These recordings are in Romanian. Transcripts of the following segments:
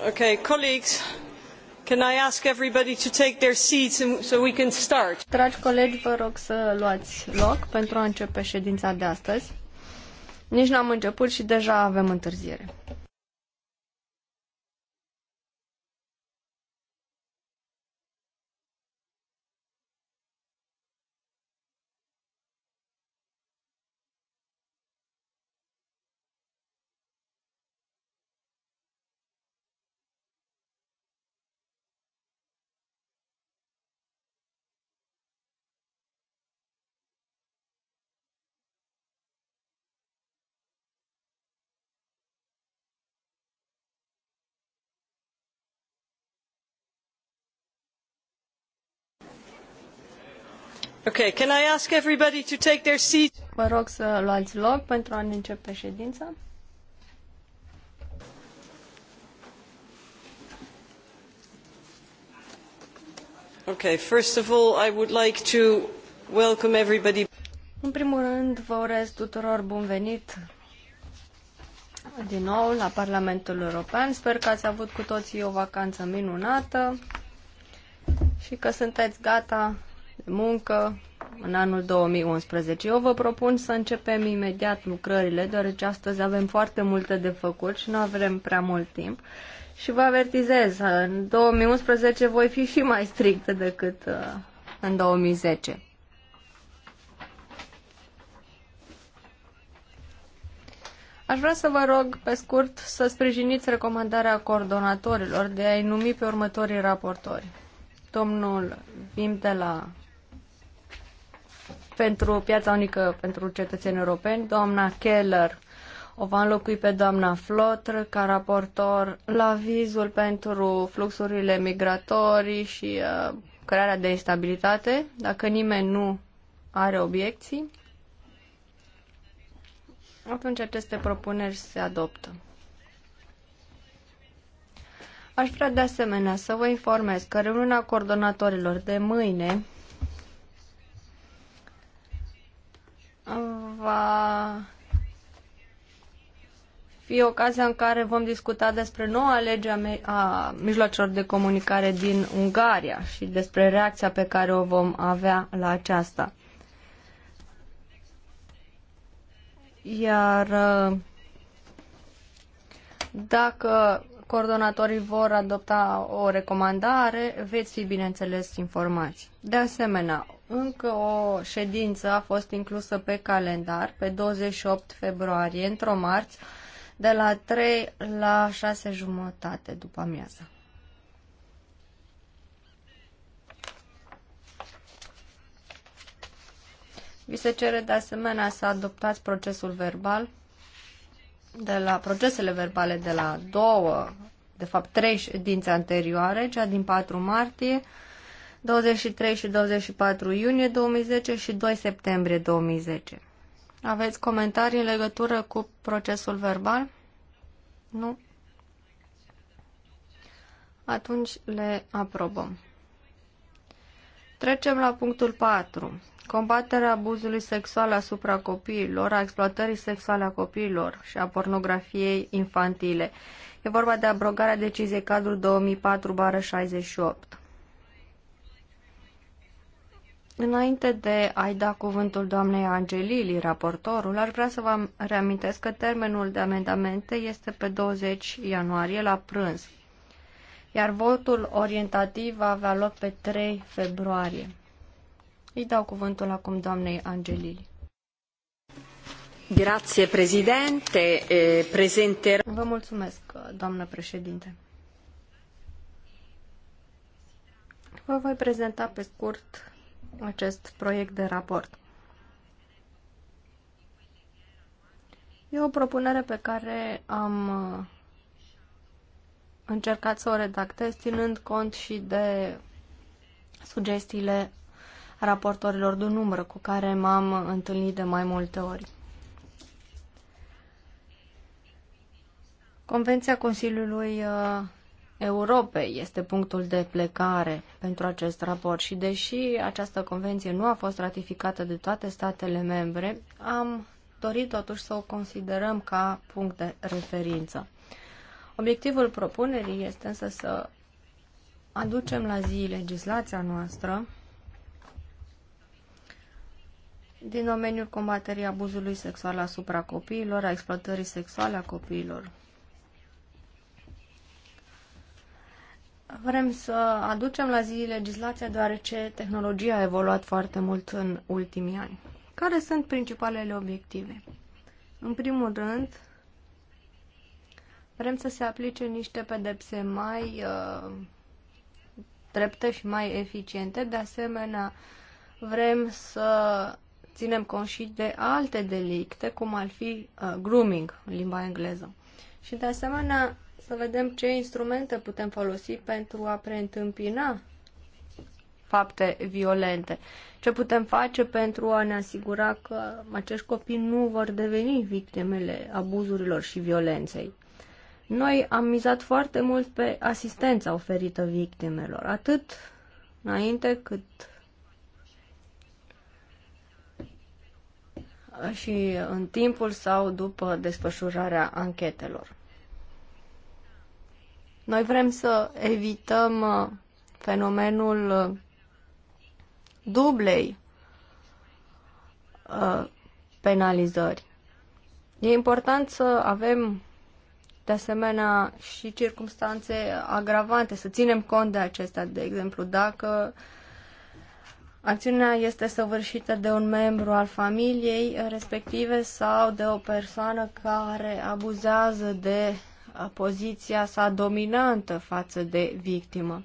Dragi colegi, vă rog să luați loc pentru a începe ședința de astăzi. Nici n-am început și deja avem întârziere. Okay, can I ask everybody to take their seat? Vă rog să luați loc pentru a începe ședința. Okay, first of all, I would like to welcome everybody. În primul rând, vă urez tuturor bun venit din nou la Parlamentul European. Sper că ați avut cu toții o vacanță minunată și că sunteți gata muncă în anul 2011. Eu vă propun să începem imediat lucrările, deoarece astăzi avem foarte multe de făcut și nu avem prea mult timp. Și vă avertizez, în 2011 voi fi și mai strictă decât uh, în 2010. Aș vrea să vă rog, pe scurt, să sprijiniți recomandarea coordonatorilor de a-i numi pe următorii raportori. Domnul Vim de la pentru piața unică pentru cetățeni europeni, doamna Keller o va înlocui pe doamna Flotr ca raportor la vizul pentru fluxurile migratorii și uh, crearea de instabilitate. Dacă nimeni nu are obiecții, atunci aceste propuneri se adoptă. Aș vrea de asemenea să vă informez că reuniunea coordonatorilor de mâine va fi ocazia în care vom discuta despre noua lege a mijloacelor de comunicare din Ungaria și despre reacția pe care o vom avea la aceasta. Iar uh, dacă coordonatorii vor adopta o recomandare, veți fi, bineînțeles, informați. De asemenea, încă o ședință a fost inclusă pe calendar pe 28 februarie, într-o marți, de la 3 la 6 jumătate după amiază. Vi se cere de asemenea să adoptați procesul verbal de la procesele verbale de la două, de fapt trei ședințe anterioare, cea din 4 martie, 23 și 24 iunie 2010 și 2 septembrie 2010. Aveți comentarii în legătură cu procesul verbal? Nu? Atunci le aprobăm. Trecem la punctul 4. Combaterea abuzului sexual asupra copiilor, a exploatării sexuale a copiilor și a pornografiei infantile. E vorba de abrogarea deciziei cadru 2004-68. Înainte de a-i da cuvântul doamnei Angelili, raportorul, ar vrea să vă reamintesc că termenul de amendamente este pe 20 ianuarie la prânz, iar votul orientativ va avea loc pe 3 februarie. Îi dau cuvântul acum doamnei Angelili. Grazie, prezidente. Prezenter... Vă mulțumesc, doamnă președinte. Vă voi prezenta pe scurt acest proiect de raport. E o propunere pe care am uh, încercat să o redactez, ținând cont și de sugestiile raportorilor de număr cu care m-am întâlnit de mai multe ori. Convenția Consiliului uh, Europei este punctul de plecare pentru acest raport și deși această convenție nu a fost ratificată de toate statele membre, am dorit totuși să o considerăm ca punct de referință. Obiectivul propunerii este însă să aducem la zi legislația noastră din domeniul combaterii abuzului sexual asupra copiilor, a exploatării sexuale a copiilor, Vrem să aducem la zi legislația deoarece tehnologia a evoluat foarte mult în ultimii ani. Care sunt principalele obiective? În primul rând, vrem să se aplice niște pedepse mai uh, drepte și mai eficiente. De asemenea, vrem să ținem cont și de alte delicte, cum ar fi uh, grooming în limba engleză. Și de asemenea, să vedem ce instrumente putem folosi pentru a preîntâmpina fapte violente. Ce putem face pentru a ne asigura că acești copii nu vor deveni victimele abuzurilor și violenței. Noi am mizat foarte mult pe asistența oferită victimelor, atât înainte cât și în timpul sau după desfășurarea anchetelor. Noi vrem să evităm uh, fenomenul uh, dublei uh, penalizări. E important să avem de asemenea și circumstanțe agravante, să ținem cont de acestea, de exemplu, dacă acțiunea este săvârșită de un membru al familiei respective sau de o persoană care abuzează de poziția sa dominantă față de victimă.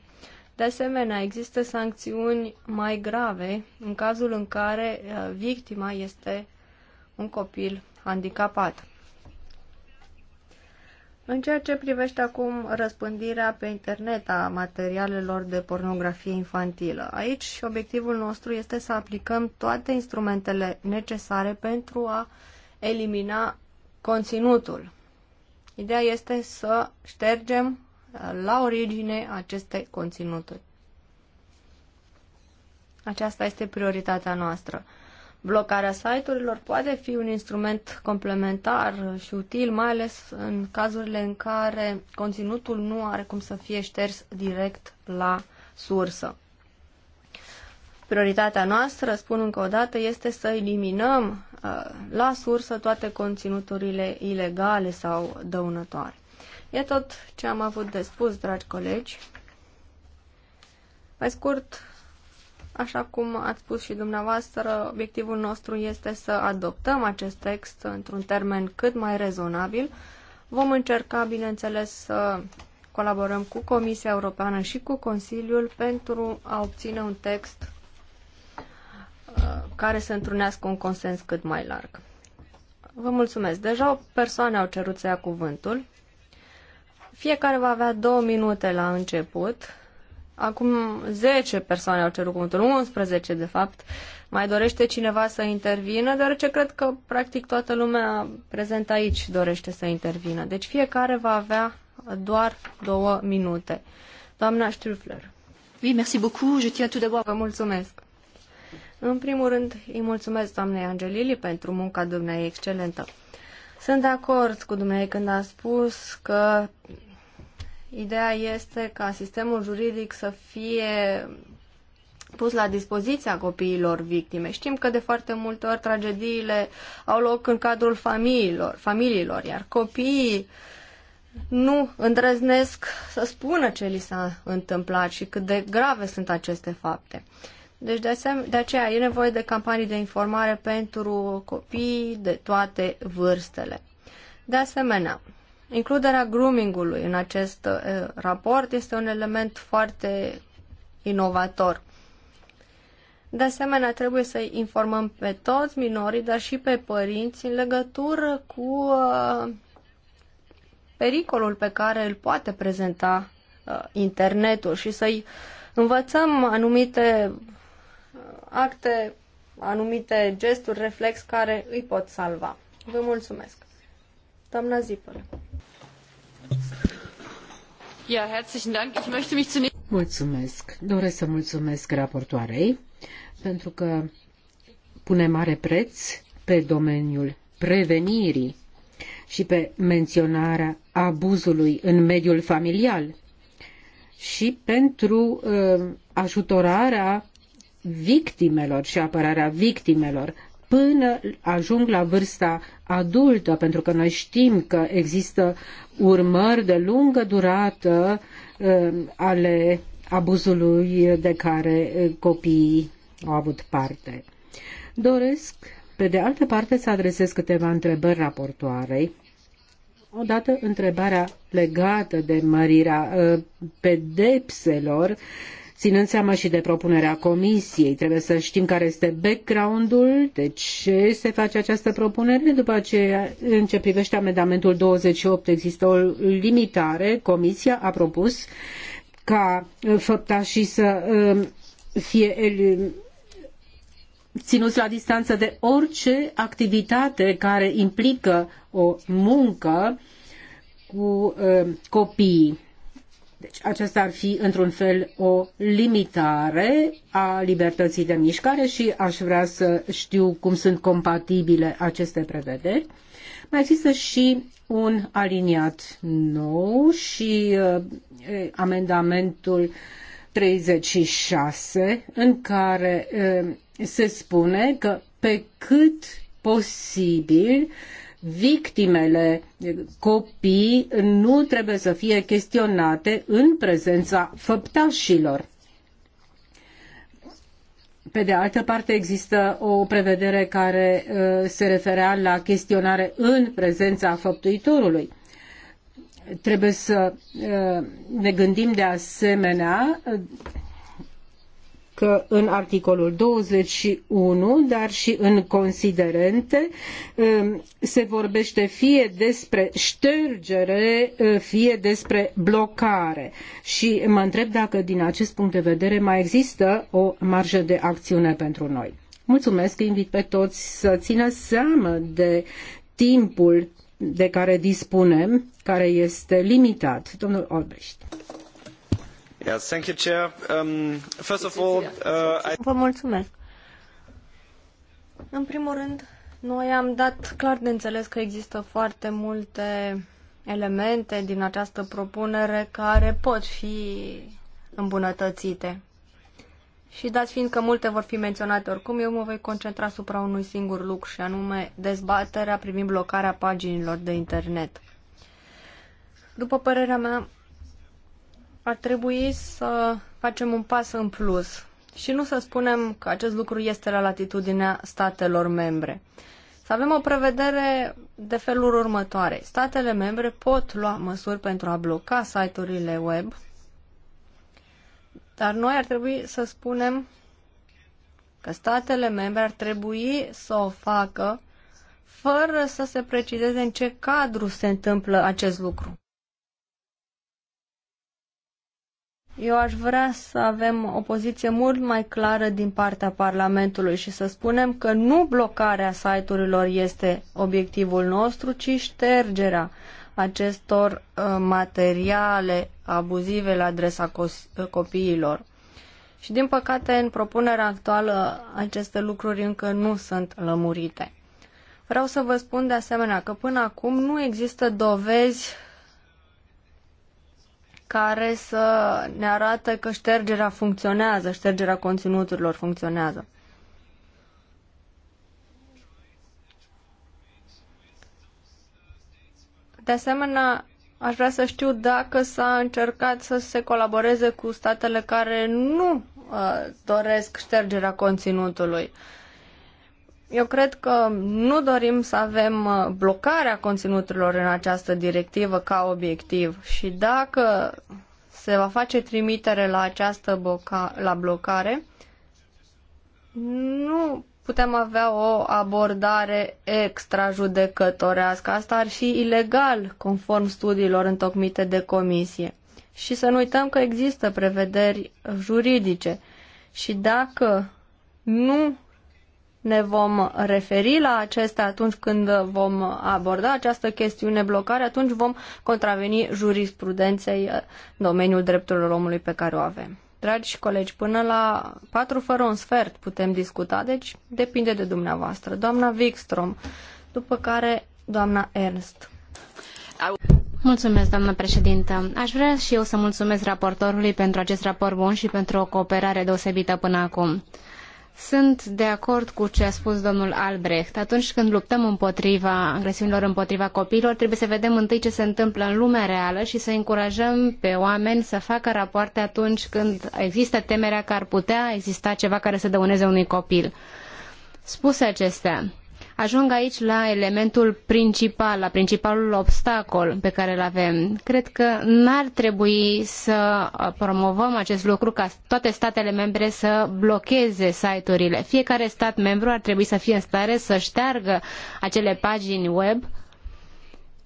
De asemenea, există sancțiuni mai grave în cazul în care uh, victima este un copil handicapat. În ceea ce privește acum răspândirea pe internet a materialelor de pornografie infantilă, aici obiectivul nostru este să aplicăm toate instrumentele necesare pentru a elimina conținutul Ideea este să ștergem uh, la origine aceste conținuturi. Aceasta este prioritatea noastră. Blocarea site-urilor poate fi un instrument complementar și util, mai ales în cazurile în care conținutul nu are cum să fie șters direct la sursă. Prioritatea noastră, spun încă o dată, este să eliminăm Uh, la sursă toate conținuturile ilegale sau dăunătoare. E tot ce am avut de spus, dragi colegi. Pe scurt, așa cum ați spus și dumneavoastră, obiectivul nostru este să adoptăm acest text într-un termen cât mai rezonabil. Vom încerca, bineînțeles, să colaborăm cu Comisia Europeană și cu Consiliul pentru a obține un text Uh, care să întrunească un consens cât mai larg. Vă mulțumesc. Deja o persoană au cerut să ia cuvântul. Fiecare va avea două minute la început. Acum 10 persoane au cerut cuvântul, 11 de fapt. Mai dorește cineva să intervină, deoarece cred că practic toată lumea prezent aici dorește să intervină. Deci fiecare va avea doar două minute. Doamna Strufler. Oui, merci beaucoup. Je tiens tout d'abord. Vă mulțumesc. În primul rând, îi mulțumesc doamnei Angelili pentru munca dumnei excelentă. Sunt de acord cu dumnei când a spus că ideea este ca sistemul juridic să fie pus la dispoziția copiilor victime. Știm că de foarte multe ori tragediile au loc în cadrul familiilor, familiilor iar copiii nu îndrăznesc să spună ce li s-a întâmplat și cât de grave sunt aceste fapte. Deci de, asem- de aceea e nevoie de campanii de informare pentru copii de toate vârstele. De asemenea, includerea groomingului în acest uh, raport este un element foarte inovator. De asemenea, trebuie să informăm pe toți minorii, dar și pe părinți în legătură cu uh, pericolul pe care îl poate prezenta uh, internetul și să-i învățăm anumite acte, anumite gesturi, reflex care îi pot salva. Vă mulțumesc. Doamna Zipăl. Ja, herzlichen Dank. Ich möchte mich zunächst Mulțumesc. Doresc să mulțumesc raportoarei pentru că pune mare preț pe domeniul prevenirii și pe menționarea abuzului în mediul familial și pentru uh, ajutorarea victimelor și apărarea victimelor până ajung la vârsta adultă, pentru că noi știm că există urmări de lungă durată um, ale abuzului de care uh, copiii au avut parte. Doresc, pe de altă parte, să adresez câteva întrebări raportoarei. Odată întrebarea legată de mărirea uh, pedepselor ținând seama și de propunerea comisiei. Trebuie să știm care este background-ul, de ce se face această propunere. După aceea, în ce privește amendamentul 28, există o limitare. Comisia a propus ca făptașii să um, fie ținuți la distanță de orice activitate care implică o muncă cu um, copiii. Deci aceasta ar fi într-un fel o limitare a libertății de mișcare și aș vrea să știu cum sunt compatibile aceste prevederi. Mai există și un aliniat nou și uh, amendamentul 36 în care uh, se spune că pe cât posibil uh, victimele copii nu trebuie să fie chestionate în prezența făptașilor. Pe de altă parte, există o prevedere care uh, se referea la chestionare în prezența făptuitorului. Trebuie să uh, ne gândim de asemenea că în articolul 21, dar și în considerente, um, se vorbește fie despre ștergere, uh, fie despre blocare. Și mă întreb dacă din acest punct de vedere mai există o marjă de acțiune pentru noi. Mulțumesc, invit pe toți să țină seamă de timpul de care dispunem, care este limitat. Domnul Olbești. Yes, thank you, Chair. Um, first of all, uh, I... Vă mulțumesc. În primul rând, noi am dat clar de înțeles că există foarte multe elemente din această propunere care pot fi îmbunătățite. Și dat fiind că multe vor fi menționate oricum, eu mă voi concentra asupra unui singur lucru și anume dezbaterea privind blocarea paginilor de internet. După părerea mea, ar trebui să facem un pas în plus și nu să spunem că acest lucru este la latitudinea statelor membre. Să avem o prevedere de felul următoare. Statele membre pot lua măsuri pentru a bloca site-urile web, dar noi ar trebui să spunem că statele membre ar trebui să o facă fără să se precizeze în ce cadru se întâmplă acest lucru. Eu aș vrea să avem o poziție mult mai clară din partea Parlamentului și să spunem că nu blocarea site-urilor este obiectivul nostru, ci ștergerea acestor uh, materiale abuzive la adresa uh, copiilor. Și din păcate, în propunerea actuală, aceste lucruri încă nu sunt lămurite. Vreau să vă spun de asemenea că până acum nu există dovezi care să ne arată că ștergerea funcționează, ștergerea conținuturilor funcționează. De asemenea, aș vrea să știu dacă s-a încercat să se colaboreze cu statele care nu uh, doresc ștergerea conținutului. Uh, eu cred că nu dorim să avem uh, blocarea conținuturilor în această directivă ca obiectiv și dacă se va face trimitere la această la blocare, nu putem avea o abordare extrajudecătorească. Asta ar fi ilegal, conform studiilor întocmite de comisie. Și să nu uităm că există prevederi juridice. Și dacă nu ne vom referi la acestea atunci când vom aborda această chestiune blocare, atunci vom contraveni jurisprudenței în uh, domeniul drepturilor omului pe care o avem. Dragi și colegi, până la 4 fără un sfert putem discuta, deci depinde de dumneavoastră. Doamna Wikstrom, după care doamna Ernst. Mulțumesc, doamnă președintă. Aș vrea și eu să mulțumesc raportorului pentru acest raport bun și pentru o cooperare deosebită până acum. Sunt de acord cu ce a spus domnul Albrecht. Atunci când luptăm împotriva agresiunilor împotriva copiilor, trebuie să vedem întâi ce se întâmplă în lumea reală și să încurajăm pe oameni să facă rapoarte atunci când există temerea că ar putea exista ceva care să dăuneze unui copil. Spuse acestea, Ajung aici la elementul principal, la principalul obstacol pe care îl avem. Cred că n-ar trebui să promovăm acest lucru ca toate statele membre să blocheze site-urile. Fiecare stat membru ar trebui să fie în stare să șteargă acele pagini web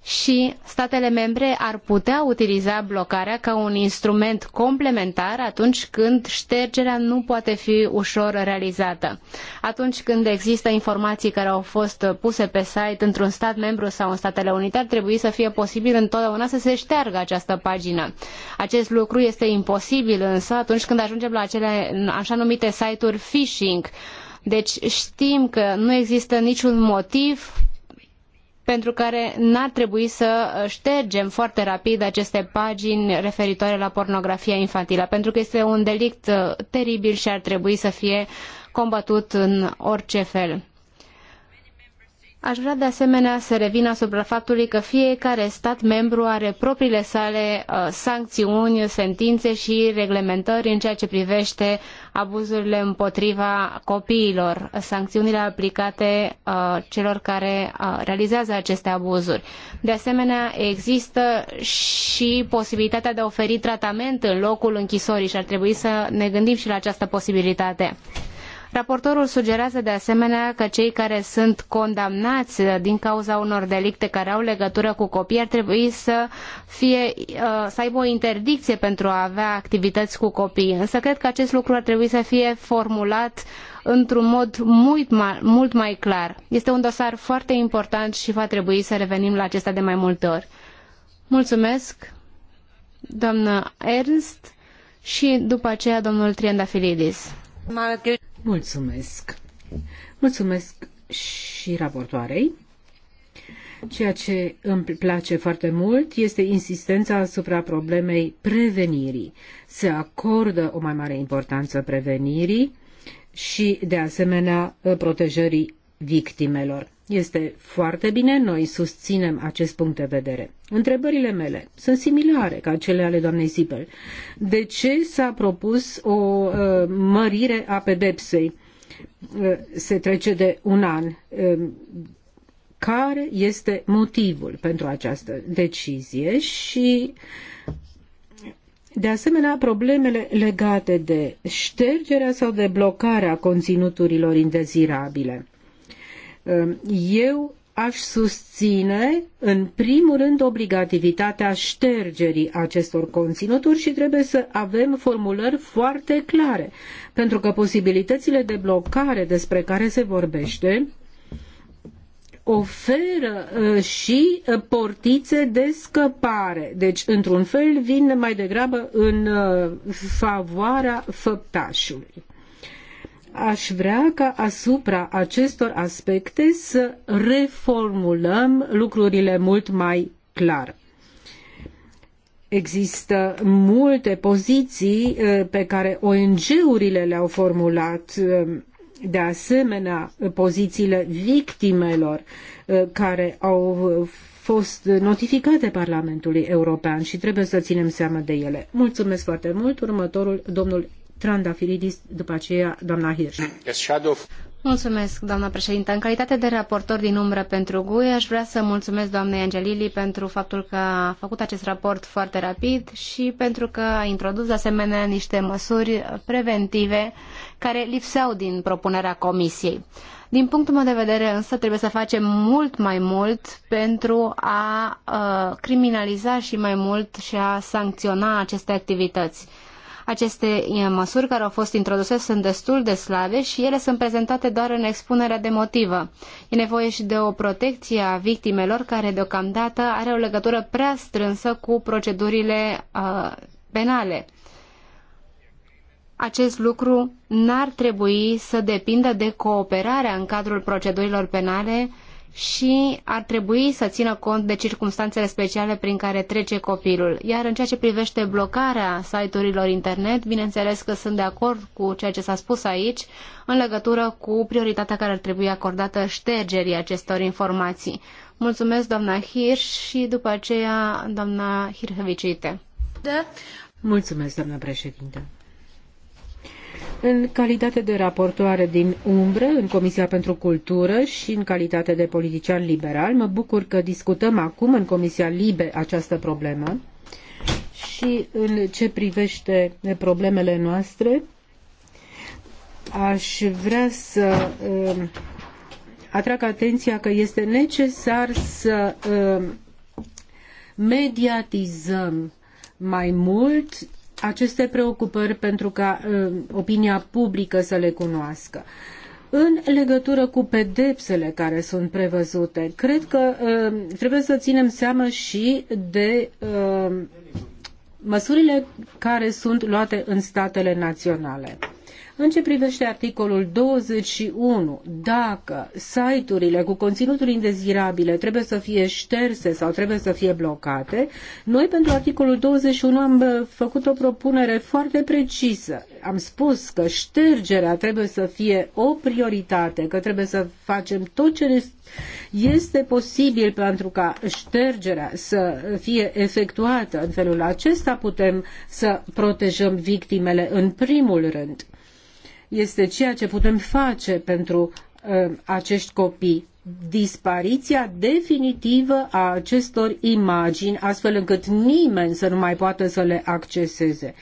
și statele membre ar putea utiliza blocarea ca un instrument complementar atunci când ștergerea nu poate fi ușor realizată. Atunci când există informații care au fost puse pe site într-un stat membru sau în Statele Unite, ar trebui să fie posibil întotdeauna să se șteargă această pagină. Acest lucru este imposibil însă atunci când ajungem la acele așa numite site-uri phishing. Deci știm că nu există niciun motiv pentru care n-ar trebui să ștergem foarte rapid aceste pagini referitoare la pornografia infantilă, pentru că este un delict uh, teribil și ar trebui să fie combătut în orice fel. Aș vrea de asemenea să revin asupra faptului că fiecare stat membru are propriile sale uh, sancțiuni, sentințe și reglementări în ceea ce privește abuzurile împotriva copiilor, sancțiunile aplicate uh, celor care uh, realizează aceste abuzuri. De asemenea, există și posibilitatea de a oferi tratament în locul închisorii și ar trebui să ne gândim și la această posibilitate. Raportorul sugerează de asemenea că cei care sunt condamnați din cauza unor delicte care au legătură cu copii ar trebui să, fie, uh, să aibă o interdicție pentru a avea activități cu copii. Însă cred că acest lucru ar trebui să fie formulat într-un mod mult mai, mult mai clar. Este un dosar foarte important și va trebui să revenim la acesta de mai multe ori. Mulțumesc, doamnă Ernst, și după aceea domnul Triandafilidis. Margaret. Mulțumesc. Mulțumesc și raportoarei. Ceea ce îmi place foarte mult este insistența asupra problemei prevenirii. Se acordă o mai mare importanță prevenirii și, de asemenea, protejării victimelor. Este foarte bine, noi susținem acest punct de vedere. Întrebările mele sunt similare ca cele ale doamnei Zipel. De ce s-a propus o uh, mărire a pedepsei? Uh, se trece de un an. Uh, care este motivul pentru această decizie și de asemenea, problemele legate de ștergerea sau de blocarea conținuturilor indezirabile. Ehm, eu aș susține, în primul rând, obligativitatea ștergerii acestor conținuturi și trebuie să avem formulări foarte clare, pentru că posibilitățile de blocare despre care se vorbește oferă eh, și eh, portițe de scăpare. Deci, într-un fel, vin mai degrabă în eh, favoarea făptașului aș vrea ca asupra acestor aspecte să reformulăm lucrurile mult mai clar. Există multe poziții uh, pe care ONG-urile le-au formulat, uh, de asemenea pozițiile victimelor uh, care au fost notificate Parlamentului European și trebuie să ținem seama de ele. Mulțumesc foarte mult. Următorul, domnul Trandafiridis, după aceea doamna Hirsch. Mulțumesc, doamna președintă. În calitate de raportor din umbră pentru GUE, aș vrea să mulțumesc doamnei Angelili pentru faptul că a făcut acest raport foarte rapid și pentru că a introdus de asemenea niște măsuri preventive care lipseau din propunerea comisiei. Din punctul meu de vedere însă trebuie să facem mult mai mult pentru a, a uh, criminaliza și mai mult și a sancționa aceste activități aceste măsuri care au fost introduse sunt destul de slabe și ele sunt prezentate doar în expunerea de motivă. E nevoie și de o protecție a victimelor care deocamdată are o legătură prea strânsă cu procedurile uh, penale acest lucru n-ar trebui să depindă de cooperarea în cadrul procedurilor penale și ar trebui să țină cont de circunstanțele speciale prin care trece copilul. Iar în ceea ce privește blocarea site-urilor internet, bineînțeles că sunt de acord cu ceea ce s-a spus aici în legătură cu prioritatea care ar trebui acordată ștergerii acestor informații. Mulțumesc, doamna Hirsch, și după aceea, doamna Hirhevicite. Da. Mulțumesc, doamna președinte. În calitate de raportoare din umbră în Comisia pentru Cultură și în calitate de politician liberal, mă bucur că discutăm acum în Comisia Libe această problemă și în ce privește problemele noastre, aș vrea să uh, atrag atenția că este necesar să uh, mediatizăm mai mult aceste preocupări pentru ca ă, opinia publică să le cunoască. În legătură cu pedepsele care sunt prevăzute, cred că ă, trebuie să ținem seama și de ă, măsurile care sunt luate în statele naționale. În ce privește articolul 21, dacă site-urile cu conținuturi indezirabile trebuie să fie șterse sau trebuie să fie blocate, noi pentru articolul 21 am uh, făcut o propunere foarte precisă. Am spus că ștergerea trebuie să fie o prioritate, că trebuie să facem tot ce este posibil pentru ca ștergerea să fie efectuată. În felul acesta putem să protejăm victimele în primul rând este ceea ce putem face pentru uh, acești copii. Dispariția definitivă a acestor imagini, astfel încât nimeni să nu mai poată să le acceseze.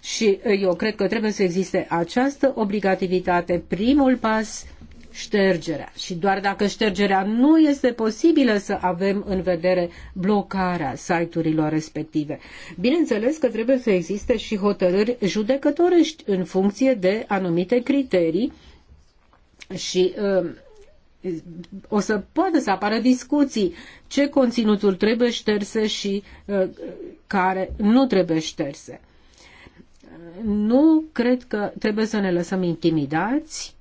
Și uh, eu cred că trebuie să existe această obligativitate, primul pas ștergerea. Și doar dacă ștergerea nu este posibilă să avem în vedere blocarea site-urilor respective. Bineînțeles că trebuie să existe și hotărâri judecătorești în funcție de anumite criterii și uh, o să poată să apară discuții ce conținuturi trebuie șterse și uh, care nu trebuie șterse. Nu cred că trebuie să ne lăsăm intimidați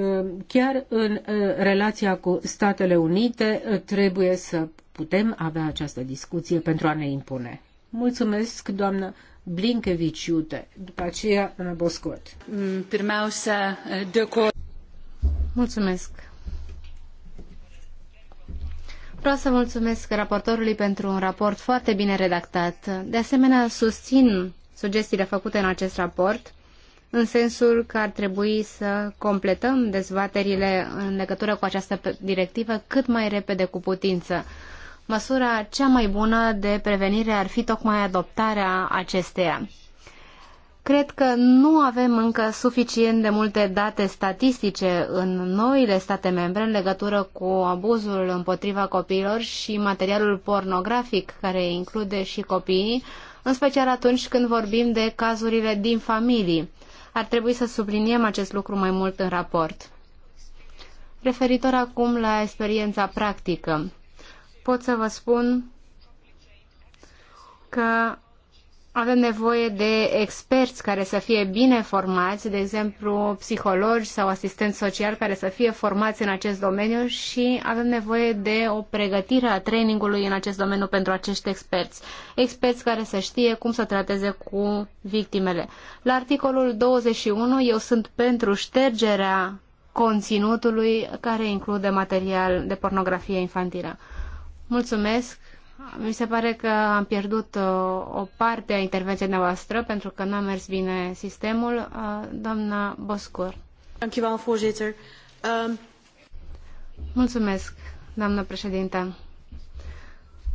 Uh, chiar în uh, relația cu Statele Unite uh, trebuie să putem avea această discuție pentru a ne impune. Mulțumesc, doamnă Blinkeviciute. După aceea, doamnă Boscot. Mm, mulțumesc. Vreau să mulțumesc raportorului pentru un raport foarte bine redactat. De asemenea, susțin sugestiile făcute în acest raport în sensul că ar trebui să completăm dezbaterile în legătură cu această directivă cât mai repede cu putință. Măsura cea mai bună de prevenire ar fi tocmai adoptarea acesteia. Cred că nu avem încă suficient de multe date statistice în noile state membre în legătură cu abuzul împotriva copiilor și materialul pornografic care include și copiii, în special atunci când vorbim de cazurile din familii. Ar trebui să subliniem acest lucru mai mult în raport. Referitor acum la experiența practică, pot să vă spun că avem nevoie de experți care să fie bine formați, de exemplu psihologi sau asistenți sociali care să fie formați în acest domeniu și avem nevoie de o pregătire a trainingului în acest domeniu pentru acești experți. Experți care să știe cum să trateze cu victimele. La articolul 21 eu sunt pentru ștergerea conținutului care include material de pornografie infantilă. Mulțumesc! Mi se pare că am pierdut uh, o parte a intervenției noastre pentru că nu a mers bine sistemul. Uh, doamna Boscur. Ehm, mulțumesc, doamnă președinte.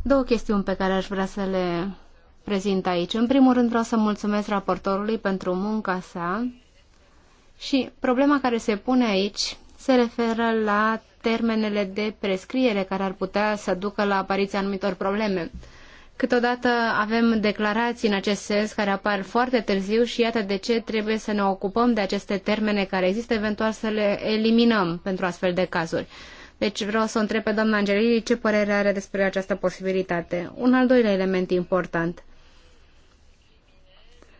Două chestiuni pe care aș vrea să le prezint aici. În primul rând vreau să mulțumesc raportorului pentru munca sa și problema care se pune aici se referă la termenele de prescriere care ar putea să ducă la apariția anumitor probleme. Câteodată avem declarații în acest sens care apar foarte târziu și iată de ce trebuie să ne ocupăm de aceste termene care există, eventual să le eliminăm pentru astfel de cazuri. Deci vreau să o întreb pe doamna Angelili ce părere are despre această posibilitate. Un al doilea element important.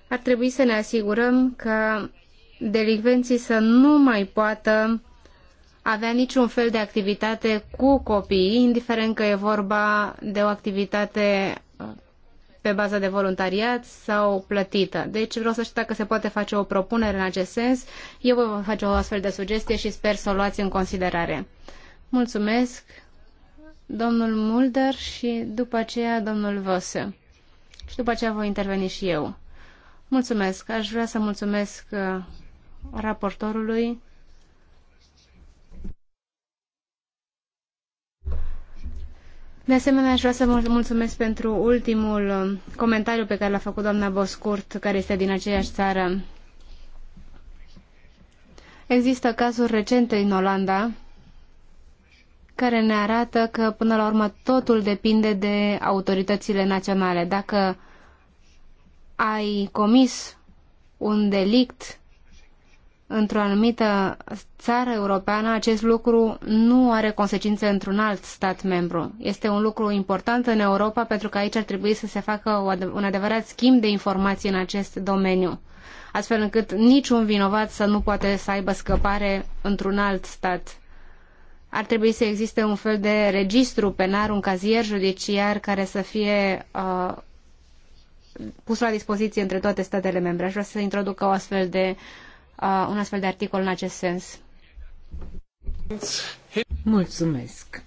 Ar trebui să ne asigurăm că delinvenții să nu mai poată avea niciun fel de activitate cu copiii, indiferent că e vorba de o activitate uh, pe bază de voluntariat sau plătită. Deci vreau să știu dacă se poate face o propunere în acest sens. Eu vă voi face o astfel de sugestie și sper să o luați în considerare. Mulțumesc, domnul Mulder și după aceea domnul Vose. Și după aceea voi interveni și eu. Mulțumesc. Aș vrea să mulțumesc uh, raportorului De asemenea, aș vrea să vă mulțumesc pentru ultimul um, comentariu pe care l-a făcut doamna Boscurt, care este din aceeași țară. Există cazuri recente în Olanda care ne arată că, până la urmă, totul depinde de autoritățile naționale. Dacă ai comis un delict într-o anumită țară europeană, acest lucru nu are consecințe într-un alt stat membru. Este un lucru important în Europa pentru că aici ar trebui să se facă un adevărat schimb de informații în acest domeniu, astfel încât niciun vinovat să nu poate să aibă scăpare într-un alt stat. Ar trebui să existe un fel de registru penar, un cazier judiciar care să fie uh, pus la dispoziție între toate statele membre. Aș vrea să introducă o astfel de uh, uh, un astfel de articol în acest sens. Mulțumesc.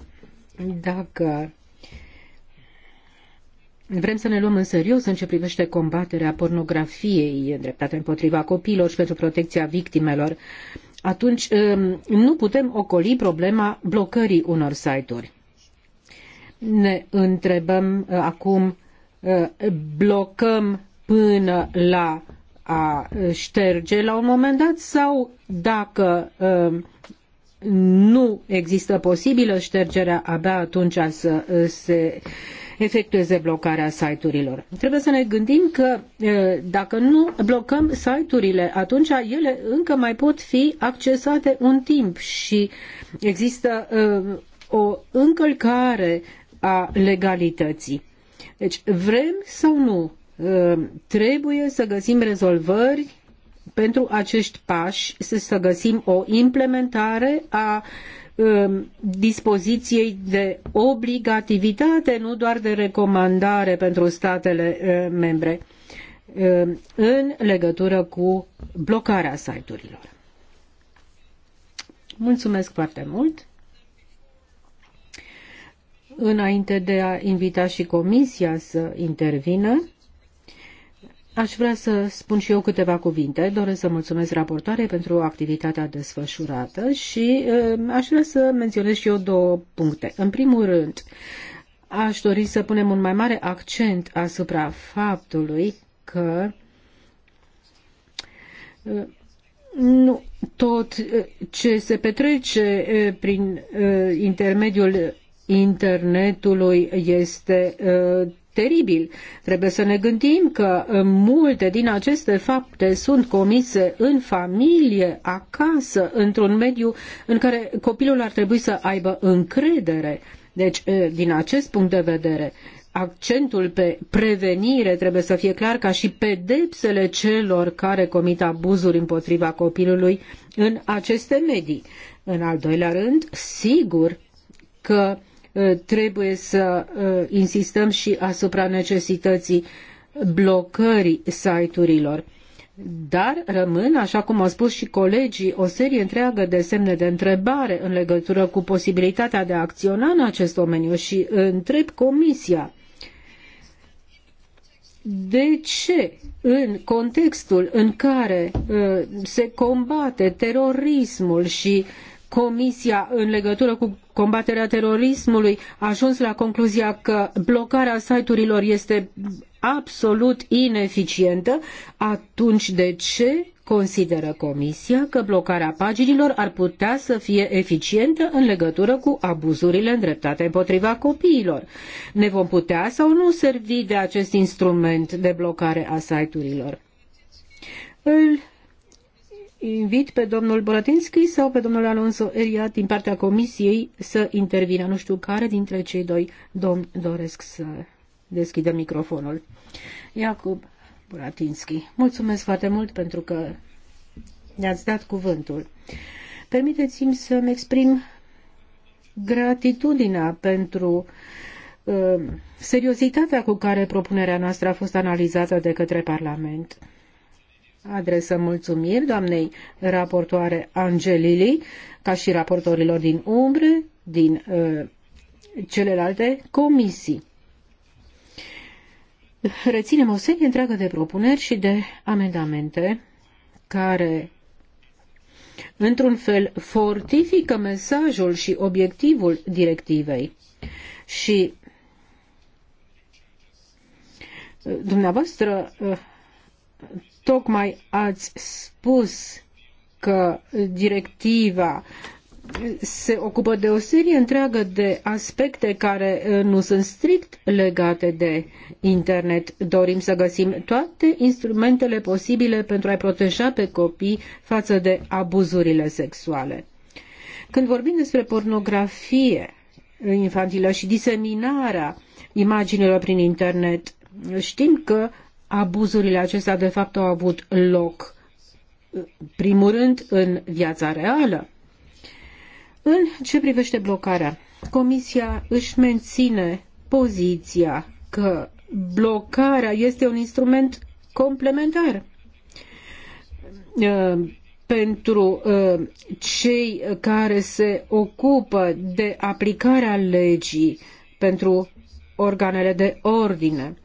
Dacă Vrem să ne luăm în serios în ce privește combaterea pornografiei îndreptate împotriva copiilor și pentru protecția victimelor. Atunci um, nu putem ocoli problema blocării unor site-uri. Ne întrebăm uh, acum, uh, blocăm până la a șterge la un moment dat sau dacă um, nu există posibilă ștergerea, abia atunci să uh, se efectueze blocarea site-urilor. Trebuie să ne gândim că uh, dacă nu blocăm site-urile, atunci ele încă mai pot fi accesate un timp și există uh, o încălcare a legalității. Deci vrem sau nu Uh, trebuie să găsim rezolvări pentru acești pași, să găsim o implementare a um, dispoziției de obligativitate, nu doar de recomandare pentru statele uh, membre um, în legătură cu blocarea site-urilor. Mulțumesc foarte mult! Înainte de a invita și Comisia să intervină, Aș vrea să spun și eu câteva cuvinte. Doresc să mulțumesc raportoare pentru activitatea desfășurată și uh, aș vrea să menționez și eu două puncte. În primul rând, aș dori să punem un mai mare accent asupra faptului că uh, nu tot uh, ce se petrece prin intermediul internetului este teribil. Trebuie să ne gândim că multe din aceste fapte sunt comise în familie, acasă, într-un mediu în care copilul ar trebui să aibă încredere. Deci, din acest punct de vedere, accentul pe prevenire trebuie să fie clar ca și pedepsele celor care comit abuzuri împotriva copilului în aceste medii. În al doilea rând, sigur că Uh, trebuie să uh, insistăm și asupra necesității blocării site-urilor. Dar rămân, așa cum au spus și colegii, o serie întreagă de semne de întrebare în legătură cu posibilitatea de a acționa în acest domeniu și întreb Comisia de ce în contextul în care uh, se combate terorismul și Comisia în legătură cu combaterea terorismului a ajuns la concluzia că blocarea site-urilor este absolut ineficientă, atunci de ce consideră Comisia că blocarea paginilor ar putea să fie eficientă în legătură cu abuzurile îndreptate împotriva copiilor? Ne vom putea sau nu servi de acest instrument de blocare a site-urilor? Îl invit pe domnul Bolotinski sau pe domnul Alonso Elia din partea comisiei să intervină. Nu știu care dintre cei doi domn doresc să deschidă microfonul. Iacob Buratinski, mulțumesc foarte mult pentru că ne-ați dat cuvântul. Permiteți-mi să-mi exprim gratitudinea pentru uh, seriozitatea cu care propunerea noastră a fost analizată de către Parlament adresăm mulțumiri doamnei raportoare Angelili, ca și raportorilor din umbre, din uh, celelalte comisii. Reținem o serie întreagă de propuneri și de amendamente care într-un fel fortifică mesajul și obiectivul directivei. Și uh, dumneavoastră uh, tocmai ați spus că directiva se ocupă de o serie întreagă de aspecte care uh, nu sunt strict legate de internet. Dorim să găsim toate instrumentele posibile pentru a-i proteja pe copii față de abuzurile sexuale. Când vorbim despre pornografie infantilă și diseminarea imaginilor prin internet, știm că abuzurile acestea de fapt au avut loc, primul rând, în viața reală. În ce privește blocarea, Comisia își menține poziția că blocarea este un instrument complementar uh, pentru uh, cei care se ocupă de aplicarea legii pentru organele de ordine.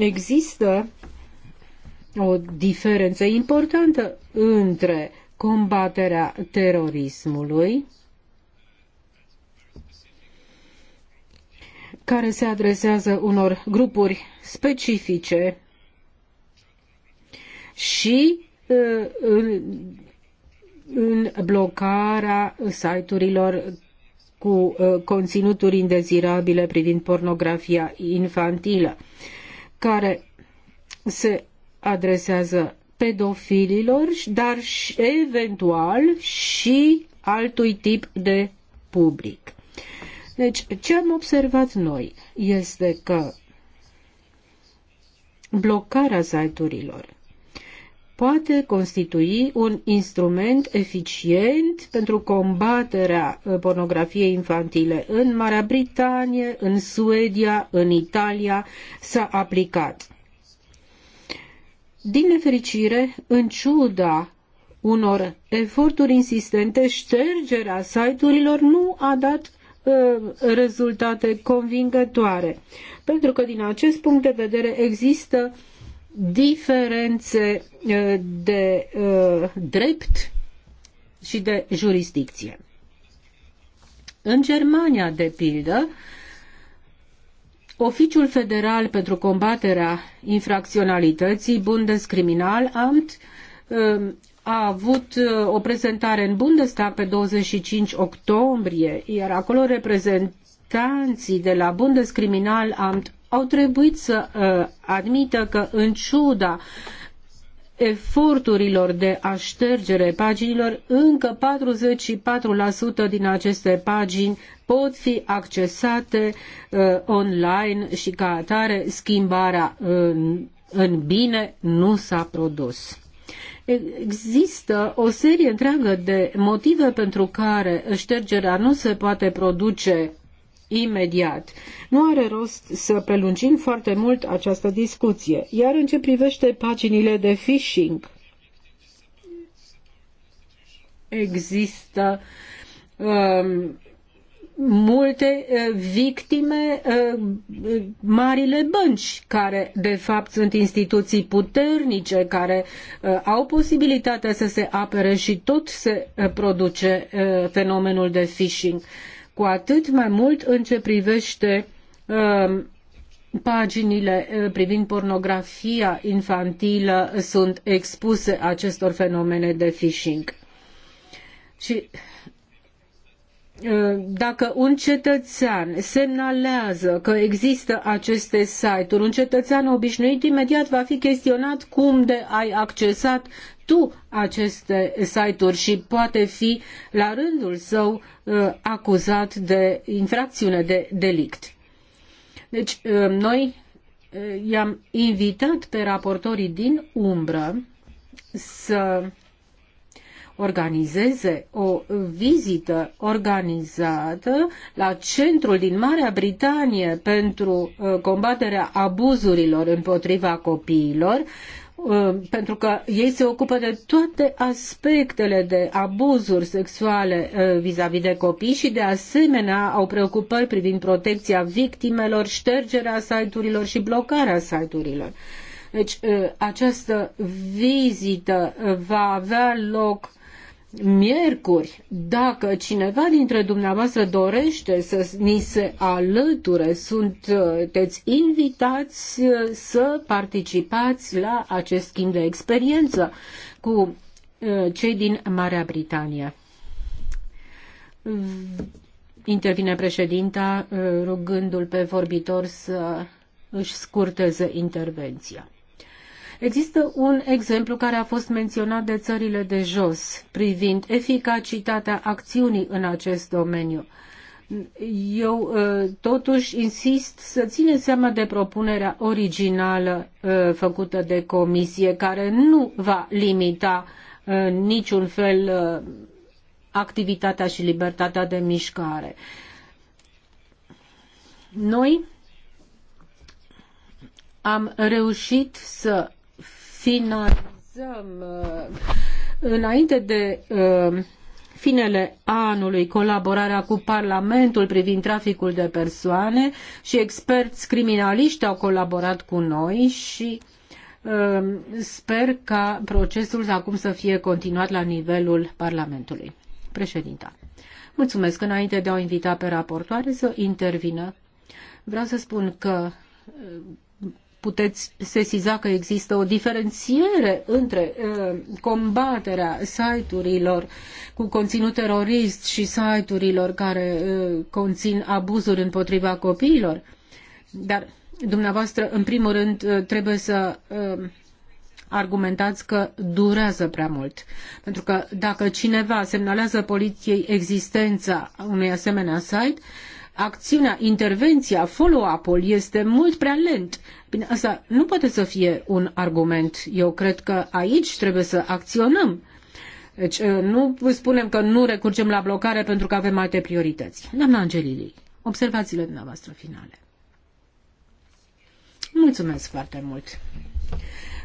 Există o diferență importantă între combaterea terorismului care se adresează unor grupuri specifice și uh, în, în blocarea site-urilor cu uh, conținuturi indezirabile privind pornografia infantilă care se adresează pedofililor, dar și, eventual și altui tip de public. Deci, ce am observat noi este că blocarea site-urilor poate constitui un instrument eficient pentru combaterea uh, pornografiei infantile. În Marea Britanie, în Suedia, în Italia s-a aplicat. Din nefericire, în ciuda unor eforturi insistente, ștergerea site-urilor nu a dat uh, rezultate convingătoare. Pentru că din acest punct de vedere există diferențe uh, de uh, drept și de jurisdicție. În Germania, de pildă, Oficiul Federal pentru Combaterea Infracționalității, Bundeskriminalamt, um, a avut uh, o prezentare în Bundestag pe 25 octombrie, iar acolo reprezentanții de la Bundeskriminalamt au trebuit să uh, admită că în ciuda eforturilor de a ștergere paginilor, încă 44% din aceste pagini pot fi accesate uh, online și ca atare schimbarea în, în bine nu s-a produs. Există o serie întreagă de motive pentru care ștergerea nu se poate produce imediat. Nu are rost să prelungim foarte mult această discuție. Iar în ce privește paginile de phishing, există um, multe uh, victime uh, marile bănci, care de fapt sunt instituții puternice, care uh, au posibilitatea să se apere și tot se produce fenomenul de phishing cu atât mai mult în ce privește um, paginile uh, privind pornografia infantilă sunt expuse acestor fenomene de phishing. Și uh, dacă un cetățean semnalează că există aceste site-uri, un cetățean obișnuit imediat va fi chestionat cum de ai accesat tu aceste site-uri și poate fi la rândul său uh, acuzat de infracțiune, de delict. Deci, uh, noi uh, i-am invitat pe raportorii din umbră să organizeze o vizită organizată la centrul din Marea Britanie pentru combaterea abuzurilor împotriva copiilor, Uh, pentru că ei se ocupă de toate aspectele de abuzuri sexuale uh, vis-a-vis de copii și de asemenea au preocupări privind protecția victimelor, ștergerea site-urilor și blocarea site-urilor. Deci uh, această vizită va avea loc miercuri, dacă cineva dintre dumneavoastră dorește să ni se alăture, sunteți uh, invitați uh, să participați la acest schimb de experiență cu uh, cei din Marea Britanie. Intervine președinta rugându-l pe vorbitor să își scurteze intervenția. Există un exemplu care a fost menționat de țările de jos privind eficacitatea acțiunii în acest domeniu. Eu ă, totuși insist să ținem seama de propunerea originală ă, făcută de comisie, care nu va limita în ă, niciun fel activitatea și libertatea de mișcare. Noi am reușit să finalizăm uh, înainte de uh, finele anului colaborarea cu Parlamentul privind traficul de persoane și experți criminaliști au colaborat cu noi și uh, sper ca procesul acum să fie continuat la nivelul Parlamentului. Președinta. Mulțumesc înainte de a o invita pe raportoare să intervină. Vreau să spun că puteți sesiza că există o diferențiere între uh, combaterea site-urilor cu conținut terorist și site-urilor care uh, conțin abuzuri împotriva copiilor. Dar dumneavoastră, în primul rând, uh, trebuie să uh, argumentați că durează prea mult. Pentru că dacă cineva semnalează poliției existența unui asemenea site, acțiunea, intervenția, follow-up-ul este mult prea lent Bine, asta nu poate să fie un argument. Eu cred că aici trebuie să acționăm. Deci uh, nu spunem că nu recurgem la blocare pentru că avem alte priorități. Doamna Angelilii, observațiile dumneavoastră finale. Mulțumesc foarte mult.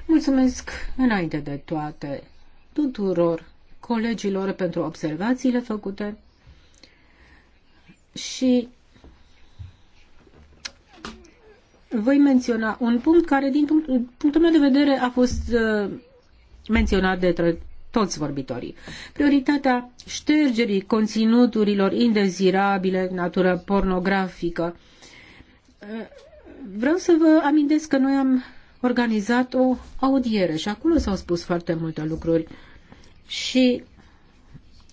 Mulțumesc înainte de toate tuturor colegilor pentru observațiile făcute și voi menționa un punct care, din punct, punctul meu de vedere, a fost uh, menționat de toți vorbitorii. Prioritatea ștergerii conținuturilor indezirabile, natură pornografică. Uh, vreau să vă amintesc că noi am organizat o audiere și acolo s-au spus foarte multe lucruri și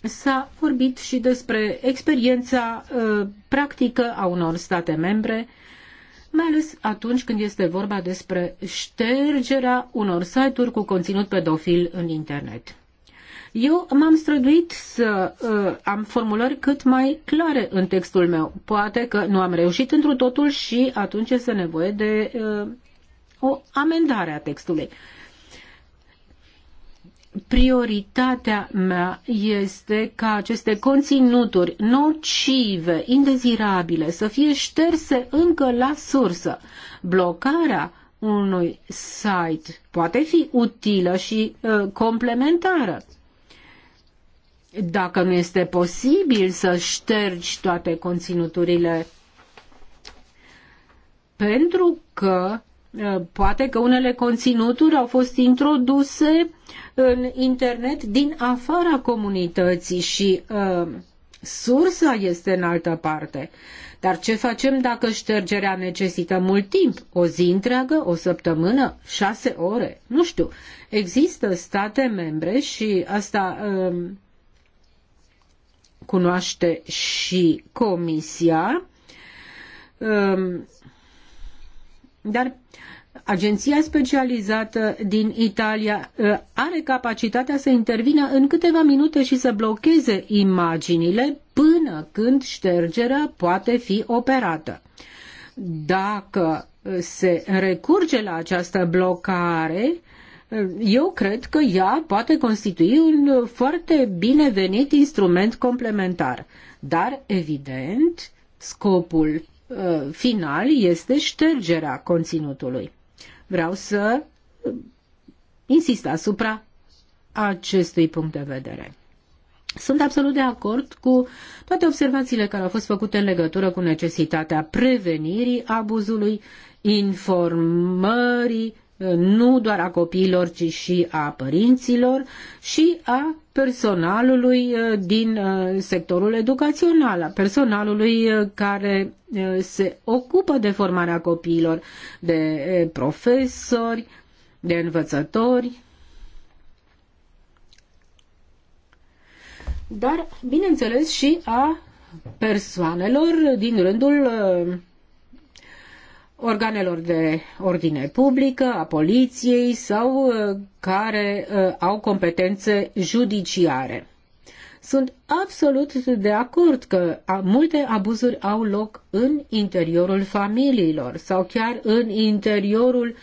s-a vorbit și despre experiența uh, practică a unor state membre uh, mai ales atunci când este vorba despre ștergerea unor site-uri cu conținut pedofil în internet. Eu m-am străduit să uh, am formulări cât mai clare în textul meu. Poate că nu am reușit întru totul și atunci este nevoie de uh, o amendare a textului. Uh, prioritatea mea este ca aceste conținuturi nocive, indezirabile, să fie șterse încă la sursă. Blocarea unui site poate fi utilă și uh, complementară. Dacă nu este posibil să ștergi toate conținuturile, pentru că Eh, poate că unele conținuturi au fost introduse în internet din afara comunității și uh, sursa este în altă parte. Dar ce facem dacă ștergerea necesită mult timp? O zi întreagă, o săptămână, șase ore? Nu știu. Există state membre și asta uh, cunoaște și Comisia. Uh, dar agenția specializată din Italia uh, are capacitatea să intervină în câteva minute și să blocheze imaginile până când ștergerea poate fi operată. Dacă uh, se recurge la această blocare, uh, eu cred că ea poate constitui un foarte binevenit instrument complementar. Dar, evident, scopul Uh, final este ștergerea conținutului. Vreau să uh, insist asupra acestui punct de vedere. Sunt absolut de acord cu toate observațiile care au fost făcute în legătură cu necesitatea prevenirii abuzului, informării nu doar a copiilor, ci și a părinților și a personalului uh, din uh, sectorul educațional, a personalului uh, care se ocupă de formarea copiilor, de profesori, de învățători. Dar, bineînțeles, și a persoanelor din rândul organelor de ordine publică, a poliției sau uh, care uh, au competențe judiciare. Sunt absolut de acord că multe abuzuri au loc în interiorul familiilor sau chiar în interiorul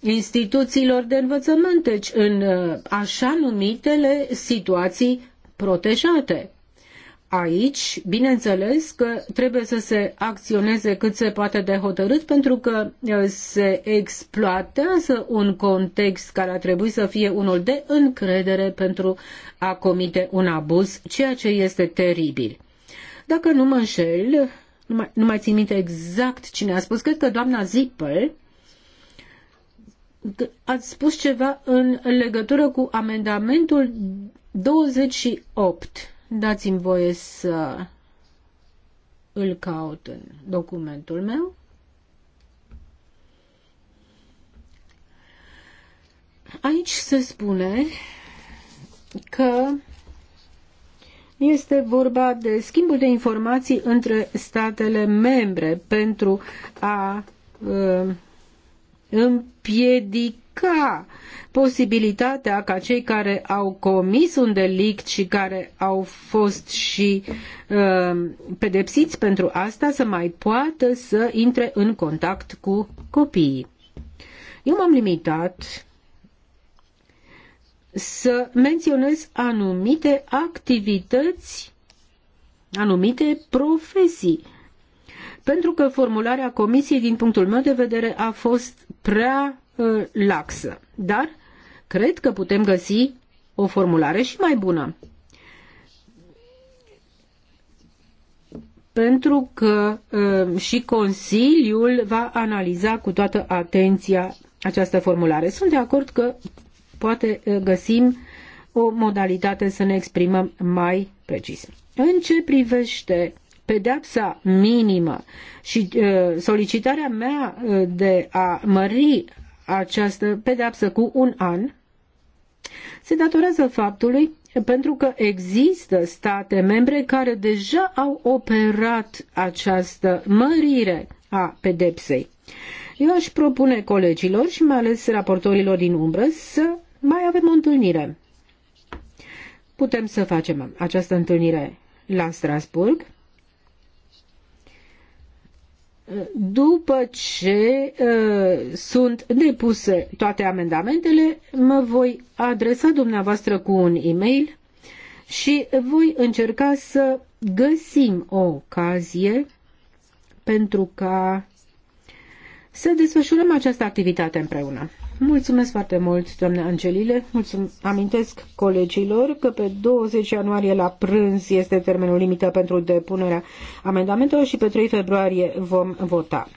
instituțiilor de învățământ, deci în uh, așa numitele situații protejate aici, bineînțeles că trebuie să se acționeze cât se poate de hotărât pentru că uh, se exploatează un context care ar trebui să fie unul de încredere pentru a comite un abuz, ceea ce este teribil. Dacă nu mă înșel, nu mai, nu mai țin minte exact cine a spus, cred că doamna Zippel ați spus ceva în legătură cu amendamentul 28 Dați-mi voie să îl caut în documentul meu. Aici se spune că este vorba de schimbul de informații între statele membre pentru a uh, împiedica posibilitatea ca cei care au comis un delict și care au fost și uh, pedepsiți pentru asta să mai poată să intre în contact cu copiii. Eu m-am limitat să menționez anumite activități, anumite profesii pentru că formularea comisiei, din punctul meu de vedere, a fost prea uh, laxă. Dar cred că putem găsi o formulare și mai bună. Pentru că uh, și Consiliul va analiza cu toată atenția această formulare. Sunt de acord că poate uh, găsim o modalitate să ne exprimăm mai precis. În ce privește pedepsa minimă și uh, solicitarea mea uh, de a mări această pedepsă cu un an se datorează faptului pentru că există state membre care deja au operat această mărire a pedepsei. Eu aș propune colegilor și mai ales raportorilor din umbră să mai avem o întâlnire. Putem să facem această întâlnire la Strasburg, după ce uh, sunt depuse toate amendamentele, mă voi adresa dumneavoastră cu un e-mail și voi încerca să găsim o ocazie pentru ca să desfășurăm această activitate împreună. Mulțumesc foarte mult, doamne Angelile. Mulțum- amintesc colegilor că pe 20 ianuarie la prânz este termenul limită pentru depunerea amendamentelor și pe 3 februarie vom vota.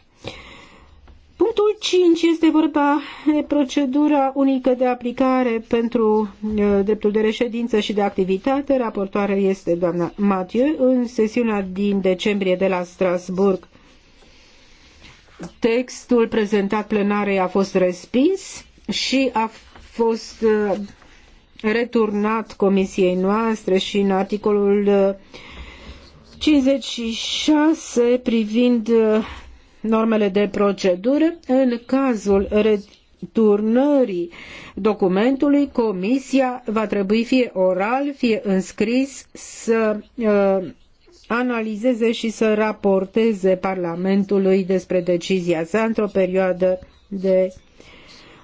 Punctul 5 este vorba de procedura unică de aplicare pentru uh, dreptul de reședință și de activitate. Raportoarea este doamna Mathieu. În sesiunea din decembrie de la Strasburg textul prezentat plenarei a fost respins și a fost uh, returnat comisiei noastre și în articolul 56 uh, privind uh, normele de procedură, în cazul returnării documentului, comisia va trebui fie oral, fie înscris să uh, analizeze și să raporteze Parlamentului despre decizia sa într-o perioadă de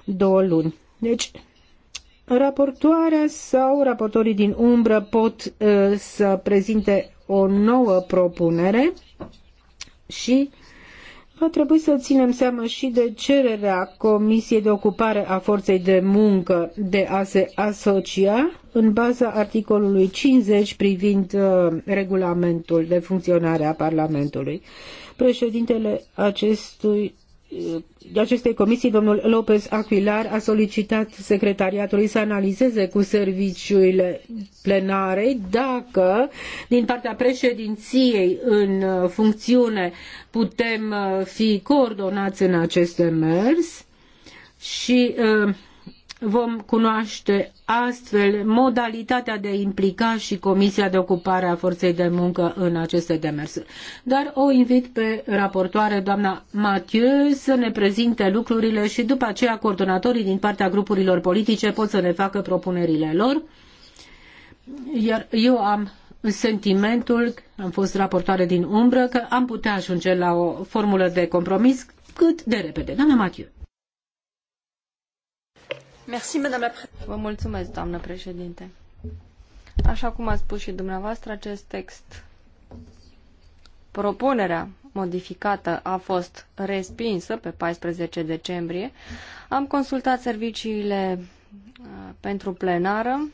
două luni. Deci, raportoarea sau raportorii din umbră pot uh, să prezinte o nouă propunere și Va trebui să ținem seama și de cererea Comisiei de Ocupare a Forței de Muncă de a se asocia în baza articolului 50 privind uh, regulamentul de funcționare a Parlamentului. Președintele acestui acestei comisii, domnul López Aquilar a solicitat secretariatului să analizeze cu serviciile plenarei dacă din partea președinției în funcțiune putem fi coordonați în acest demers și uh, Vom cunoaște astfel modalitatea de a implica și Comisia de Ocupare a Forței de Muncă în aceste demersuri. Dar o invit pe raportoare, doamna Mathieu, să ne prezinte lucrurile și după aceea coordonatorii din partea grupurilor politice pot să ne facă propunerile lor. Iar eu am sentimentul, am fost raportoare din umbră, că am putea ajunge la o formulă de compromis cât de repede. Doamna Mathieu. Vă mulțumesc, doamnă președinte. Așa cum a spus și dumneavoastră, acest text, propunerea modificată a fost respinsă pe 14 decembrie. Am consultat serviciile uh, pentru plenară.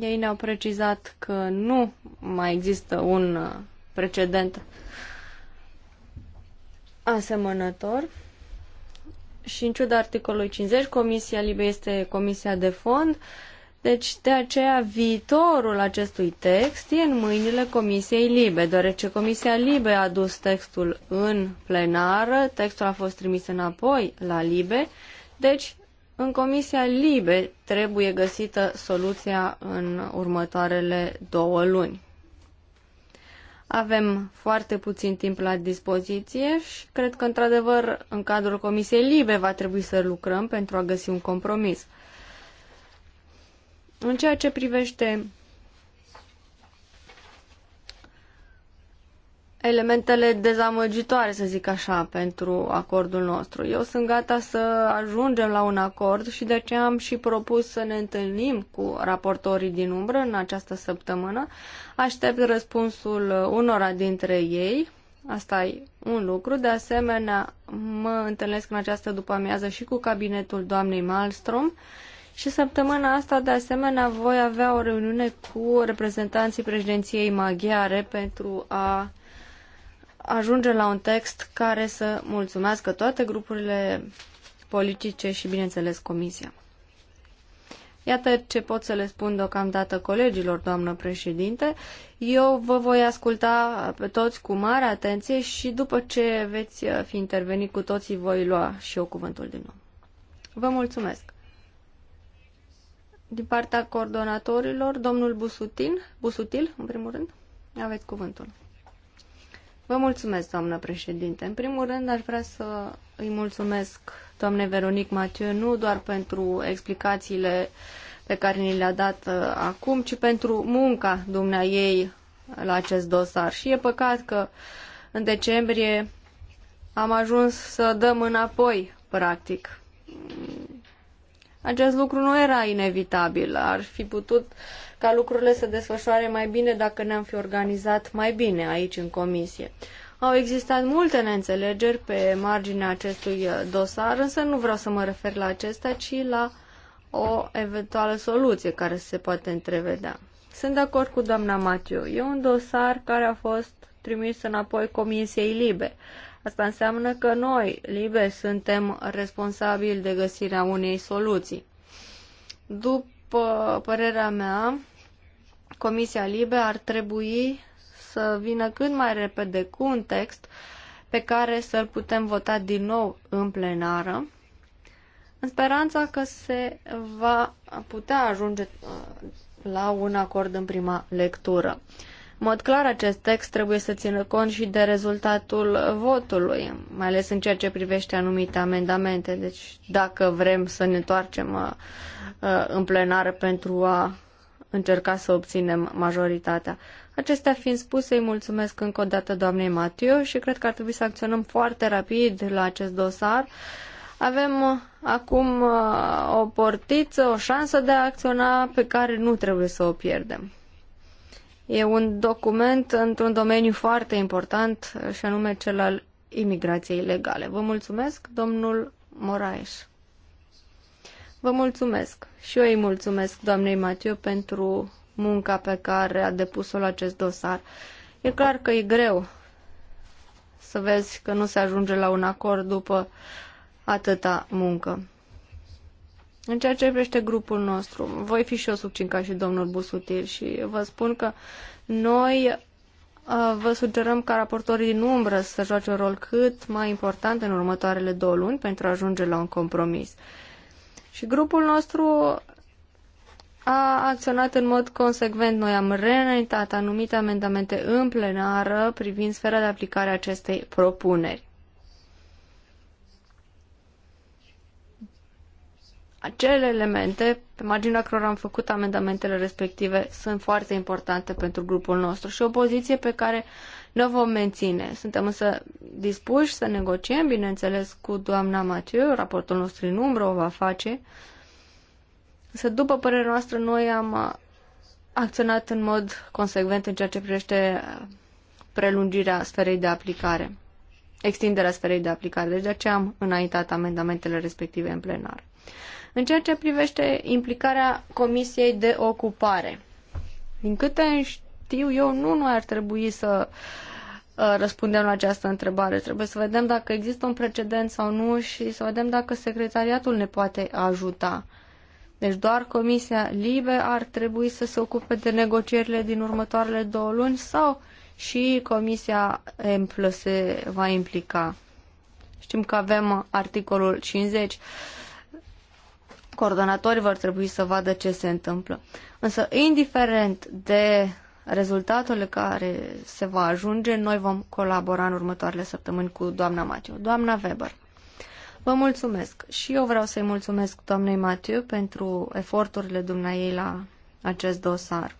Ei ne-au precizat că nu mai există un uh, precedent asemănător și în ciuda articolului 50, Comisia Libe este Comisia de Fond, deci de aceea viitorul acestui text e în mâinile Comisiei Libe, deoarece Comisia Libe a dus textul în plenară, textul a fost trimis înapoi la Libe, deci în Comisia Libe trebuie găsită soluția în următoarele două luni. Avem foarte puțin timp la dispoziție și cred că, într-adevăr, în cadrul Comisiei Libe va trebui să lucrăm pentru a găsi un compromis. În ceea ce privește elementele dezamăgitoare, să zic așa, pentru acordul nostru. Eu sunt gata să ajungem la un acord și de aceea am și propus să ne întâlnim cu raportorii din umbră în această săptămână. Aștept răspunsul unora dintre ei. Asta e un lucru. De asemenea, mă întâlnesc în această după-amiază și cu cabinetul doamnei Malmström. Și săptămâna asta, de asemenea, voi avea o reuniune cu reprezentanții președinției maghiare pentru a ajungem la un text care să mulțumească toate grupurile politice și, bineînțeles, Comisia. Iată ce pot să le spun deocamdată colegilor, doamnă președinte. Eu vă voi asculta pe toți cu mare atenție și după ce veți fi intervenit cu toții, voi lua și eu cuvântul din nou. Vă mulțumesc. Din partea coordonatorilor, domnul Busutin, Busutil, în primul rând, aveți cuvântul. Vă mulțumesc, doamnă președinte. În primul rând, aș vrea să îi mulțumesc doamnei Veronic Mathieu, nu doar pentru explicațiile pe care ni le-a dat uh, acum, ci pentru munca dumnea ei la acest dosar. Și e păcat că în decembrie am ajuns să dăm înapoi, practic. Acest lucru nu era inevitabil. Ar fi putut ca lucrurile să desfășoare mai bine dacă ne-am fi organizat mai bine aici în comisie. Au existat multe neînțelegeri pe marginea acestui uh, dosar, însă nu vreau să mă refer la acesta, ci la o eventuală soluție care se poate întrevedea. Sunt de acord cu doamna Matiu. E un dosar care a fost trimis înapoi Comisiei Libe. Asta înseamnă că noi, Libe, suntem responsabili de găsirea unei soluții. După după părerea mea, Comisia Libe ar trebui să vină cât mai repede cu un text pe care să-l putem vota din nou în plenară, în speranța că se va putea ajunge uh, la un acord în prima lectură mod clar acest text trebuie să țină cont și de rezultatul votului, mai ales în ceea ce privește anumite amendamente. Deci dacă vrem să ne întoarcem uh, uh, în plenară pentru a încerca să obținem majoritatea. Acestea fiind spuse, îi mulțumesc încă o dată doamnei Matiu și cred că ar trebui să acționăm foarte rapid la acest dosar. Avem uh, acum o portiță, o șansă de a acționa pe care nu trebuie să o pierdem. E un document într-un domeniu foarte important, și anume cel al imigrației ilegale. Vă mulțumesc, domnul Moraes. Vă mulțumesc și eu îi mulțumesc doamnei Matiu pentru munca pe care a depus-o la acest dosar. E clar că e greu să vezi că nu se ajunge la un acord după atâta muncă. În ceea ce privește grupul nostru, voi fi și eu subțin ca și domnul Busutil și vă spun că noi uh, Vă sugerăm ca raportorii din umbră să joace un rol cât mai important în următoarele două luni pentru a ajunge la un compromis. Și grupul nostru a acționat în mod consecvent. Noi am reînaintat anumite amendamente în plenară privind sfera de aplicare a acestei propuneri. acele elemente pe marginea cărora am făcut amendamentele respective sunt foarte importante pentru grupul nostru și o poziție pe care ne vom menține. Suntem însă dispuși să negociem, bineînțeles, cu doamna Mathieu, raportul nostru în umbră o va face, însă după părerea noastră noi am acționat în mod consecvent în ceea ce privește prelungirea sferei de aplicare, extinderea sferei de aplicare, deci de aceea am înaintat amendamentele respective în plenar. În ceea ce privește implicarea Comisiei de Ocupare, din câte știu eu, nu nu ar trebui să uh, răspundem la această întrebare. Trebuie să vedem dacă există un precedent sau nu și să vedem dacă secretariatul ne poate ajuta. Deci doar Comisia Libe ar trebui să se ocupe de negocierile din următoarele două luni sau și Comisia Emplă se va implica. Știm că avem articolul 50 coordonatorii vor trebui să vadă ce se întâmplă. Însă, indiferent de rezultatul care se va ajunge, noi vom colabora în următoarele săptămâni cu doamna Matiu. Doamna Weber, vă mulțumesc și eu vreau să-i mulțumesc doamnei Matiu pentru eforturile dumneai la acest dosar.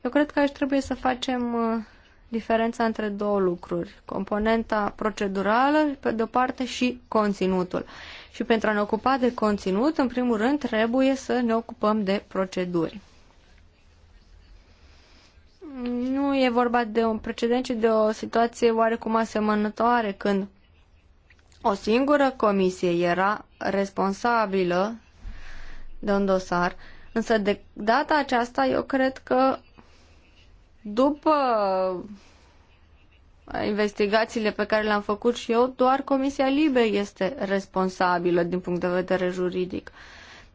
Eu cred că aici trebuie să facem uh, diferența între două lucruri, componenta procedurală, pe de-o parte, și conținutul. Și pentru a ne ocupa de conținut, în primul rând, trebuie să ne ocupăm de proceduri. Nu e vorba de un precedent, ci de o situație oarecum asemănătoare, când o singură comisie era responsabilă de un dosar, însă de data aceasta eu cred că după investigațiile pe care le-am făcut și eu, doar Comisia Libe este responsabilă din punct de vedere juridic.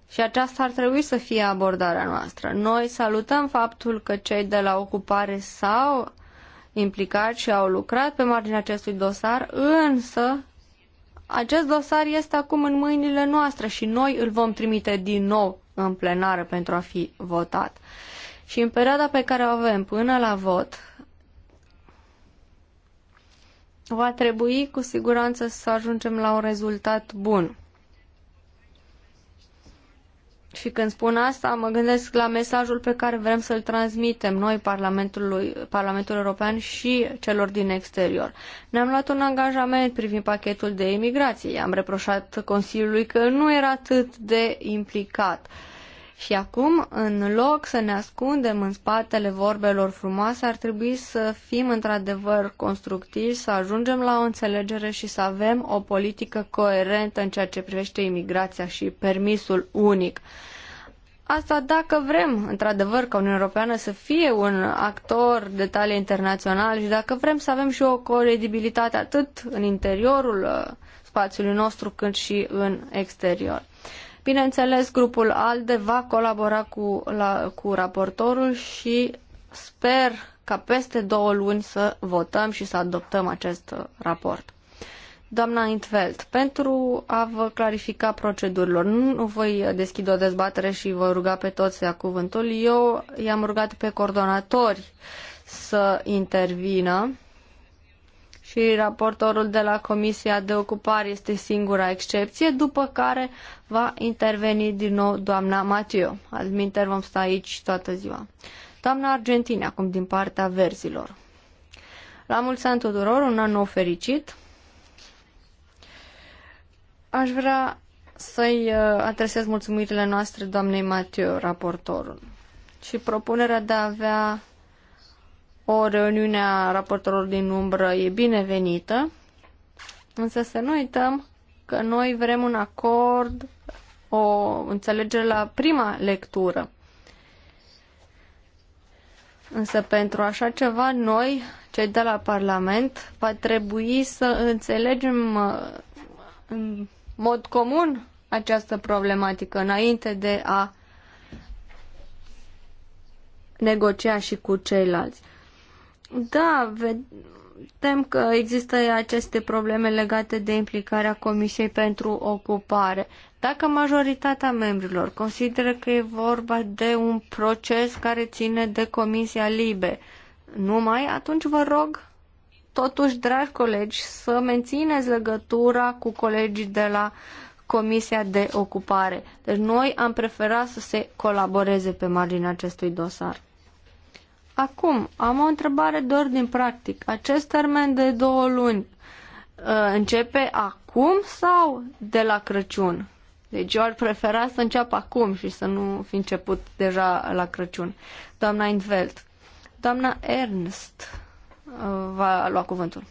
Și aceasta ar trebui să fie abordarea noastră. Noi salutăm faptul că cei de la ocupare s-au implicat și au lucrat pe marginea acestui dosar, însă acest dosar este acum în mâinile noastre și noi îl vom trimite din nou în plenară pentru a fi votat. Și în perioada pe care o avem până la vot, va trebui cu siguranță să ajungem la un rezultat bun. Și când spun asta, mă gândesc la mesajul pe care vrem să-l transmitem noi Parlamentului, Parlamentul European și celor din exterior. Ne-am luat un angajament privind pachetul de imigrație. Am reproșat Consiliului că nu era atât de implicat. Uh, și acum, în loc să ne ascundem în spatele vorbelor frumoase, ar trebui să fim într-adevăr constructivi, să ajungem la o înțelegere și să avem o politică coerentă în ceea ce privește imigrația și permisul unic. Asta dacă vrem, într-adevăr, ca Uniunea Europeană să fie un actor de talie internațional și dacă vrem să avem și o credibilitate atât în interiorul uh, spațiului nostru cât și în exterior. Bineînțeles, grupul ALDE va colabora cu, la, cu raportorul și sper ca peste două luni să votăm și să adoptăm acest uh, raport. Doamna Intveld, pentru a vă clarifica procedurilor, nu voi deschide o dezbatere și vă ruga pe toți să ia cuvântul. Eu i-am rugat pe coordonatori să intervină și raportorul de la Comisia de Ocupare este singura excepție, după care va interveni din nou doamna Matiu. Alminter vom sta aici toată ziua. Doamna Argentina, acum din partea verzilor. La mulți ani tuturor, un an nou fericit. Aș vrea să-i uh, adresez mulțumirile noastre doamnei Matiu, raportorul. Și propunerea de a avea o reuniune a raportorilor din umbră e binevenită, însă să nu uităm că noi vrem un acord, o înțelegere la prima lectură. Însă pentru așa ceva, noi, cei de la Parlament, va trebui să înțelegem uh, în mod comun această problematică înainte de a negocia și cu ceilalți. Da, vedem că există aceste probleme legate de implicarea Comisiei pentru Ocupare. Dacă majoritatea membrilor consideră că e vorba de un proces care ține de Comisia Libe, numai atunci vă rog, totuși, dragi colegi, să mențineți legătura cu colegii de la Comisia de Ocupare. Deci noi am preferat să se colaboreze pe marginea acestui dosar. Acum, am o întrebare doar din practic. Acest termen de două luni uh, începe acum sau de la Crăciun? Deci eu ar prefera să înceapă acum și să nu fi început deja la Crăciun. Doamna Invelt, doamna Ernst uh, va lua cuvântul.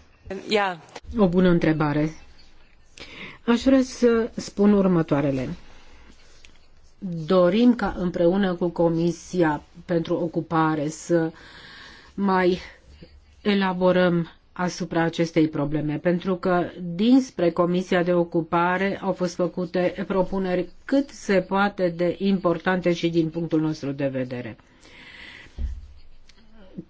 Ia. O bună întrebare. Aș vrea să spun următoarele dorim ca împreună cu Comisia pentru Ocupare să mai elaborăm asupra acestei probleme, pentru că dinspre Comisia de Ocupare au fost făcute propuneri cât se poate de importante și din punctul nostru de vedere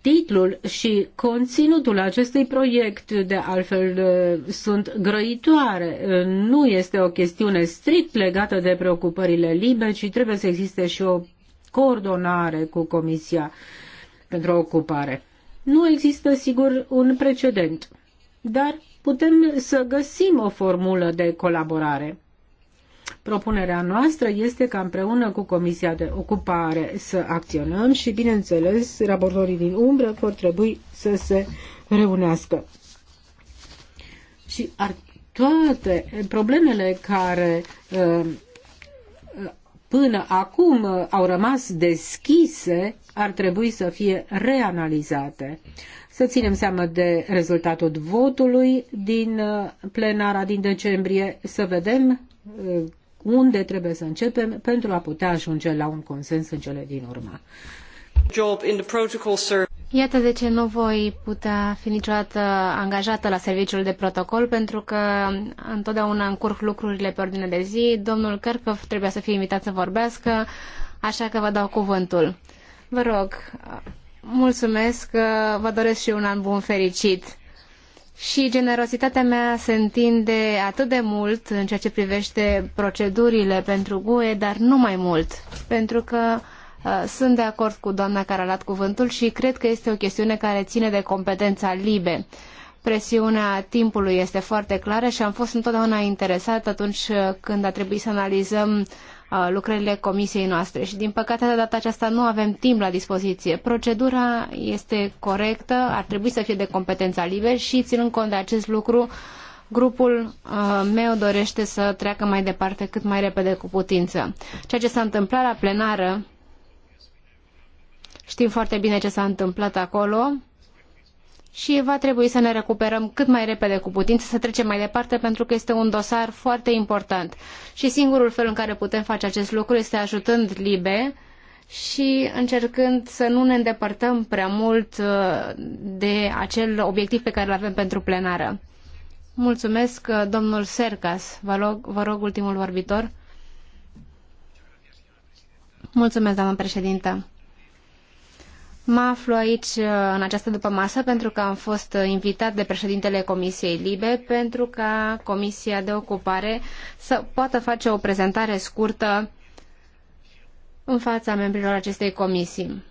titlul și conținutul acestui proiect, de altfel, uh, sunt grăitoare. Uh, nu este o chestiune strict legată de preocupările libe, ci trebuie să existe și o coordonare cu Comisia pentru Ocupare. Nu există, sigur, un precedent, dar putem să găsim o formulă de colaborare. Propunerea noastră este ca împreună cu Comisia de Ocupare să acționăm și, bineînțeles, raportorii din umbră vor trebui să se reunească. Și ar toate problemele care uh, până acum uh, au rămas deschise ar trebui să fie reanalizate. Să ținem seama de rezultatul votului din uh, plenara din decembrie, să vedem unde trebuie să începem pentru a putea ajunge la un consens în cele din urmă. Iată de ce nu voi putea fi niciodată angajată la serviciul de protocol, pentru că întotdeauna încurc lucrurile pe ordine de zi. Domnul Cărcăv trebuia să fie invitat să vorbească, așa că vă dau cuvântul. Vă rog, mulțumesc, vă doresc și un an bun fericit și generozitatea mea se întinde atât de mult în ceea ce privește procedurile pentru GUE, dar nu mai mult, pentru că uh, sunt de acord cu doamna care a luat cuvântul și cred că este o chestiune care ține de competența LIBE. Presiunea timpului este foarte clară și am fost întotdeauna interesat atunci uh, când a trebuit să analizăm uh, Uh, lucrările comisiei noastre și din păcate de data aceasta nu avem timp la dispoziție. Procedura este corectă, ar trebui să fie de competența liber și ținând cont de acest lucru, grupul uh, meu dorește să treacă mai departe cât mai repede cu putință. Ceea ce s-a întâmplat la plenară, știm foarte bine ce s-a întâmplat acolo, și va trebui să ne recuperăm cât mai repede cu putință, să trecem mai departe, pentru că este un dosar foarte important. Și singurul fel în care putem face acest lucru este ajutând Libe și încercând să nu ne îndepărtăm prea mult uh, de acel obiectiv pe care îl avem pentru plenară. Mulțumesc, uh, domnul Sercas. Vă rog, vă rog ultimul vorbitor. Mulțumesc, doamnă președintă. Mă aflu aici uh, în această dupămasă pentru că am fost uh, invitat de președintele Comisiei Libe pentru ca Comisia de Ocupare să poată face o prezentare scurtă în fața membrilor acestei comisii.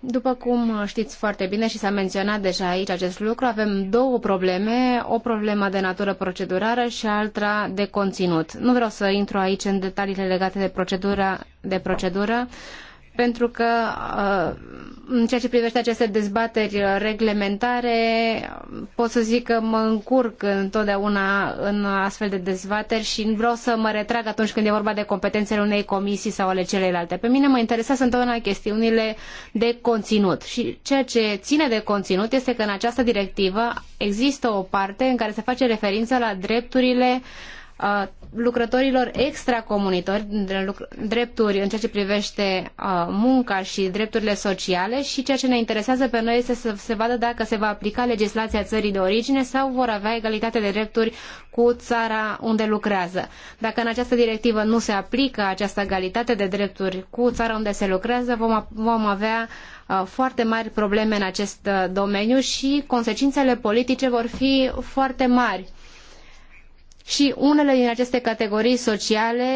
După cum uh, știți foarte bine și s-a menționat deja aici acest lucru, avem două probleme, o problemă de natură procedurală și alta de conținut. Nu vreau să intru aici în detaliile legate de procedura, de procedură, pentru că uh, în ceea ce privește aceste dezbateri uh, reglementare, pot să zic că mă încurc întotdeauna în astfel de dezbateri și vreau să mă retrag atunci când e vorba de competențele unei comisii sau ale celeilalte. Pe mine mă interesează întotdeauna chestiunile de conținut și ceea ce ține de conținut este că în această directivă există o parte în care se face referință la drepturile uh, lucrătorilor extracomunitari drepturi în ceea ce privește munca și drepturile sociale și ceea ce ne interesează pe noi este să se vadă dacă se va aplica legislația țării de origine sau vor avea egalitate de drepturi cu țara unde lucrează. Dacă în această directivă nu se aplică această egalitate de drepturi cu țara unde se lucrează, vom, vom avea foarte mari probleme în acest domeniu și consecințele politice vor fi foarte mari și unele din aceste categorii sociale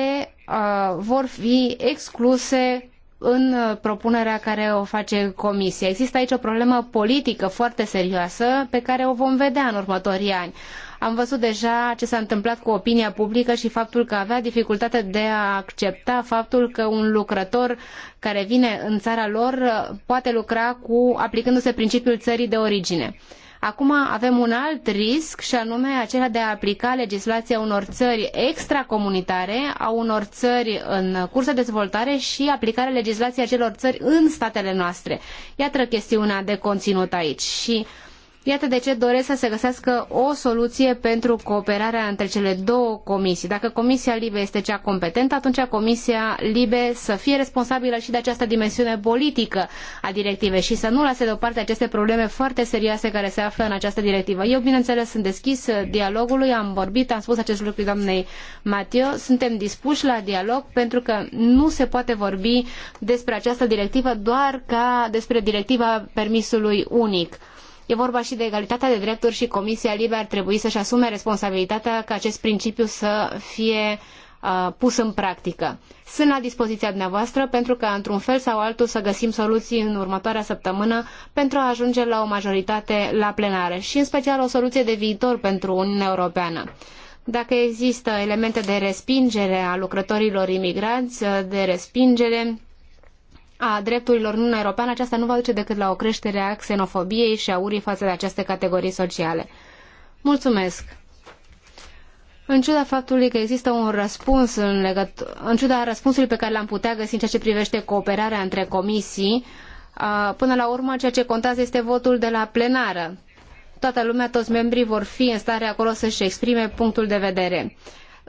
uh, vor fi excluse în uh, propunerea care o face Comisia. Există aici o problemă politică foarte serioasă pe care o vom vedea în următorii ani. Am văzut deja ce s-a întâmplat cu opinia publică și faptul că avea dificultate de a accepta faptul că un lucrător care vine în țara lor uh, poate lucra cu aplicându-se principiul țării de origine. Uh, Acum avem un alt risc și anume acela de a aplica legislația unor țări extracomunitare, a unor țări în curs de dezvoltare și aplicarea legislației acelor țări în statele noastre. Iată chestiunea de conținut aici. Și Iată de ce doresc să se găsească o soluție pentru cooperarea între cele două comisii. Dacă Comisia Libe este cea competentă, atunci Comisia Libe să fie responsabilă și de această dimensiune politică a directivei și să nu lase deoparte aceste probleme foarte serioase care se află în această directivă. Eu, bineînțeles, sunt deschis dialogului, am vorbit, am spus acest lucru doamnei Matiu, suntem dispuși la dialog pentru că nu se poate vorbi despre această directivă doar ca despre directiva permisului unic E vorba și de egalitatea de drepturi și Comisia Libe ar trebui să-și asume responsabilitatea ca acest principiu să fie uh, pus în practică. Sunt la dispoziția dumneavoastră pentru că, într-un fel sau altul, să găsim soluții în următoarea săptămână pentru a ajunge la o majoritate la plenară și, în special, o soluție de viitor pentru Uniunea Europeană dacă există elemente de respingere a lucrătorilor imigranți, de respingere a drepturilor în Uniunea Europeană, aceasta nu va duce decât la o creștere a xenofobiei și a urii față de aceste categorii sociale. Mulțumesc! În ciuda faptului că există un răspuns în, legăt- în ciuda răspunsului pe care l-am putea găsi în ceea ce privește cooperarea între comisii, până la urmă ceea ce contează este votul de la plenară. Toată lumea, toți membrii vor fi în stare acolo să-și exprime punctul de vedere.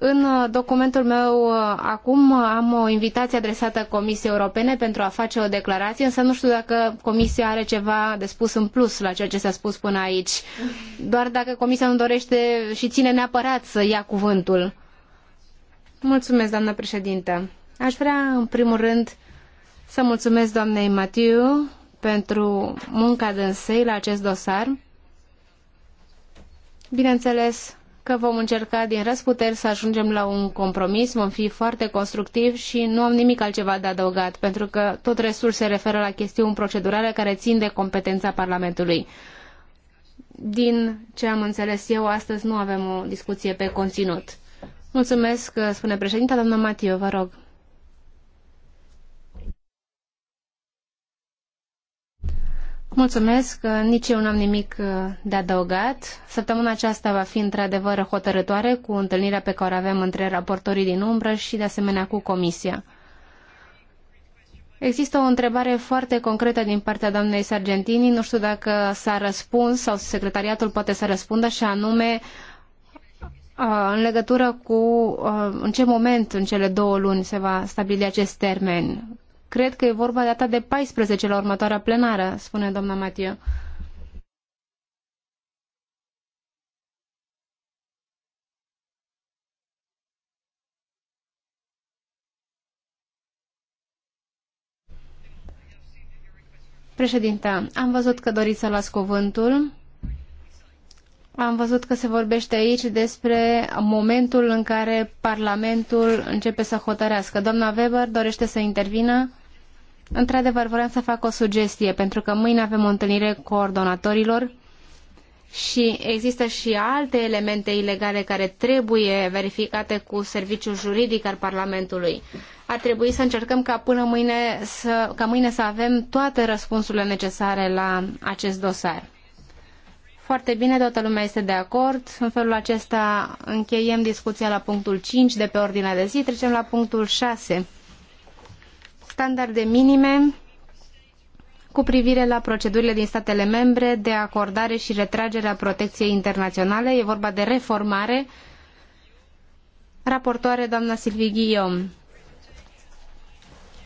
În uh, documentul meu uh, acum uh, am o invitație adresată Comisiei Europene pentru a face o declarație, însă nu știu dacă Comisia are ceva de spus în plus la ceea ce s-a spus până aici. Doar dacă Comisia nu dorește și ține neapărat să ia cuvântul. Mulțumesc, doamnă președintă. Aș vrea, în primul rând, să mulțumesc doamnei Matiu pentru munca dânsei la acest dosar. Bineînțeles, că vom încerca din răsputeri să ajungem la un compromis, vom fi foarte constructivi și nu am nimic altceva de adăugat, pentru că tot restul se referă la chestiuni procedurale care țin de competența Parlamentului. Din ce am înțeles eu, astăzi nu avem o discuție pe conținut. Mulțumesc, spune președinta, doamna Matiu, vă rog. Mulțumesc, nici eu n-am nimic uh, de adăugat. Săptămâna aceasta va fi într-adevăr hotărătoare cu întâlnirea pe care o avem între raportorii din umbră și de asemenea cu Comisia. Există o întrebare foarte concretă din partea doamnei Sargentini, nu știu dacă s-a răspuns sau secretariatul poate să răspundă și anume uh, în legătură cu uh, în ce moment în cele două luni se va stabili acest termen. Cred că e vorba data de 14 la următoarea plenară, spune doamna Matiu. Președinte, am văzut că doriți să las cuvântul. Am văzut că se vorbește aici despre momentul în care Parlamentul începe să hotărească. Doamna Weber dorește să intervină? Într-adevăr, vreau să fac o sugestie, pentru că mâine avem o întâlnire cu coordonatorilor și există și alte elemente ilegale care trebuie verificate cu serviciul juridic al Parlamentului. Ar trebui să încercăm ca până mâine să, ca mâine să avem toate răspunsurile necesare la acest dosar. Foarte bine, toată lumea este de acord. În felul acesta încheiem discuția la punctul 5 de pe ordinea de zi. Trecem la punctul 6 standarde minime cu privire la procedurile din statele membre de acordare și retragere a protecției internaționale. E vorba de reformare. Raportoare doamna Silvie Guillaume.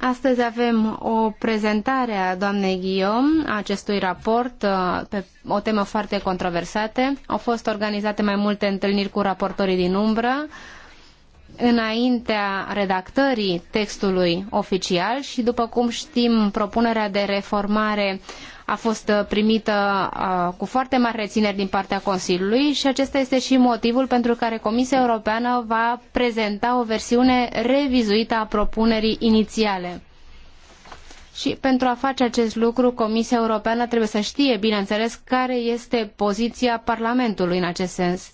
Astăzi avem o prezentare a doamnei Guillaume a acestui raport uh, pe o temă foarte controversată. Au fost organizate mai multe întâlniri cu raportorii din umbră înaintea redactării textului oficial și, după cum știm, propunerea de reformare a fost primită cu foarte mari rețineri din partea Consiliului și acesta este și motivul pentru care Comisia Europeană va prezenta o versiune revizuită a propunerii inițiale. Și pentru a face acest lucru, Comisia Europeană trebuie să știe, bineînțeles, care este poziția Parlamentului în acest sens.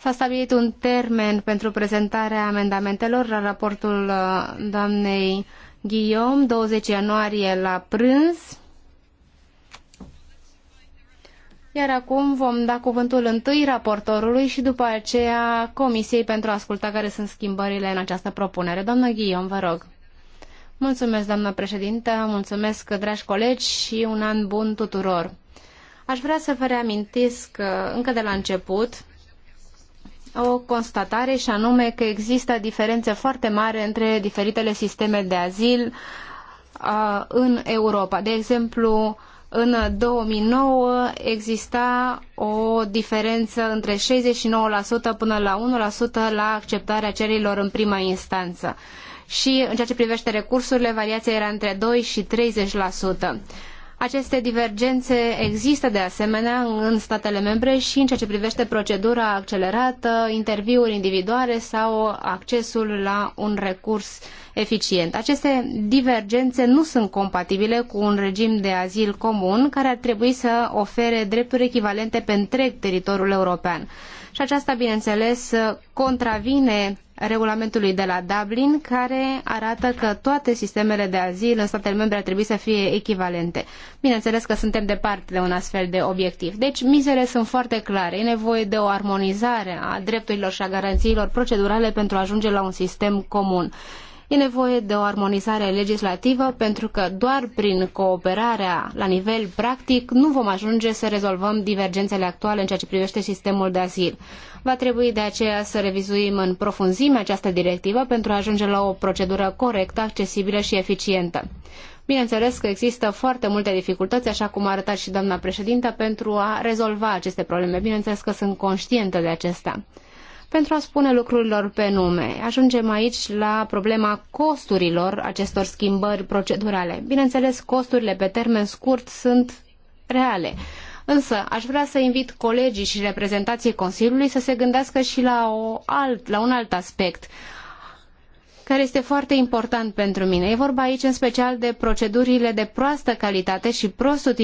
S-a stabilit un termen pentru prezentarea amendamentelor la raportul uh, doamnei Guillaume, 20 ianuarie la prânz. Iar acum vom da cuvântul întâi raportorului și după aceea Comisiei pentru a asculta care sunt schimbările în această propunere. Doamnă Ghion, vă rog. Mulțumesc, doamnă președintă, mulțumesc, dragi colegi și un an bun tuturor. Aș vrea să vă reamintesc uh, încă de la început o constatare și anume că există diferențe foarte mari între diferitele sisteme de azil uh, în Europa. De exemplu, în 2009 exista o diferență între 69% până la 1% la acceptarea cererilor în prima instanță. Și în ceea ce privește recursurile, variația era între 2 și 30%. Aceste divergențe există de asemenea în statele membre și în ceea ce privește procedura accelerată, interviuri individuale sau accesul la un recurs eficient. Aceste divergențe nu sunt compatibile cu un regim de azil comun care ar trebui să ofere drepturi echivalente pe întreg teritoriul european. Și aceasta, bineînțeles, contravine regulamentului de la Dublin, care arată că toate sistemele de azil în statele membre ar trebui să fie echivalente. Bineînțeles că suntem departe de un astfel de obiectiv. Deci, mizele sunt foarte clare. E nevoie de o armonizare a drepturilor și a garanțiilor procedurale pentru a ajunge la un sistem comun. E nevoie de o armonizare legislativă pentru că doar prin cooperarea la nivel practic nu vom ajunge să rezolvăm divergențele actuale în ceea ce privește sistemul de azil. Va trebui de aceea să revizuim în profunzime această directivă pentru a ajunge la o procedură corectă, accesibilă și eficientă. Bineînțeles că există foarte multe dificultăți, așa cum a arătat și doamna președintă, pentru a rezolva aceste probleme. Bineînțeles că sunt conștientă de acestea pentru a spune lucrurilor pe nume. Ajungem aici la problema costurilor acestor schimbări procedurale. Bineînțeles, costurile pe termen scurt sunt reale. Însă, aș vrea să invit colegii și reprezentanții Consiliului să se gândească și la, o alt, la un alt aspect care este foarte important pentru mine. E vorba aici în special de procedurile de proastă calitate și prost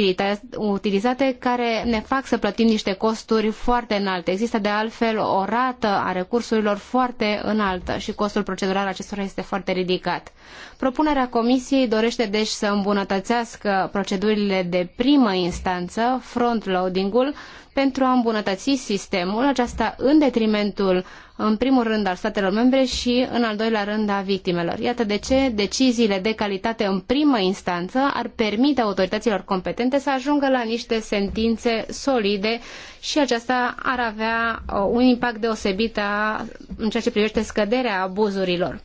utilizate care ne fac să plătim niște costuri foarte înalte. Există de altfel o rată a recursurilor foarte înaltă și costul procedural acestora este foarte ridicat. Propunerea Comisiei dorește deci să îmbunătățească procedurile de primă instanță, front-loading-ul, pentru a îmbunătăți sistemul, aceasta în detrimentul în primul rând al statelor membre și în al doilea rând a victimelor. Iată de ce deciziile de calitate în primă instanță ar permite autorităților competente să ajungă la niște sentințe solide și aceasta ar avea uh, un impact deosebit a, în ceea ce privește scăderea abuzurilor.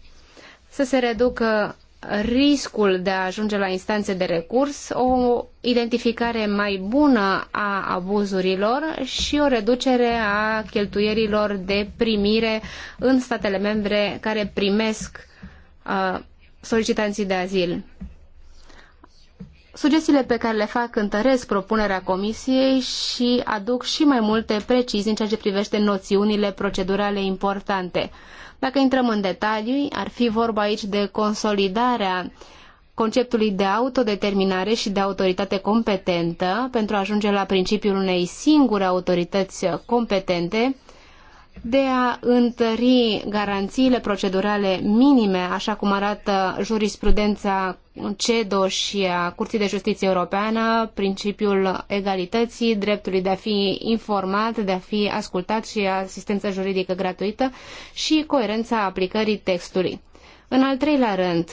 Să se reducă riscul de a ajunge la instanțe de recurs, o identificare mai bună a abuzurilor și o reducere a cheltuierilor de primire în statele membre care primesc uh, solicitanții de azil. Sugestiile pe care le fac întăresc propunerea comisiei și aduc și mai multe precizii în ceea ce privește noțiunile procedurale importante. Dacă intrăm în detalii, ar fi vorba aici de consolidarea conceptului de autodeterminare și de autoritate competentă pentru a ajunge la principiul unei singure autorități competente de a întări garanțiile procedurale minime, așa cum arată jurisprudența CEDO și a Curții de Justiție Europeană, principiul egalității, dreptului de a fi informat, de a fi ascultat și asistență juridică gratuită și coerența aplicării textului. În al treilea rând,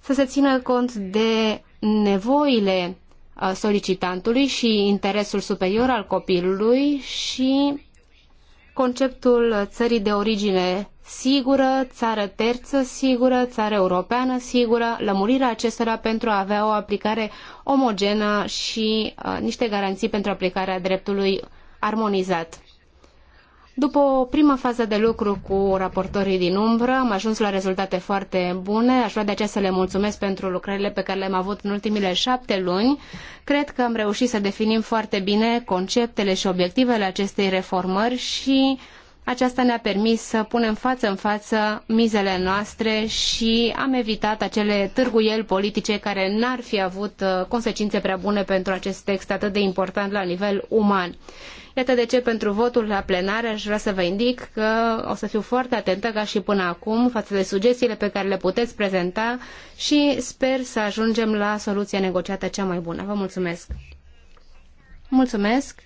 să se țină cont de nevoile uh, solicitantului și interesul superior al copilului și conceptul țării de origine sigură, țară terță sigură, țară europeană sigură, lămurirea acestora pentru a avea o aplicare omogenă și uh, niște garanții pentru aplicarea dreptului armonizat. După o primă fază de lucru cu raportorii din umbră, am ajuns la rezultate foarte bune. Aș vrea de aceea să le mulțumesc pentru lucrările pe care le-am avut în ultimile șapte luni. Cred că am reușit să definim foarte bine conceptele și obiectivele acestei reformări și aceasta ne-a permis să punem față în față mizele noastre și am evitat acele târguieli politice care n-ar fi avut uh, consecințe prea bune pentru acest text atât de important la nivel uman. Iată de ce pentru votul la plenară aș vrea să vă indic că o să fiu foarte atentă ca și până acum față de sugestiile pe care le puteți prezenta și sper să ajungem la soluția negociată cea mai bună. Vă mulțumesc! Mulțumesc!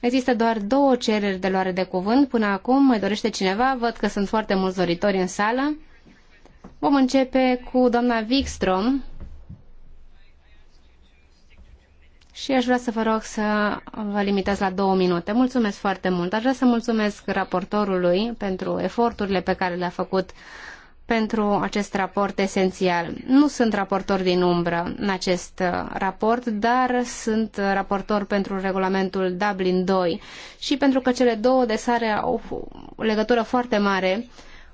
Există doar două cereri de luare de cuvânt. Până acum mai dorește cineva? Văd că sunt foarte mulți doritori în sală. Vom începe cu doamna Wikstrom și aș vrea să vă rog să vă limitați la două minute. Mulțumesc foarte mult. Aș vrea să mulțumesc raportorului pentru eforturile pe care le-a făcut pentru acest raport esențial. Nu sunt raportor din umbră în acest uh, raport, dar sunt raportor pentru regulamentul Dublin 2 și pentru că cele două desare au o legătură foarte mare,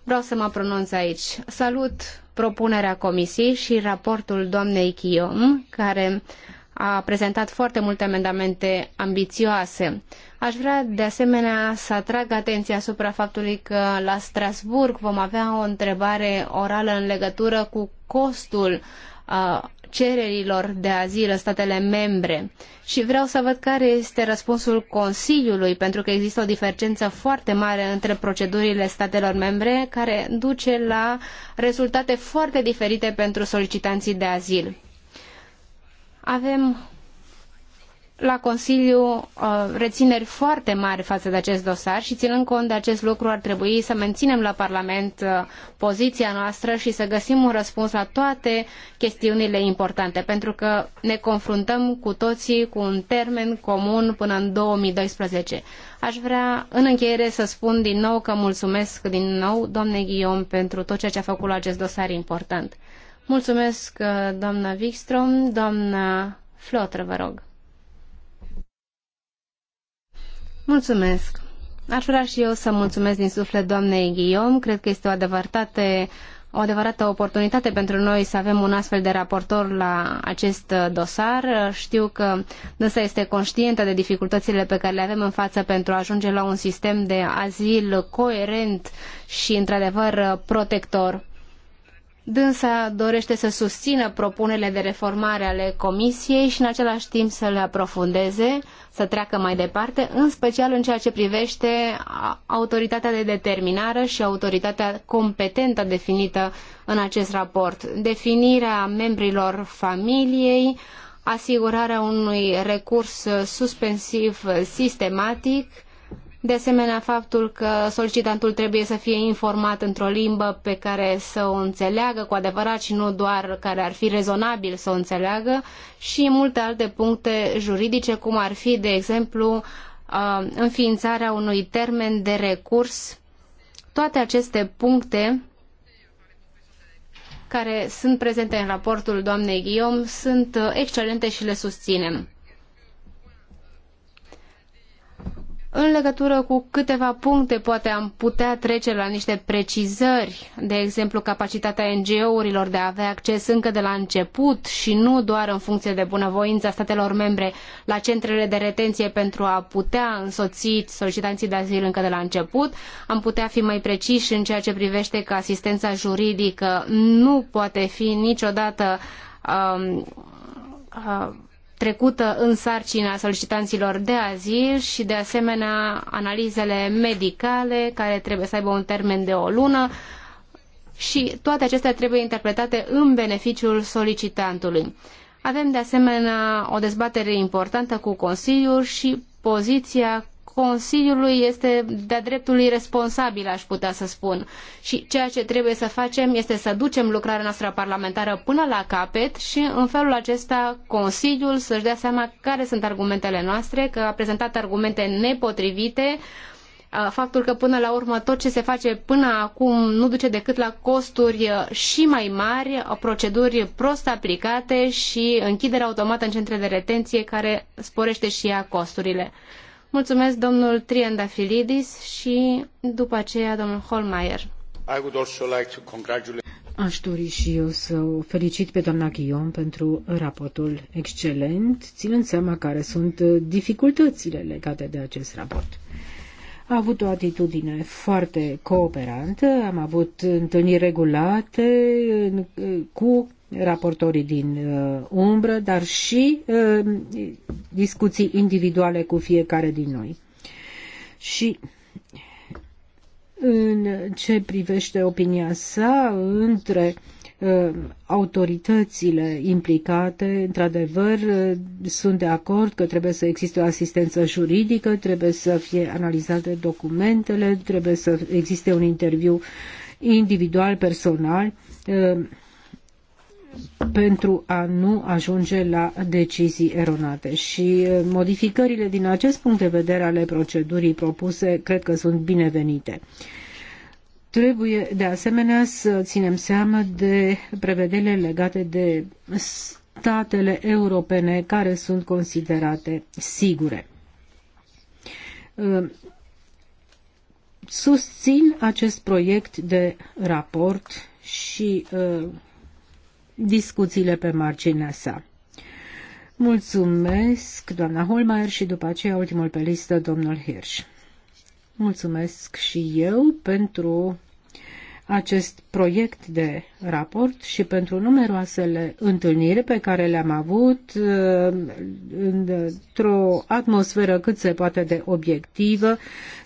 vreau să mă pronunț aici. Salut propunerea comisiei și raportul doamnei Chiom, care uh, a prezentat foarte multe amendamente ambițioase. Aș vrea de asemenea să atrag atenția asupra faptului că la Strasburg vom avea o întrebare orală în legătură cu costul uh, cererilor de azil în statele membre și vreau să văd care este răspunsul Consiliului, pentru că există o divergență foarte mare între procedurile statelor membre, care duce la rezultate foarte diferite pentru solicitanții de azil. Avem la Consiliu uh, rețineri foarte mari față de acest dosar și ținând cont de acest lucru ar trebui să menținem la Parlament uh, poziția noastră și să găsim un răspuns la toate chestiunile importante, pentru că ne confruntăm cu toții cu un termen comun până în 2012. Aș vrea în încheiere să spun din nou că mulțumesc din nou doamnei Ghiom pentru tot ceea ce a făcut la acest dosar important. Mulțumesc, uh, doamna Wikstrom. Doamna Flotră, vă rog. Mulțumesc. Aș vrea și eu să mulțumesc din suflet doamnei Ghiom. Cred că este o adevărată, o adevărată oportunitate pentru noi să avem un astfel de raportor la acest uh, dosar. Știu că dânsa este conștientă de dificultățile pe care le avem în față pentru a ajunge la un sistem de azil coerent și, într-adevăr, uh, protector. Dânsa dorește să susțină propunerile de reformare ale Comisiei și în același timp să le aprofundeze, să treacă mai departe, în special în ceea ce privește autoritatea de determinare și autoritatea competentă definită în acest raport, definirea membrilor familiei, asigurarea unui recurs suspensiv sistematic, de asemenea faptul că solicitantul trebuie să fie informat într-o limbă pe care să o înțeleagă cu adevărat și nu doar care ar fi rezonabil să o înțeleagă și multe alte puncte juridice, cum ar fi, de exemplu, înființarea unui termen de recurs. Toate aceste puncte care sunt prezente în raportul doamnei Guillaume sunt uh, excelente și le susținem. În legătură cu câteva puncte, poate am putea trece la niște precizări, de exemplu capacitatea NGO-urilor de a avea acces încă de la început și nu doar în funcție de bunăvoința statelor membre la centrele de retenție pentru a putea însoți solicitanții de azil încă de la început. Am putea fi mai preciși în ceea ce privește că asistența juridică nu poate fi niciodată um, uh, trecută în sarcina solicitanților de azil și de asemenea analizele medicale care trebuie să aibă un termen de o lună și toate acestea trebuie interpretate în beneficiul solicitantului. Avem de asemenea o dezbatere importantă cu Consiliul și poziția Consiliului este de-a dreptul irresponsabil, aș putea să spun. Și ceea ce trebuie să facem este să ducem lucrarea noastră parlamentară până la capăt și în felul acesta Consiliul să-și dea seama care sunt argumentele noastre, că a prezentat argumente nepotrivite, faptul că până la urmă tot ce se face până acum nu duce decât la costuri și mai mari, proceduri prost aplicate și închiderea automată în centre de retenție care sporește și ea costurile. Mulțumesc domnul Triandafilidis și după aceea domnul Holmeier. Like Aș dori și eu să o felicit pe doamna Guillaume pentru raportul excelent, ținând seama care sunt dificultățile legate de acest raport. A avut o atitudine foarte cooperantă, am avut întâlniri regulate cu raportorii din uh, umbră, dar și uh, discuții individuale cu fiecare din noi. Și în ce privește opinia sa între uh, autoritățile implicate, într-adevăr, uh, sunt de acord că trebuie să existe o asistență juridică, trebuie să fie analizate documentele, trebuie să existe un interviu individual, personal. Uh, pentru a nu ajunge la decizii eronate. Și modificările din acest punct de vedere ale procedurii propuse cred că sunt binevenite. Trebuie de asemenea să ținem seama de prevederile legate de statele europene care sunt considerate sigure. Susțin acest proiect de raport și discuțiile pe marginea sa. Mulțumesc, doamna Holmeier, și după aceea ultimul pe listă, domnul Hirsch. Mulțumesc și eu pentru acest proiect de raport și pentru numeroasele întâlniri pe care le-am avut uh, într-o atmosferă cât se poate de obiectivă.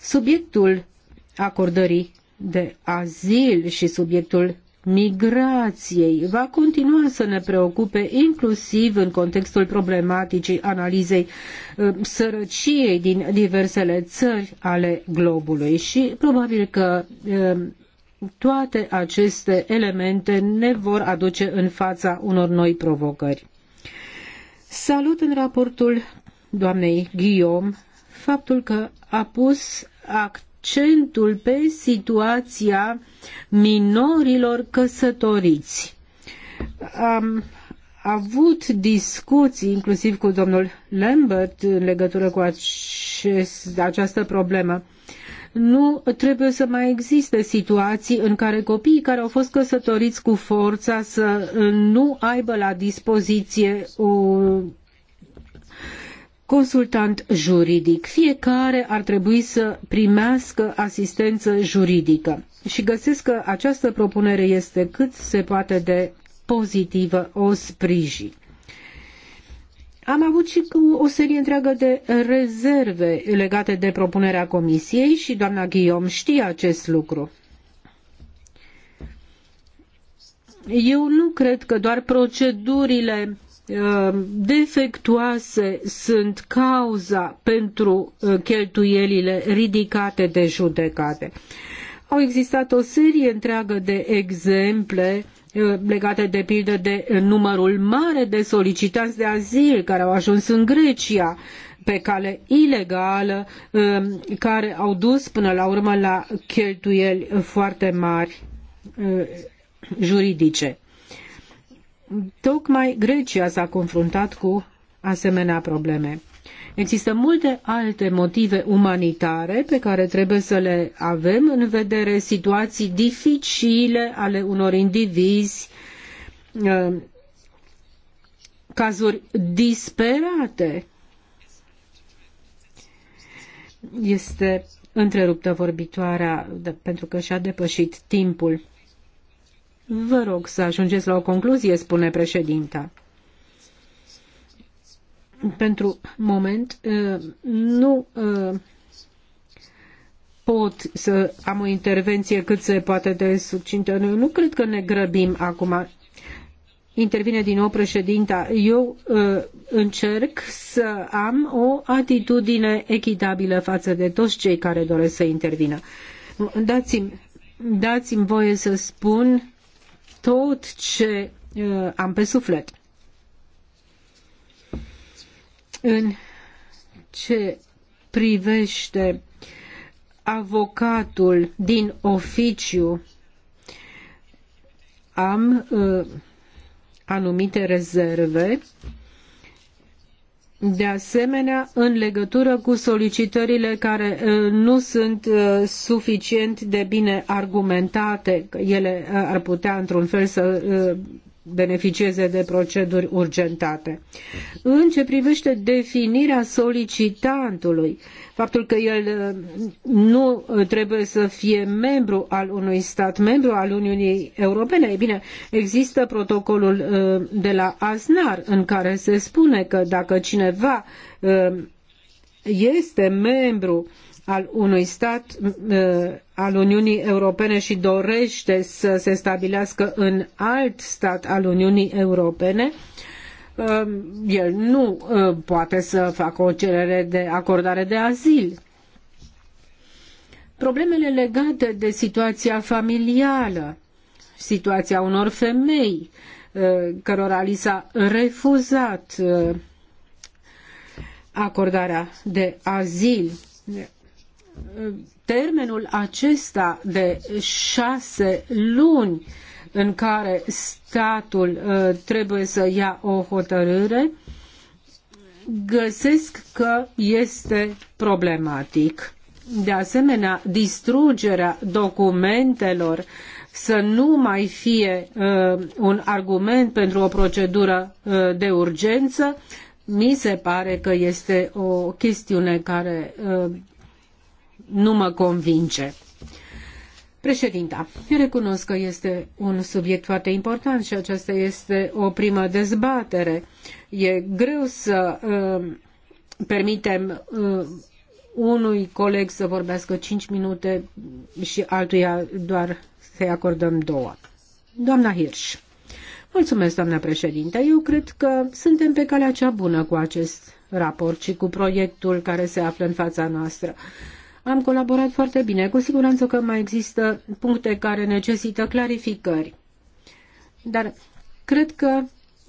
Subiectul acordării de azil și subiectul migrației va continua să ne preocupe inclusiv în contextul problematicii analizei ă, sărăciei din diversele țări ale globului și probabil că ă, toate aceste elemente ne vor aduce în fața unor noi provocări. Salut în raportul doamnei Guillaume faptul că a pus accent accentul pe situația minorilor căsătoriți. Am avut discuții inclusiv cu domnul Lambert în legătură cu acest, această problemă. Nu trebuie să mai existe situații în care copiii care au fost căsătoriți cu forța să nu aibă la dispoziție o consultant juridic. Fiecare ar trebui să primească asistență juridică. Și găsesc că această propunere este cât se poate de pozitivă, o sprijin. Am avut și o serie întreagă de rezerve legate de propunerea comisiei și doamna Ghiom știe acest lucru. Eu nu cred că doar procedurile Ehm, defectuoase sunt cauza pentru eh, cheltuielile ridicate de judecate. Au existat o serie întreagă de exemple eh, legate de pildă de eh, numărul mare de solicitanți de azil care au ajuns în Grecia pe cale ilegală, ehm, care au dus până la urmă la cheltuieli foarte mari juridice tocmai Grecia s-a confruntat cu asemenea probleme. Există multe alte motive umanitare pe care trebuie să le avem în vedere, situații dificile ale unor indivizi, uh, cazuri disperate. Este întreruptă vorbitoarea pentru că și-a depășit timpul. Vă rog să ajungeți la o concluzie, spune președinta. Pentru moment uh, nu uh, pot să am o intervenție cât se poate de succintă. Noi nu cred că ne grăbim acum. Intervine din nou președinta. Eu uh, încerc să am o atitudine echitabilă față de toți cei care doresc să intervină. Dați-mi dați voie să spun tot ce uh, am pe suflet. În ce privește avocatul din oficiu, am uh, anumite rezerve de asemenea, în legătură cu solicitările care uh, nu sunt uh, suficient de bine argumentate, ele uh, ar putea într-un fel să beneficieze de proceduri urgentate. În ce privește definirea solicitantului, faptul că el uh, nu uh, trebuie să fie membru al unui stat membru al Uniunii Europene. Ei bine, există protocolul uh, de la Aznar în care se spune că dacă cineva este membru al unui stat al Uniunii Europene și dorește să se stabilească în alt stat al Uniunii Europene, Um, el nu uh, poate să facă o cerere de acordare de azil. Problemele legate de situația familială, situația unor femei uh, cărora li s-a refuzat uh, acordarea de azil. Termenul acesta de șase luni în care statul uh, trebuie să ia o hotărâre, găsesc că este problematic. De asemenea, distrugerea documentelor să nu mai fie uh, un argument pentru o procedură uh, de urgență, mi se pare că este o chestiune care uh, nu mă convinge. Președinta, recunosc că este un subiect foarte important și aceasta este o primă dezbatere. E greu să uh, permitem uh, unui coleg să vorbească 5 minute și altuia doar să-i acordăm două. Doamna Hirsch. Mulțumesc, doamna președinte. Eu cred că suntem pe calea cea bună cu acest raport și cu proiectul care se află în fața noastră. Uh, am colaborat foarte bine. Cu siguranță că mai există puncte care necesită clarificări. Dar cred că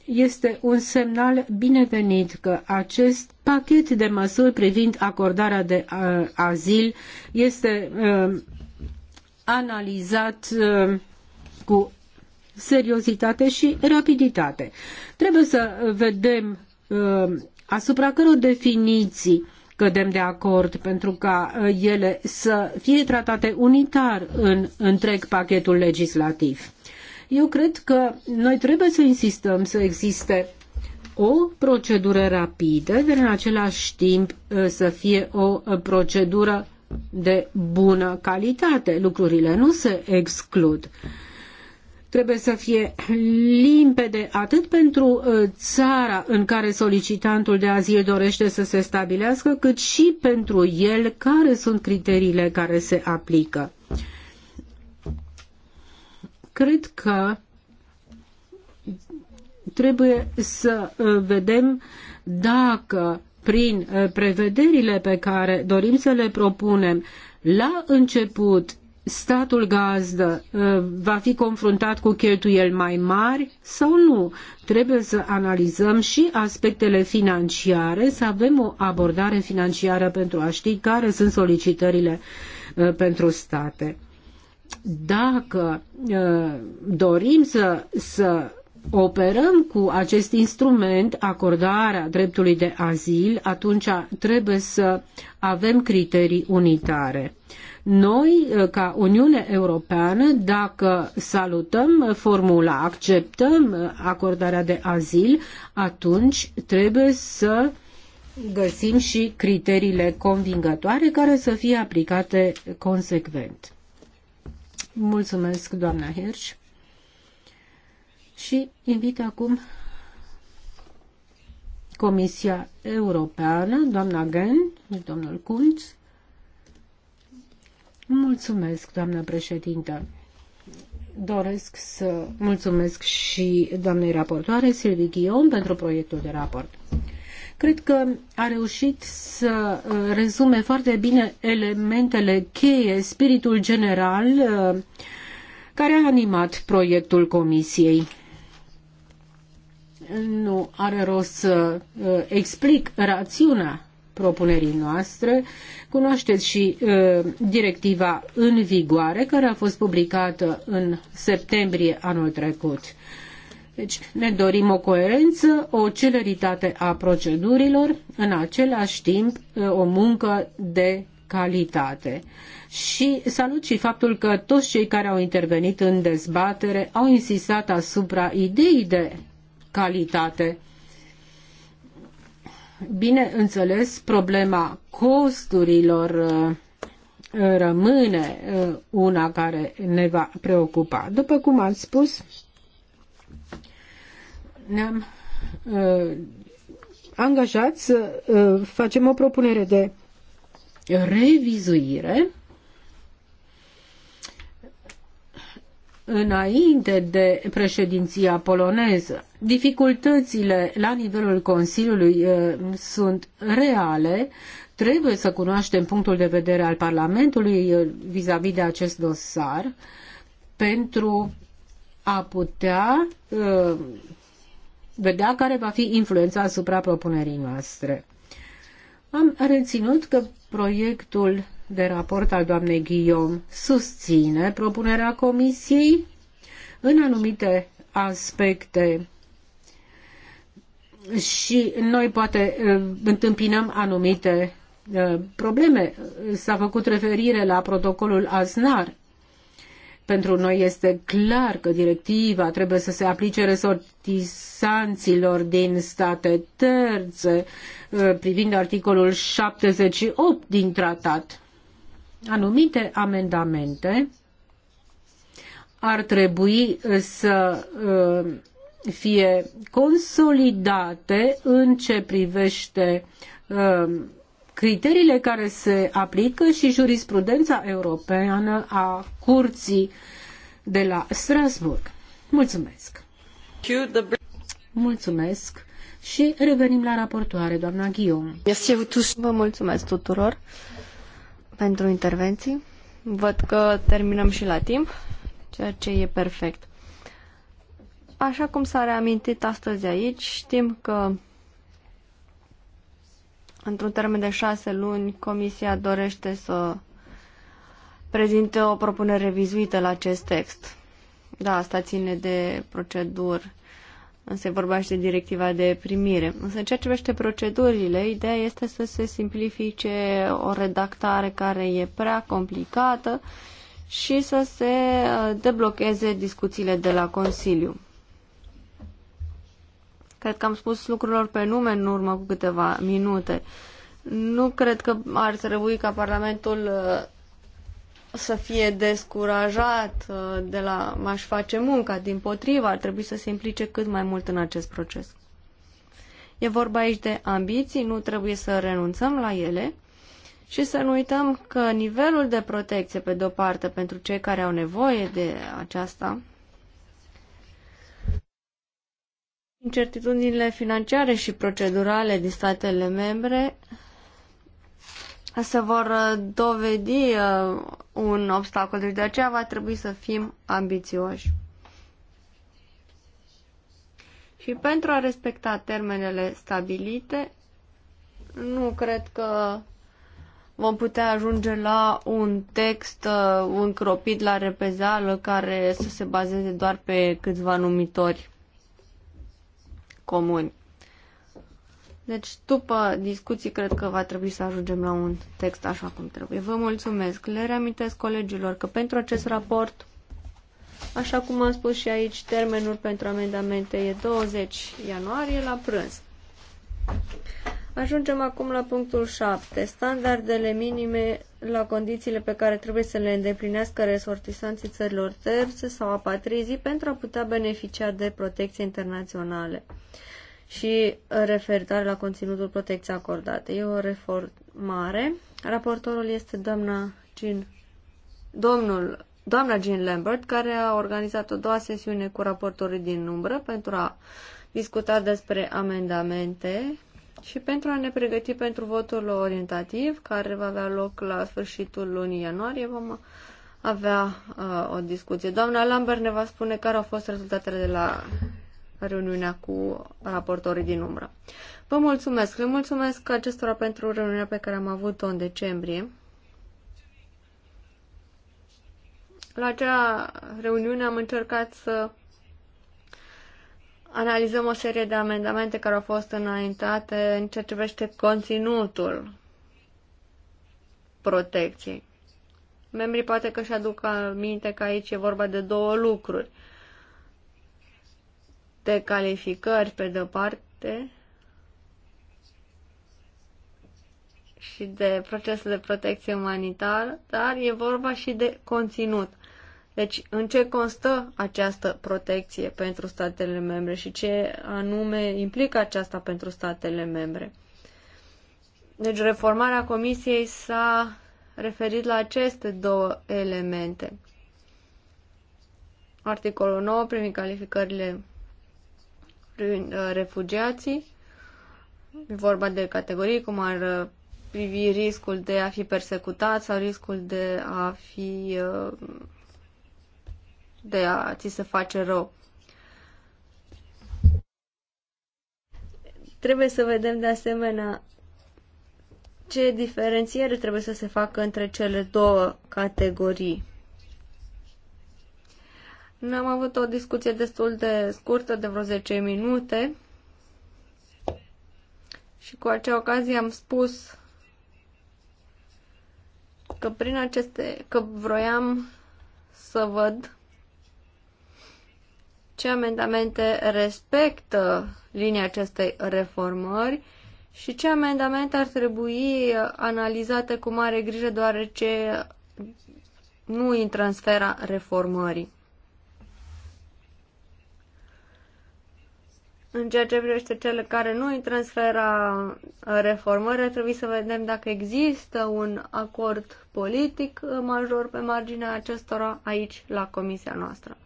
este un semnal binevenit că acest pachet de măsuri privind acordarea de uh, azil este uh, analizat uh, cu seriozitate și rapiditate. Trebuie să vedem asupra căror definiții cădem de acord pentru ca ă, ele să fie tratate unitar în întreg pachetul legislativ. Eu cred că noi trebuie să insistăm să existe o procedură rapidă, dar în același timp ă, să fie o ă, procedură de bună calitate. Lucrurile nu se exclud trebuie să fie limpede atât pentru uh, țara în care solicitantul de azil dorește să se stabilească, cât și pentru el care sunt criteriile care se aplică. Cred că trebuie să uh, vedem dacă prin uh, prevederile pe care dorim să le propunem la început statul gazdă uh, va fi confruntat cu cheltuieli mai mari sau nu. Trebuie să analizăm și aspectele financiare, să avem o abordare financiară pentru a ști care sunt solicitările uh, pentru state. Dacă uh, dorim să, să operăm cu acest instrument acordarea dreptului de azil, atunci trebuie să avem criterii unitare. Uh, noi, eh, ca Uniune Europeană, dacă salutăm formula, acceptăm eh, acordarea de azil, atunci trebuie să găsim și criteriile convingătoare care să fie aplicate consecvent. Mulțumesc, doamna Hirsch. Și invit acum Comisia Europeană, doamna Gen și domnul Kunz, Mulțumesc, doamnă președintă. Doresc să mulțumesc și doamnei raportoare Silvi Ghion pentru proiectul de raport. Cred că a reușit să uh, rezume foarte bine elementele cheie, spiritul general uh, care a animat proiectul comisiei nu are rost să uh, explic rațiunea propunerii noastre, Cunoașteți și uh, directiva în vigoare, care a fost publicată în septembrie anul trecut. Deci ne dorim o coerență, o celeritate a procedurilor, în același timp ă, o muncă de calitate. Și salut și faptul că toți cei care au intervenit în dezbatere au insistat asupra ideii de calitate bineînțeles, problema costurilor uh, rămâne uh, una care ne va preocupa. După cum am spus, ne-am uh, angajat să facem o propunere de revizuire înainte de președinția poloneză. Dificultățile la nivelul Consiliului uh, sunt reale. Trebuie să cunoaștem punctul de vedere al Parlamentului uh, vis-a-vis -vis de acest dosar pentru a putea uh, vedea care va fi influența asupra propunerii noastre. Am reținut că proiectul de raport al doamnei Guillaume susține propunerea Comisiei în anumite aspecte și noi poate uh, întâmpinăm anumite uh, probleme. S-a făcut referire la protocolul ASNAR. Pentru noi este clar că directiva trebuie să se aplice resortisanților din state terțe uh, privind articolul 78 din tratat anumite amendamente ar trebui să uh, fie consolidate în ce privește uh, criteriile care se aplică și jurisprudența europeană a curții de la Strasbourg. Mulțumesc! Mulțumesc! Și revenim la raportoare, doamna Guillaume. Vă mulțumesc tuturor! pentru intervenții. Văd că terminăm și la timp, ceea ce e perfect. Așa cum s-a reamintit astăzi aici, știm că într-un termen de șase luni Comisia dorește să prezinte o propunere revizuită la acest text. Da, asta ține de proceduri se vorbește de directiva de primire. Însă în ceea ce privește procedurile, ideea este să se simplifice o redactare care e prea complicată și să se uh, deblocheze discuțiile de la Consiliu. Cred că am spus lucrurilor pe nume în urmă cu câteva minute. Nu cred că ar trebui ca Parlamentul uh, să fie descurajat uh, de la a-și face munca. Din potriva, ar trebui să se implice cât mai mult în acest proces. E vorba aici de ambiții, nu trebuie să renunțăm la ele și să nu uităm că nivelul de protecție, pe de-o parte, pentru cei care au nevoie de aceasta, incertitudinile financiare și procedurale din statele membre se vor uh, dovedi uh, un obstacol. Deci de aceea va trebui să fim ambițioși. Și pentru a respecta termenele stabilite, nu cred că vom putea ajunge la un text uh, încropit la repezeală care să se bazeze doar pe câțiva numitori comuni. Deci, după discuții, cred că va trebui să ajungem la un text așa cum trebuie. Vă mulțumesc. Le reamintesc colegilor că pentru acest raport, așa cum am spus și aici, termenul pentru amendamente e 20 ianuarie la prânz. Ajungem acum la punctul 7. Standardele minime la condițiile pe care trebuie să le îndeplinească resortisanții țărilor terțe sau apatrizii pentru a putea beneficia de protecție internaționale și referitoare la conținutul protecției acordate. E o reformare. Raportorul este doamna Jean, domnul, doamna Jean Lambert, care a organizat o doua sesiune cu raportorii din umbră pentru a discuta despre amendamente și pentru a ne pregăti pentru votul orientativ, care va avea loc la sfârșitul lunii ianuarie. Vom avea uh, o discuție. Doamna Lambert ne va spune care au fost rezultatele de la reuniunea cu raportorii din umbră. Vă mulțumesc, le mulțumesc acestora pentru reuniunea pe care am avut-o în decembrie. La acea reuniune am încercat să analizăm o serie de amendamente care au fost înaintate în ceea ce privește conținutul protecției. Membrii poate că și aduc aminte că aici e vorba de două lucruri de calificări, pe de-o parte, și de procesul de protecție umanitară, dar e vorba și de conținut. Deci, în ce constă această protecție pentru statele membre și ce anume implică aceasta pentru statele membre? Deci, reformarea Comisiei s-a referit la aceste două elemente. Articolul 9 primi calificările prin uh, refugiații. E vorba de categorii cum ar uh, privi riscul de a fi persecutat sau riscul de a fi uh, de a ți se face rău. Trebuie să vedem de asemenea ce diferențiere trebuie să se facă între cele două categorii. Ne-am avut o discuție destul de scurtă, de vreo 10 minute. Și cu acea ocazie am spus că prin aceste, că vroiam să văd ce amendamente respectă linia acestei reformări și ce amendamente ar trebui analizate cu mare grijă deoarece nu intră în sfera reformării. În ceea ce privește cele care nu îi transfera reformări, trebuie să vedem dacă există un acord politic major pe marginea acestora aici, la comisia noastră.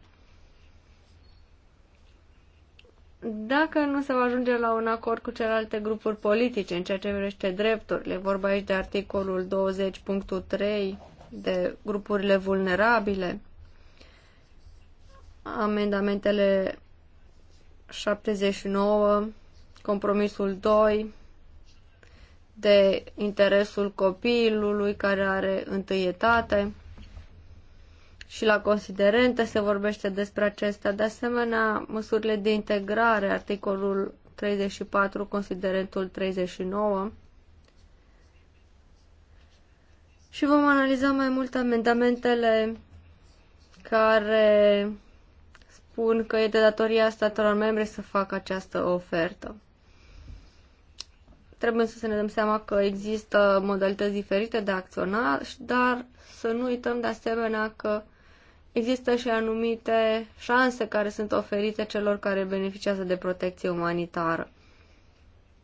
Dacă nu se va ajunge la un acord cu celelalte grupuri politice în ceea ce privește drepturile, vorba aici de articolul 20.3 de grupurile vulnerabile, amendamentele 79, compromisul 2, de interesul copilului care are întâietate și la considerente se vorbește despre acestea. De asemenea, măsurile de integrare, articolul 34, considerentul 39. Și vom analiza mai mult amendamentele care spun că e de datoria statelor membre să facă această ofertă. Trebuie să ne dăm seama că există modalități diferite de a dar să nu uităm de asemenea că există și anumite șanse care sunt oferite celor care beneficiază de protecție umanitară.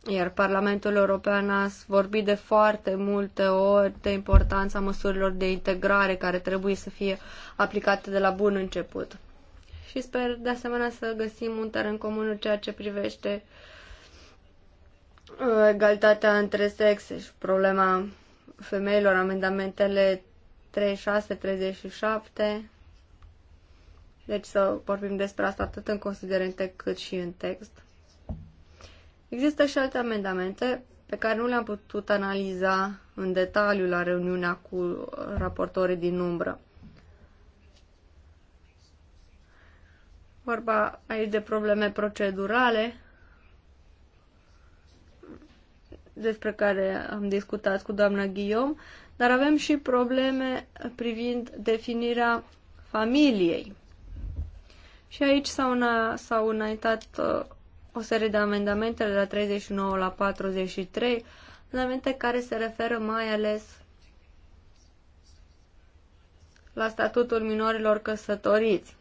Iar Parlamentul European a vorbit de foarte multe ori de importanța măsurilor de integrare care trebuie să fie aplicate de la bun început și sper de asemenea să găsim un teren comun în ceea ce privește uh, egalitatea între sexe și problema femeilor, amendamentele 36, 37. Deci să vorbim despre asta atât în considerente cât și în text. Există și alte amendamente pe care nu le-am putut analiza în detaliu la reuniunea cu raportorii din umbră. Vorba aici de probleme procedurale despre care am discutat cu doamna Guillaume, dar avem și probleme privind definirea familiei. Și aici s-au, una, s-au înaintat uh, o serie de amendamente de la 39 la 43, amendamente care se referă mai ales la statutul minorilor căsătoriți.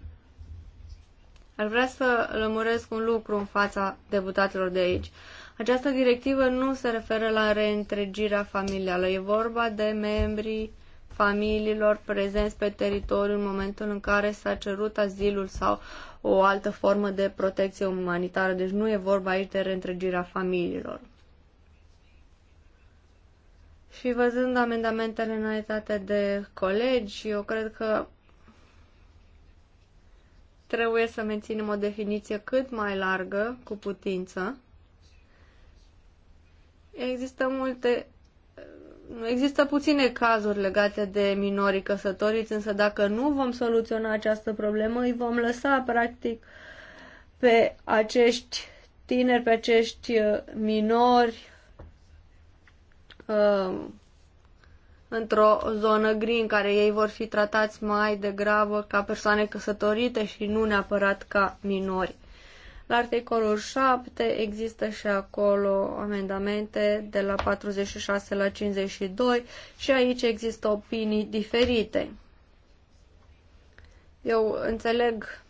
Ar vrea să lămuresc un lucru în fața deputaților de aici. Această directivă nu se referă la reîntregirea familială. E vorba de membrii familiilor prezenți pe teritoriu în momentul în care s-a cerut azilul sau o altă formă de protecție umanitară. Deci nu e vorba aici de reîntregirea familiilor. Și văzând amendamentele înaintate de colegi, eu cred că Trebuie să menținem o definiție cât mai largă, cu putință. Există multe Există puține cazuri legate de minorii căsătoriți, însă dacă nu vom soluționa această problemă, îi vom lăsa practic pe acești tineri, pe acești uh, minori uh, într-o zonă green, care ei vor fi tratați mai degrabă ca persoane căsătorite și nu neapărat ca minori. La articolul 7 există și acolo amendamente de la 46 la 52 și aici există opinii diferite. Eu înțeleg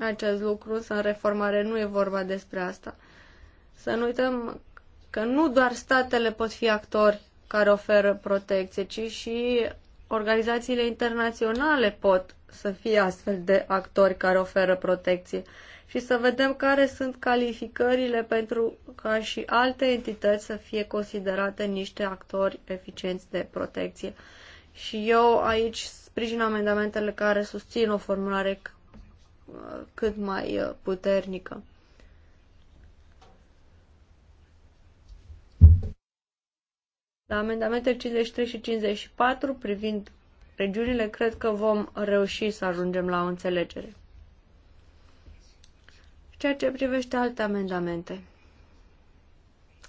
acest lucru, însă în reformare nu e vorba despre asta. Să nu uităm că nu doar statele pot fi actori care oferă protecție, ci și organizațiile internaționale pot să fie astfel de actori care oferă protecție și să vedem care sunt calificările pentru ca și alte entități să fie considerate niște actori eficienți de protecție. Și eu aici sprijin amendamentele care susțin o formulare cât mai uh, puternică. La amendamentele 53 și 54 privind regiunile, cred că vom reuși să ajungem la o înțelegere. Ceea ce privește alte amendamente,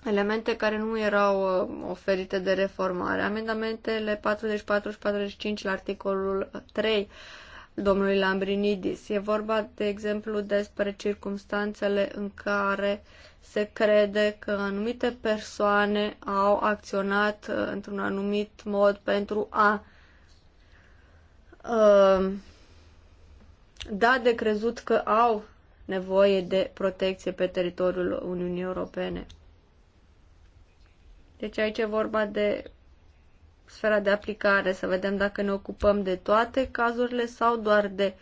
elemente care nu erau uh, oferite de reformare, amendamentele 44 și 45 la articolul 3 domnului Lambrinidis. E vorba, de exemplu, despre circumstanțele în care se crede că anumite persoane au acționat uh, într-un anumit mod pentru a uh, da de crezut că au nevoie de protecție pe teritoriul Uniunii Europene. Deci aici e vorba de sfera de aplicare, să vedem dacă ne ocupăm de toate cazurile sau doar de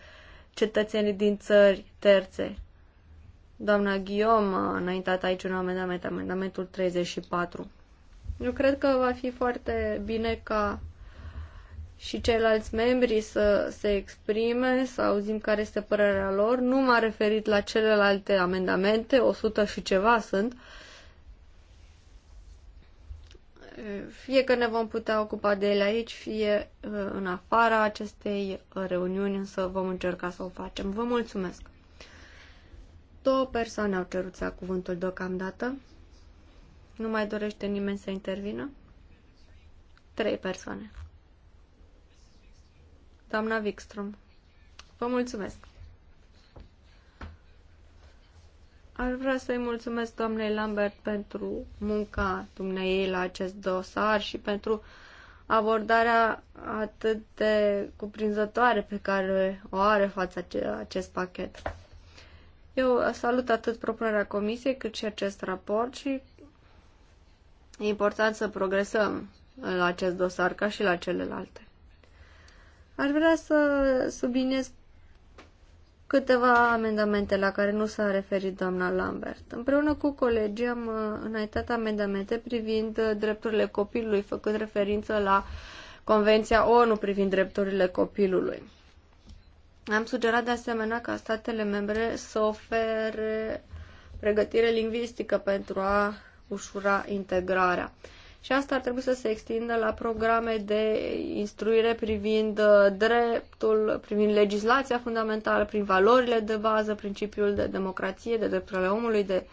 cetățenii din țări terțe. Doamna Ghiom a înaintat aici un amendament, amendamentul 34. Eu cred că va fi foarte bine ca și ceilalți membri să se exprime, să auzim care este părerea lor. Nu m-a referit la celelalte amendamente, 100 și ceva sunt, fie că ne vom putea ocupa de ele aici, fie uh, în afara acestei reuniuni, însă vom încerca să o facem. Vă mulțumesc! Două persoane au cerut să cuvântul deocamdată. Nu mai dorește nimeni să intervină? Trei persoane. Doamna Wikström, vă mulțumesc! Ar vrea să-i mulțumesc doamnei Lambert pentru munca dumneiei la acest dosar și pentru abordarea atât de cuprinzătoare pe care o are față acest pachet. Eu salut atât propunerea comisiei cât și acest raport și e important să progresăm la acest dosar ca și la celelalte. Aș vrea să subliniez câteva amendamente la care nu s-a referit doamna Lambert. Împreună cu colegii am uh, înaintat amendamente privind uh, drepturile copilului, făcând referință la Convenția ONU privind drepturile copilului. Am sugerat de asemenea ca statele membre să ofere pregătire lingvistică pentru a ușura integrarea și asta ar trebui să se extindă la programe de instruire privind uh, dreptul, privind legislația fundamentală, prin valorile de bază, principiul de democrație, de drepturile omului, de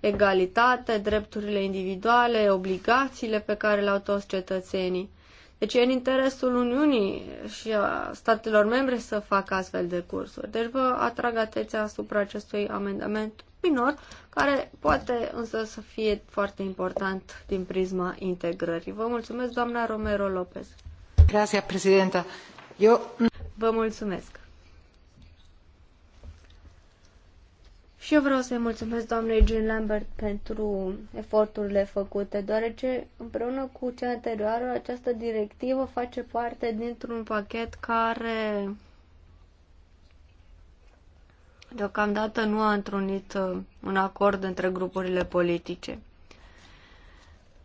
egalitate, drepturile individuale, obligațiile pe care le au toți cetățenii. Deci e în interesul Uniunii și a statelor membre să facă astfel de cursuri. Deci vă atrag atenția asupra acestui amendament minor, care poate însă să fie foarte important din prisma integrării. Vă mulțumesc, doamna Romero Lopez. Grazie, președinta. Eu... Vă mulțumesc. Și eu vreau să-i mulțumesc doamnei Jean Lambert pentru eforturile făcute, deoarece împreună cu cea anterioară, această directivă face parte dintr-un pachet care deocamdată nu a întrunit uh, un acord între grupurile politice.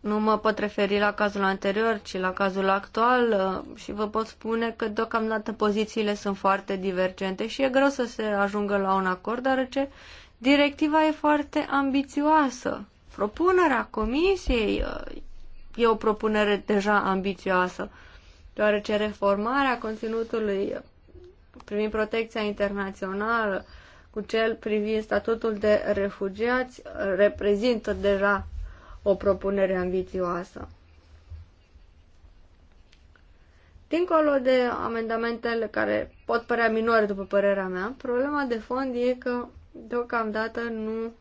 Nu mă pot referi la cazul anterior, ci la cazul actual uh, și vă pot spune că deocamdată pozițiile sunt foarte divergente și e greu să se ajungă la un acord, deoarece directiva e foarte ambițioasă. Propunerea comisiei uh, e o propunere deja ambițioasă, deoarece reformarea conținutului privind protecția internațională, cu cel privind statutul de refugiați reprezintă deja o propunere ambițioasă. Dincolo de amendamentele care pot părea minore după părerea mea, problema de fond e că deocamdată nu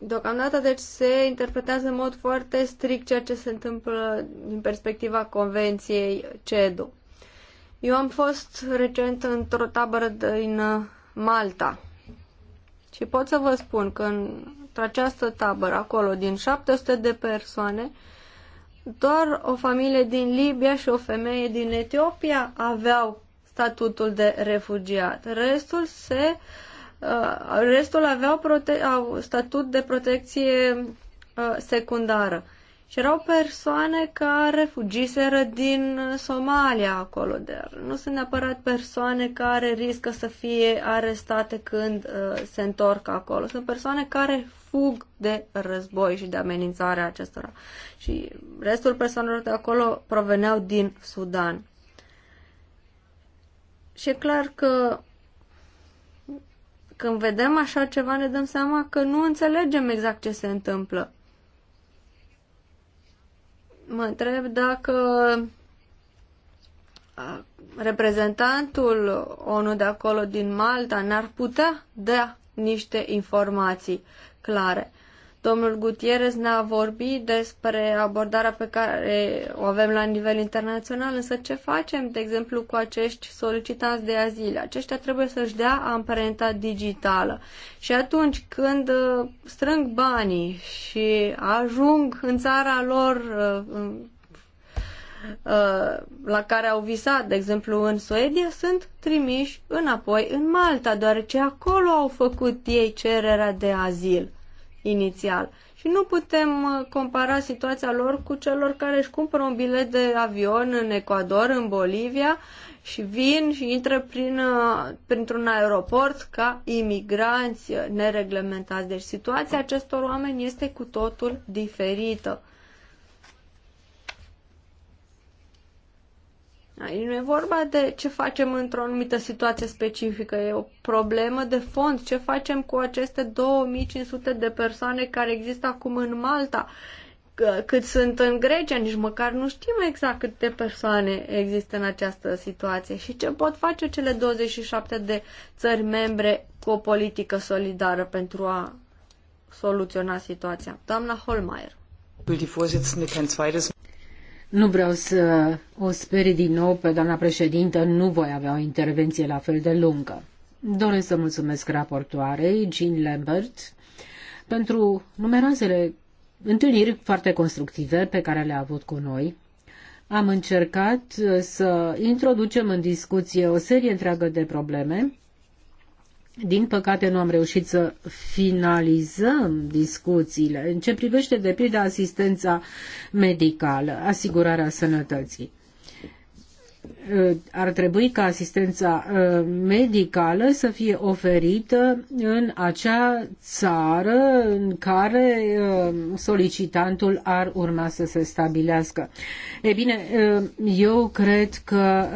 Deocamdată, deci, se interpretează în mod foarte strict ceea ce se întâmplă din perspectiva Convenției CEDO. Eu am fost recent într-o tabără din uh, Malta și pot să vă spun că într-această tabără, acolo, din 700 de persoane, doar o familie din Libia și o femeie din Etiopia aveau statutul de refugiat. Restul se uh, Uh, restul aveau, prote- au statut de protecție uh, secundară. Și erau persoane care fugiseră din Somalia acolo, dar nu sunt neapărat persoane care riscă să fie arestate când uh, se întorc acolo. Sunt persoane care fug de război și de amenințarea acestora. Și restul persoanelor de acolo proveneau din Sudan. Și e clar că când vedem așa ceva, ne dăm seama că nu înțelegem exact ce se întâmplă. Mă întreb dacă reprezentantul ONU de acolo din Malta n-ar putea da niște informații clare. Domnul Gutierrez ne-a vorbit despre abordarea pe care o avem la nivel internațional, însă ce facem, de exemplu, cu acești solicitanți de azil? Aceștia trebuie să-și dea amprenta digitală. Și atunci când uh, strâng banii și ajung în țara lor uh, uh, la care au visat, de exemplu, în Suedia, sunt trimiși înapoi în Malta, deoarece acolo au făcut ei cererea de azil inițial. Și nu putem uh, compara situația lor cu celor care își cumpără un bilet de avion în Ecuador, în Bolivia și vin și intră prin, uh, printr-un aeroport ca imigranți nereglementați. Deci situația acestor oameni este cu totul diferită. Aici nu e vorba de ce facem într-o anumită situație specifică, e o problemă de fond. Ce facem cu aceste 2500 de persoane care există acum în Malta? Cât sunt în Grecia, nici măcar nu știm exact câte persoane există în această situație și ce pot face cele 27 de țări membre cu o politică solidară pentru a soluționa situația. Doamna Holmeier. Nu vreau să o sperii din nou pe doamna președintă, nu voi avea o intervenție la fel de lungă. Doresc să mulțumesc raportoarei Jean Lambert pentru numeroasele întâlniri foarte constructive pe care le-a avut cu noi. Am încercat să introducem în discuție o serie întreagă de probleme din păcate nu am reușit să finalizăm discuțiile în ce privește de pildă asistența medicală, asigurarea sănătății. Ar trebui ca asistența ă, medicală să fie oferită în acea țară în care ă, solicitantul ar urma să se stabilească. E bine, ă, eu cred că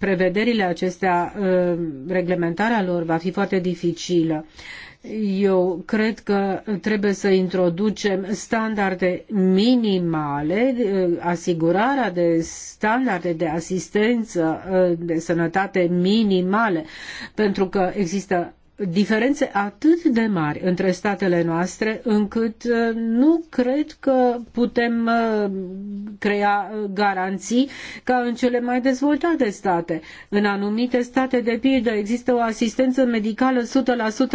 prevederile acestea, uh, reglementarea lor va fi foarte dificilă. Eu cred că trebuie să introducem standarde minimale, uh, asigurarea de standarde de asistență uh, de sănătate minimale, pentru că există diferențe atât de mari între statele noastre încât uh, nu cred că putem uh, crea uh, garanții ca în cele mai dezvoltate state. În anumite state, de pildă, există o asistență medicală 100%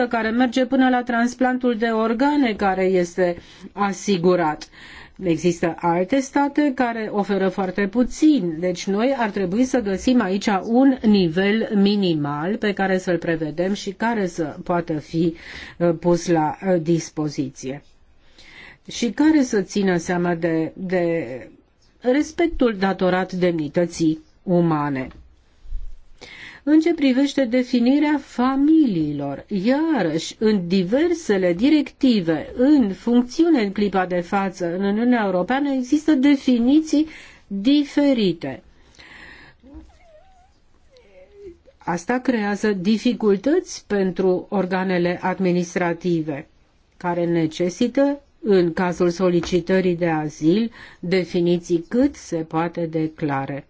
care merge până la transplantul de organe care este asigurat. Există alte state care oferă foarte puțin, deci noi ar trebui să găsim aici un nivel minimal pe care să-l prevedem și care să poată fi uh, pus la uh, dispoziție și care să țină seama de, de respectul datorat demnității umane. În ce privește definirea familiilor, iarăși în diversele directive, în funcțiune în clipa de față în Uniunea Europeană, există definiții diferite. Asta creează dificultăți pentru organele administrative, care necesită, în cazul solicitării de azil, definiții cât se poate declare.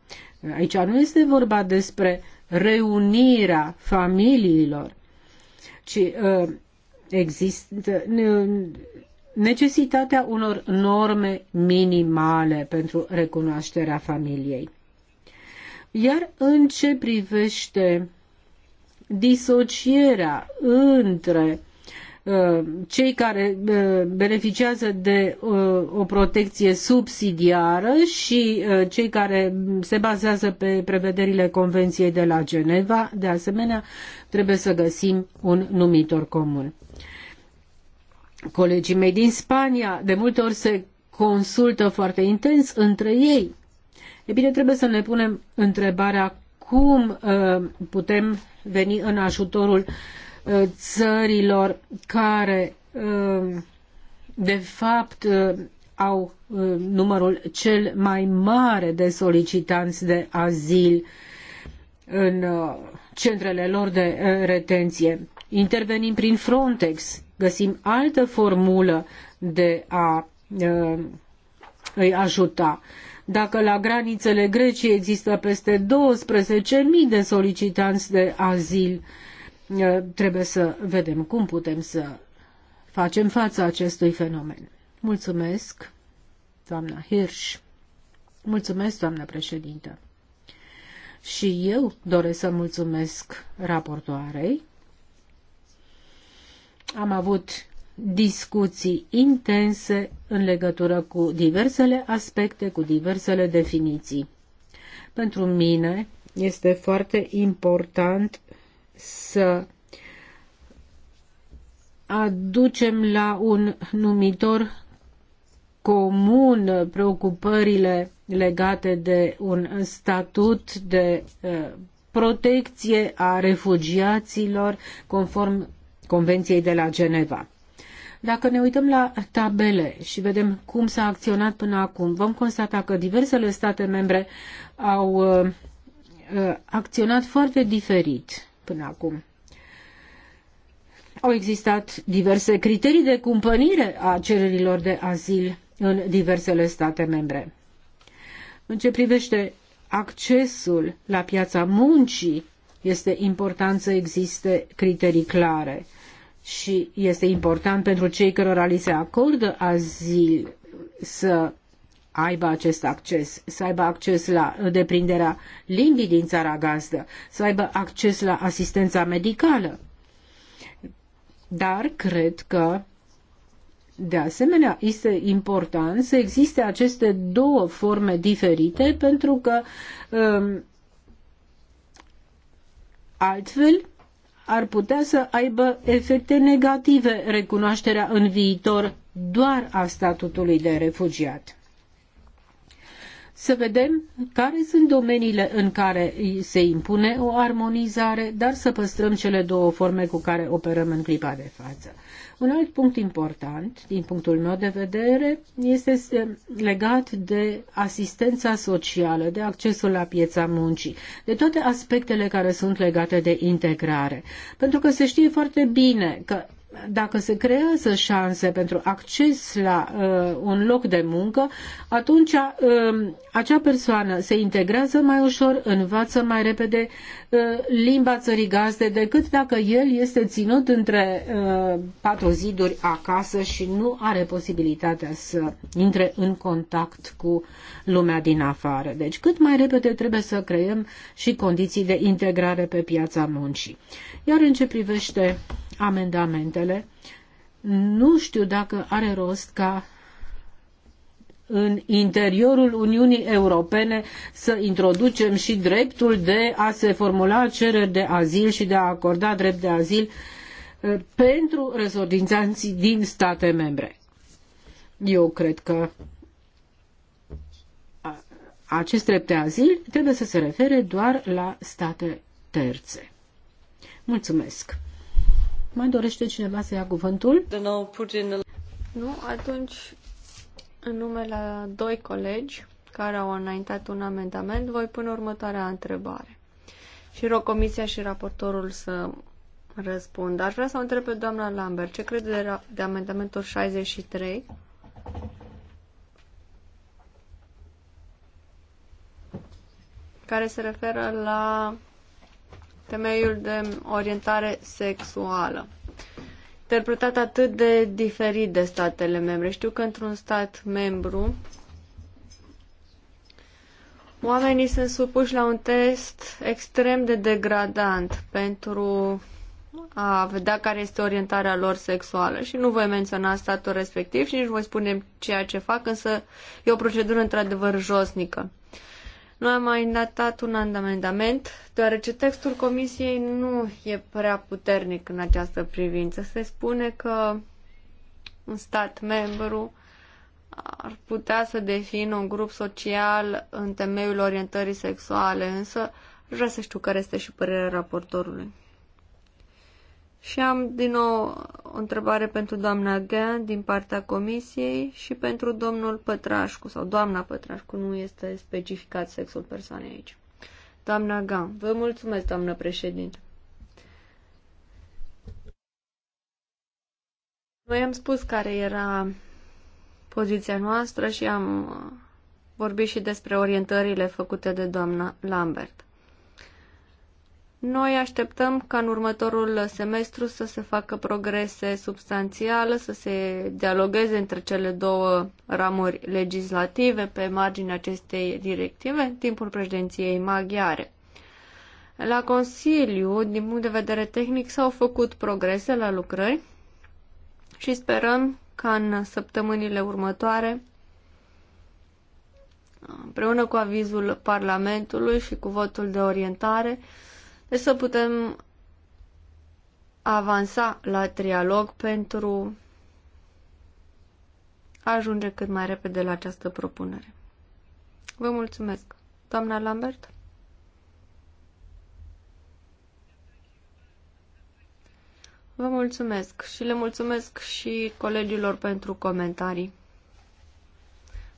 Aici nu este vorba despre reunirea familiilor, ci uh, există necesitatea unor norme minimale pentru recunoașterea familiei. Iar în ce privește disocierea între Uh, cei care uh, beneficiază de uh, o protecție subsidiară și cei care se bazează pe prevederile Convenției de la Geneva. De asemenea, trebuie să găsim un numitor comun. Colegii mei din Spania de multe ori se consultă foarte intens între ei. E bine, trebuie să ne punem întrebarea cum putem veni în ajutorul uh, Uh, țărilor care uh, de fapt uh, au numărul cel mai mare de solicitanți de azil în centrele lor de retenție. Intervenim prin Frontex, găsim altă formulă de a îi ajuta. Dacă la granițele Greciei există peste 12.000 de solicitanți de azil, Eh, trebuie să vedem cum putem să facem față acestui fenomen. Mulțumesc, doamna Hirsch. Mulțumesc, doamna președintă. Și eu doresc să mulțumesc raportoarei. Am avut discuții intense în legătură cu diversele aspecte, cu diversele definiții. Pentru mine este foarte important să aducem la un numitor comun preocupările legate de un statut de uh, protecție a refugiaților conform Convenției de la Geneva. Dacă ne uităm la tabele și vedem cum s-a acționat până acum, vom constata că diversele state membre au uh, uh, acționat foarte diferit până acum. Au existat diverse criterii de cumpănire a cererilor de azil în diversele state membre. În ce privește accesul la piața muncii, este important să existe criterii clare și este important pentru cei cărora li se acordă azil să aibă acest acces, să aibă acces la deprinderea limbii din țara gazdă, să aibă acces la asistența medicală. Dar cred că de asemenea, este important să existe aceste două forme diferite pentru că um, altfel ar putea să aibă efecte negative recunoașterea în viitor doar a statutului de refugiat să vedem care sunt domeniile în care se impune o armonizare, dar să păstrăm cele două forme cu care operăm în clipa de față. Un alt punct important, din punctul meu de vedere, este legat de asistența socială, de accesul la piața muncii, de toate aspectele care sunt legate de integrare. Pentru că se știe foarte bine că dacă se creează șanse pentru acces la uh, un loc de muncă, atunci uh, acea persoană se integrează mai ușor, învață mai repede uh, limba țării gazde decât dacă el este ținut între uh, patru ziduri acasă și nu are posibilitatea să intre în contact cu lumea din afară. Deci cât mai repede trebuie să creăm și condiții de integrare pe piața muncii. Iar în ce privește amendamentele, nu știu dacă are rost ca în interiorul Uniunii Europene să introducem și dreptul de a se formula cereri de azil și de a acorda drept de azil uh, pentru rezordințanții din state membre. Eu cred că acest drept de azil trebuie să se refere doar la state terțe. Mulțumesc! Mai dorește cineva să ia cuvântul? Nu, atunci în numele doi colegi care au înaintat un amendament, voi pune următoarea întrebare. Și rog comisia și raportorul să răspundă. Aș vrea să o întreb pe doamna Lambert, ce crede de, de amendamentul 63? care se referă la temeiul de orientare sexuală interpretat atât de diferit de statele membre. Știu că într-un stat membru oamenii sunt supuși la un test extrem de degradant pentru a vedea care este orientarea lor sexuală și nu voi menționa statul respectiv și nici voi spune ceea ce fac, însă e o procedură într-adevăr josnică. Uh, nu am mai datat un amendament, deoarece textul comisiei nu e prea puternic în această privință. Se spune că un stat membru ar putea să defină un grup social în temeiul orientării sexuale, însă vreau să știu care este și părerea raportorului. Și am din nou o întrebare pentru doamna Ghean din partea comisiei și pentru domnul Pătrașcu sau doamna Pătrașcu, nu este specificat sexul persoanei aici. Doamna Ghean, vă mulțumesc, doamnă președinte. Noi am spus care era poziția noastră și am vorbit și despre orientările făcute de doamna Lambert. Noi așteptăm ca în următorul semestru să se facă progrese substanțiale, să se dialogueze între cele două ramuri legislative pe marginea acestei directive în timpul președinției maghiare. La Consiliu, din punct de vedere tehnic, s-au făcut progrese la lucrări și sperăm ca în săptămânile următoare, împreună cu avizul Parlamentului și cu votul de orientare, deci să putem avansa la trialog pentru a ajunge cât mai repede la această propunere. Vă mulțumesc. Doamna Lambert? Vă mulțumesc și le mulțumesc și colegilor pentru comentarii.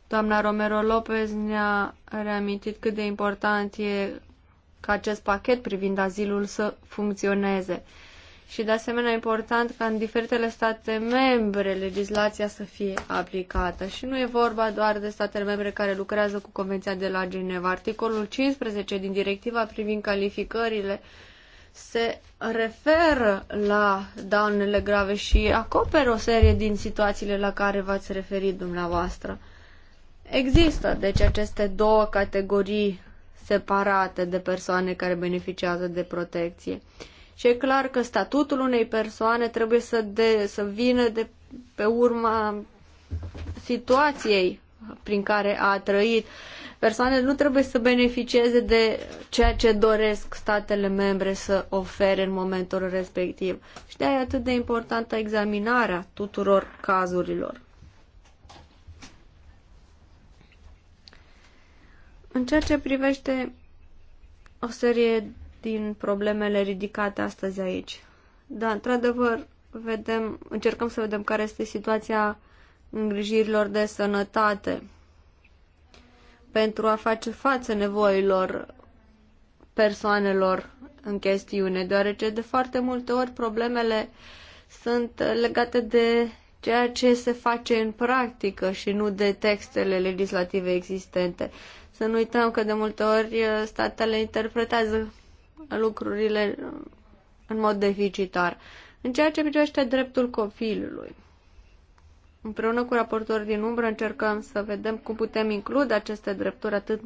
Doamna Romero Lopez ne-a reamintit cât de important e ca acest pachet privind azilul să funcționeze. Și de asemenea important ca în diferitele state membre legislația să fie aplicată. Și nu e vorba doar de statele membre care lucrează cu Convenția de la Geneva. Articolul 15 din directiva privind calificările se referă la daunele grave și acoperă o serie din situațiile la care v-ați referit dumneavoastră. Există, deci, aceste două categorii separate de persoane care beneficiază de protecție. Și e clar că statutul unei persoane trebuie să, de, să vină de pe urma situației prin care a trăit. Persoanele nu trebuie să beneficieze de ceea ce doresc statele membre să ofere în momentul respectiv. Și de aia e atât de importantă examinarea tuturor cazurilor. În ceea ce privește o serie din problemele ridicate astăzi aici, da, într-adevăr, vedem, încercăm să vedem care este situația îngrijirilor de sănătate pentru a face față nevoilor persoanelor în chestiune, deoarece de foarte multe ori problemele sunt legate de ceea ce se face în practică și nu de textele legislative existente. Să nu uităm că de multe ori uh, statele interpretează lucrurile uh, în mod deficitar. În ceea ce privește dreptul copilului, împreună cu raportori din umbră încercăm să vedem cum putem include aceste drepturi atât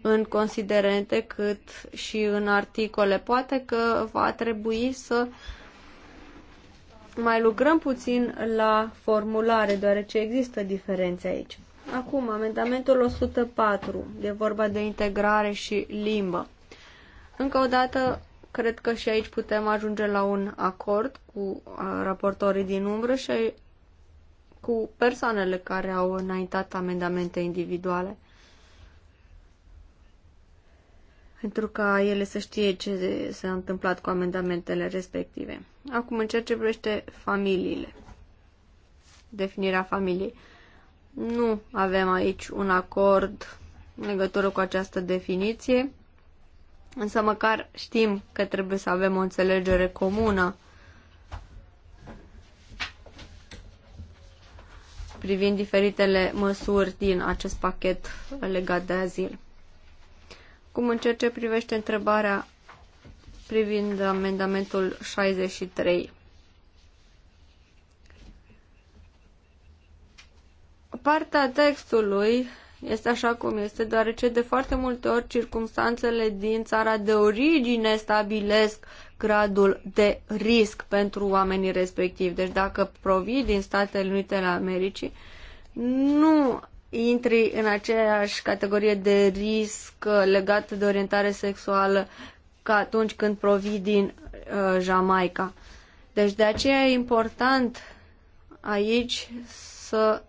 în considerente cât și în articole. Poate că va trebui să mai lucrăm puțin la formulare, deoarece există diferențe aici. Acum, amendamentul 104, de vorba de integrare și limbă. Încă o dată, cred că și aici putem ajunge la un acord cu uh, raportorii din umbră și cu persoanele care au înaintat amendamente individuale. Pentru ca ele să știe ce s-a întâmplat cu amendamentele respective. Acum, în ceea ce privește familiile, definirea familiei. Nu avem aici un acord în legătură cu această definiție, însă măcar știm că trebuie să avem o înțelegere comună privind diferitele măsuri din acest pachet legat de azil. Cum în ceea ce privește întrebarea privind amendamentul 63. Partea textului este așa cum este, deoarece de foarte multe ori circumstanțele din țara de origine stabilesc gradul de risc pentru oamenii respectivi. Deci dacă provii din Statele Unite ale Americii, nu intri în aceeași categorie de risc legat de orientare sexuală ca atunci când provii din uh, Jamaica. Deci de aceea e important aici să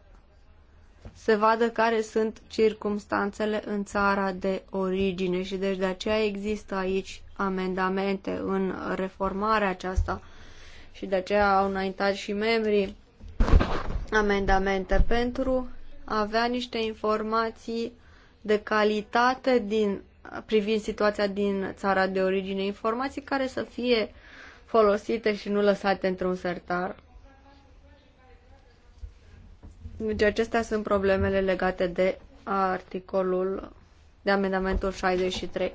se vadă care sunt circumstanțele în țara de origine și deci de aceea există aici amendamente în reformarea aceasta și de aceea au înaintat și membrii amendamente pentru a avea niște informații de calitate din, privind situația din țara de origine, informații care să fie folosite și nu lăsate într-un sertar. Deci acestea sunt problemele legate de articolul de amendamentul 63.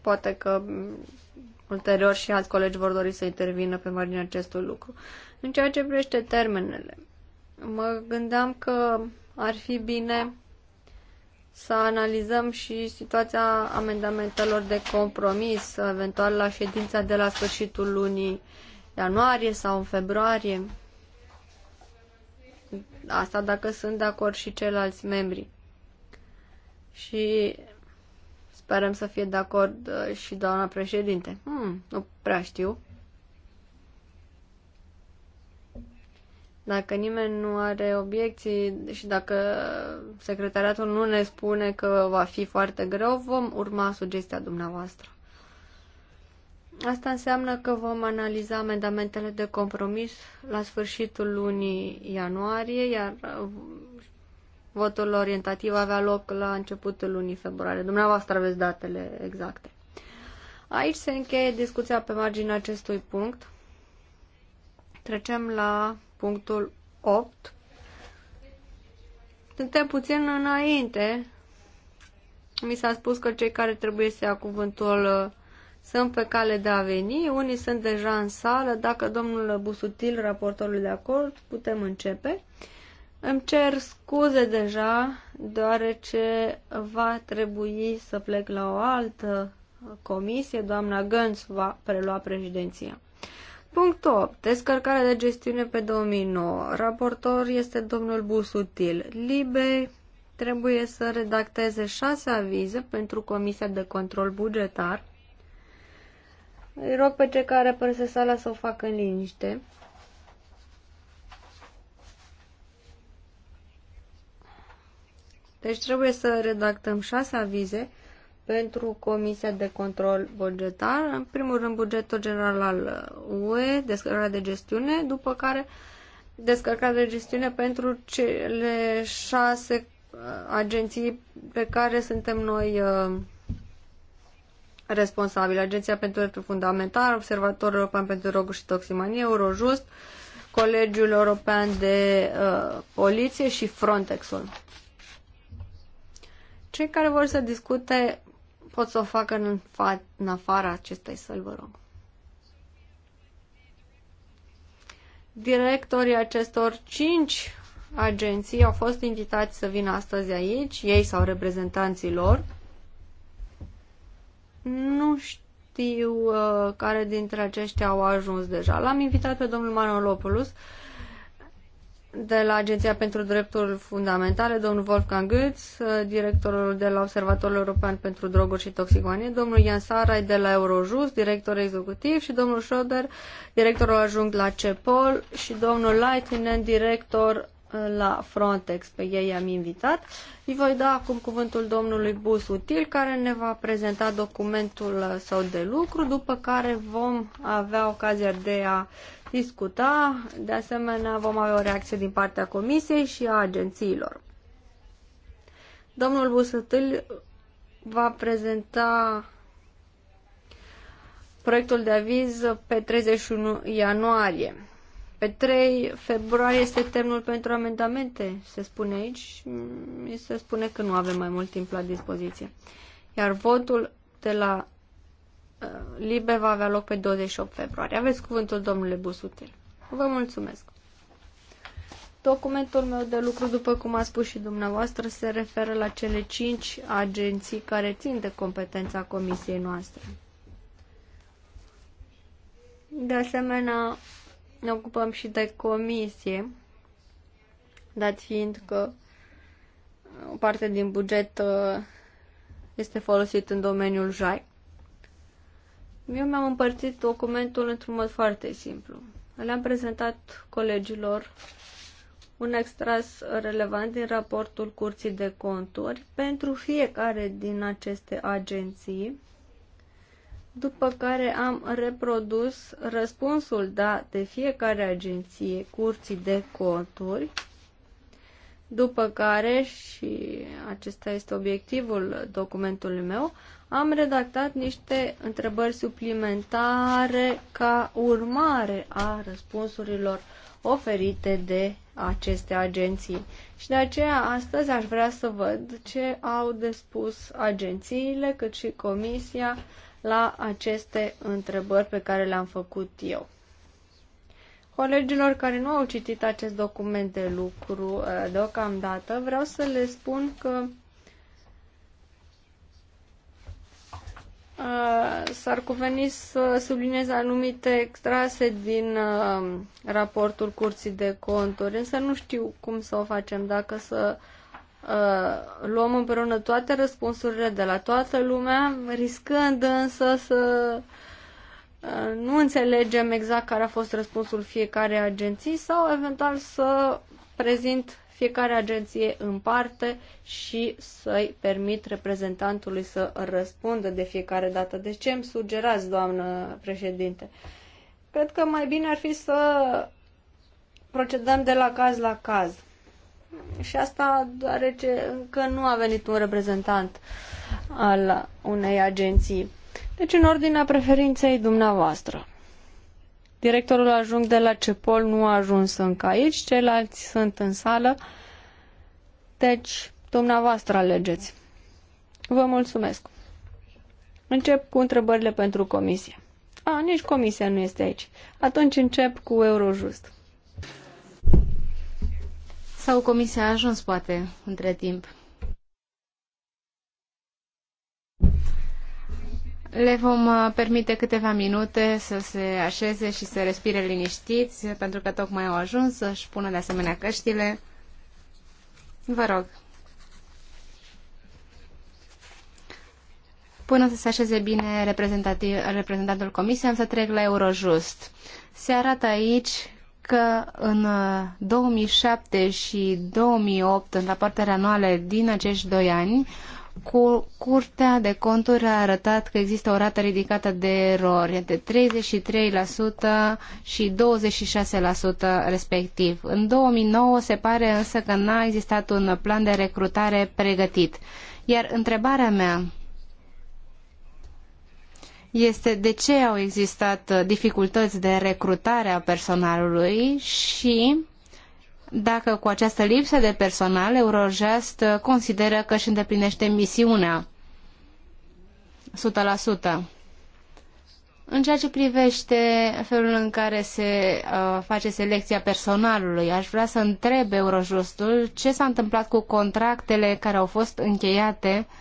Poate că ulterior și alți colegi vor dori să intervină pe marginea acestui lucru. În ceea ce privește termenele, mă gândeam că ar fi bine să analizăm și situația amendamentelor de compromis, eventual la ședința de la sfârșitul lunii ianuarie sau în februarie asta dacă sunt de acord și ceilalți membri. Și sperăm să fie de acord uh, și doamna președinte. Hmm, nu prea știu. Dacă nimeni nu are obiecții și dacă secretariatul nu ne spune că va fi foarte greu, vom urma sugestia dumneavoastră. Asta înseamnă că vom analiza amendamentele de compromis la sfârșitul lunii ianuarie, iar uh, votul orientativ avea loc la începutul lunii februarie. Dumneavoastră aveți datele exacte. Aici se încheie discuția pe marginea acestui punct. Trecem la punctul 8. Suntem puțin înainte. Mi s-a spus că cei care trebuie să ia cuvântul uh, sunt pe cale de a veni, unii sunt deja în sală. Dacă domnul Busutil, raportorul de acord, putem începe. Îmi cer scuze deja, deoarece va trebui să plec la o altă comisie. Doamna Gânț va prelua președinția. Punct 8. Descărcarea de gestiune pe 2009. Raportor este domnul Busutil. Libe trebuie să redacteze șase avize pentru Comisia de Control Bugetar îi rog pe cei care părăsesc sala să o facă în liniște. Deci trebuie să redactăm șase avize pentru Comisia de Control Bugetar. În primul rând, bugetul general al UE, descărcarea de gestiune, după care descărcarea de gestiune pentru cele șase uh, agenții pe care suntem noi uh, responsabilă, Agenția pentru Drepturi Fundamentale, Observatorul European pentru Droguri și Toximanie, Eurojust, Colegiul European de uh, Poliție și Frontexul. Cei care vor să discute pot să o facă în, fa- în afara acestei săli, vă rog. Directorii acestor cinci agenții au fost invitați să vină astăzi aici, ei sau reprezentanții lor. Nu știu uh, care dintre aceștia au ajuns deja. L-am invitat pe domnul Manolopoulos de la Agenția pentru Drepturi Fundamentale, domnul Wolfgang Goetz, uh, directorul de la Observatorul European pentru Droguri și Toxicomanie, domnul Ian Sarai de la Eurojust, director executiv și domnul Schroeder, directorul ajung la CEPOL și domnul Leitinen, director la Frontex, pe ei i-am invitat. Îi voi da acum cuvântul domnului Busutil, care ne va prezenta documentul său de lucru, după care vom avea ocazia de a discuta. De asemenea, vom avea o reacție din partea Comisiei și a agențiilor. Domnul Busutil va prezenta proiectul de aviz pe 31 ianuarie. Pe 3 februarie este termenul pentru amendamente, se spune aici. Mi se spune că nu avem mai mult timp la dispoziție. Iar votul de la uh, Libe va avea loc pe 28 februarie. Aveți cuvântul, domnule Busutel. Vă mulțumesc. Documentul meu de lucru, după cum a spus și dumneavoastră, se referă la cele cinci agenții care țin de competența comisiei noastre. De asemenea, ne ocupăm și de comisie, dat fiind că o parte din buget uh, este folosit în domeniul JAI. Eu mi-am împărțit documentul într-un mod foarte simplu. Le-am prezentat colegilor un extras relevant din raportul Curții de Conturi pentru fiecare din aceste agenții după care am reprodus răspunsul dat de fiecare agenție curții de conturi, după care, și acesta este obiectivul documentului meu, am redactat niște întrebări suplimentare ca urmare a răspunsurilor oferite de aceste agenții. Și de aceea astăzi aș vrea să văd ce au de spus agențiile, cât și comisia, la aceste întrebări pe care le-am făcut eu. Colegilor care nu au citit acest document de lucru uh, deocamdată, vreau să le spun că uh, s-ar cuveni să subliniez anumite extrase din uh, raportul Curții de Conturi, însă nu știu cum să o facem, dacă să uh, Uh, luăm împreună toate răspunsurile de la toată lumea, riscând însă să uh, nu înțelegem exact care a fost răspunsul fiecare agenții sau eventual să prezint fiecare agenție în parte și să-i permit reprezentantului să răspundă de fiecare dată. De deci ce îmi sugerați, doamnă președinte? Cred că mai bine ar fi să procedăm de la caz la caz. Și asta deoarece că nu a venit un reprezentant al unei agenții. Deci în ordinea preferinței dumneavoastră. Directorul ajung de la Cepol nu a ajuns încă aici, ceilalți sunt în sală. Deci, dumneavoastră alegeți. Vă mulțumesc. Încep cu întrebările pentru comisie. A, nici comisia nu este aici. Atunci încep cu Eurojust. Sau comisia a ajuns, poate, între timp. Le vom uh, permite câteva minute să se așeze și să respire liniștiți, pentru că tocmai au ajuns să-și pună de asemenea căștile. Vă rog. Până să se așeze bine reprezentantul comisiei, am să trec la Eurojust. Se arată aici că în 2007 uh, și 2008, în rapoartele anuale din acești doi ani, cu Curtea de Conturi a arătat că există o rată ridicată de erori, de 33% și 26% respectiv. În 2009 se pare însă că n-a existat un plan de recrutare pregătit. Iar întrebarea mea este de ce au existat uh, dificultăți de recrutare a personalului și dacă cu această lipsă de personal Eurojust uh, consideră că își îndeplinește misiunea 100%. În ceea ce privește felul în care se uh, face selecția personalului, aș vrea să întreb Eurojustul ce s-a întâmplat cu contractele care au fost încheiate uh,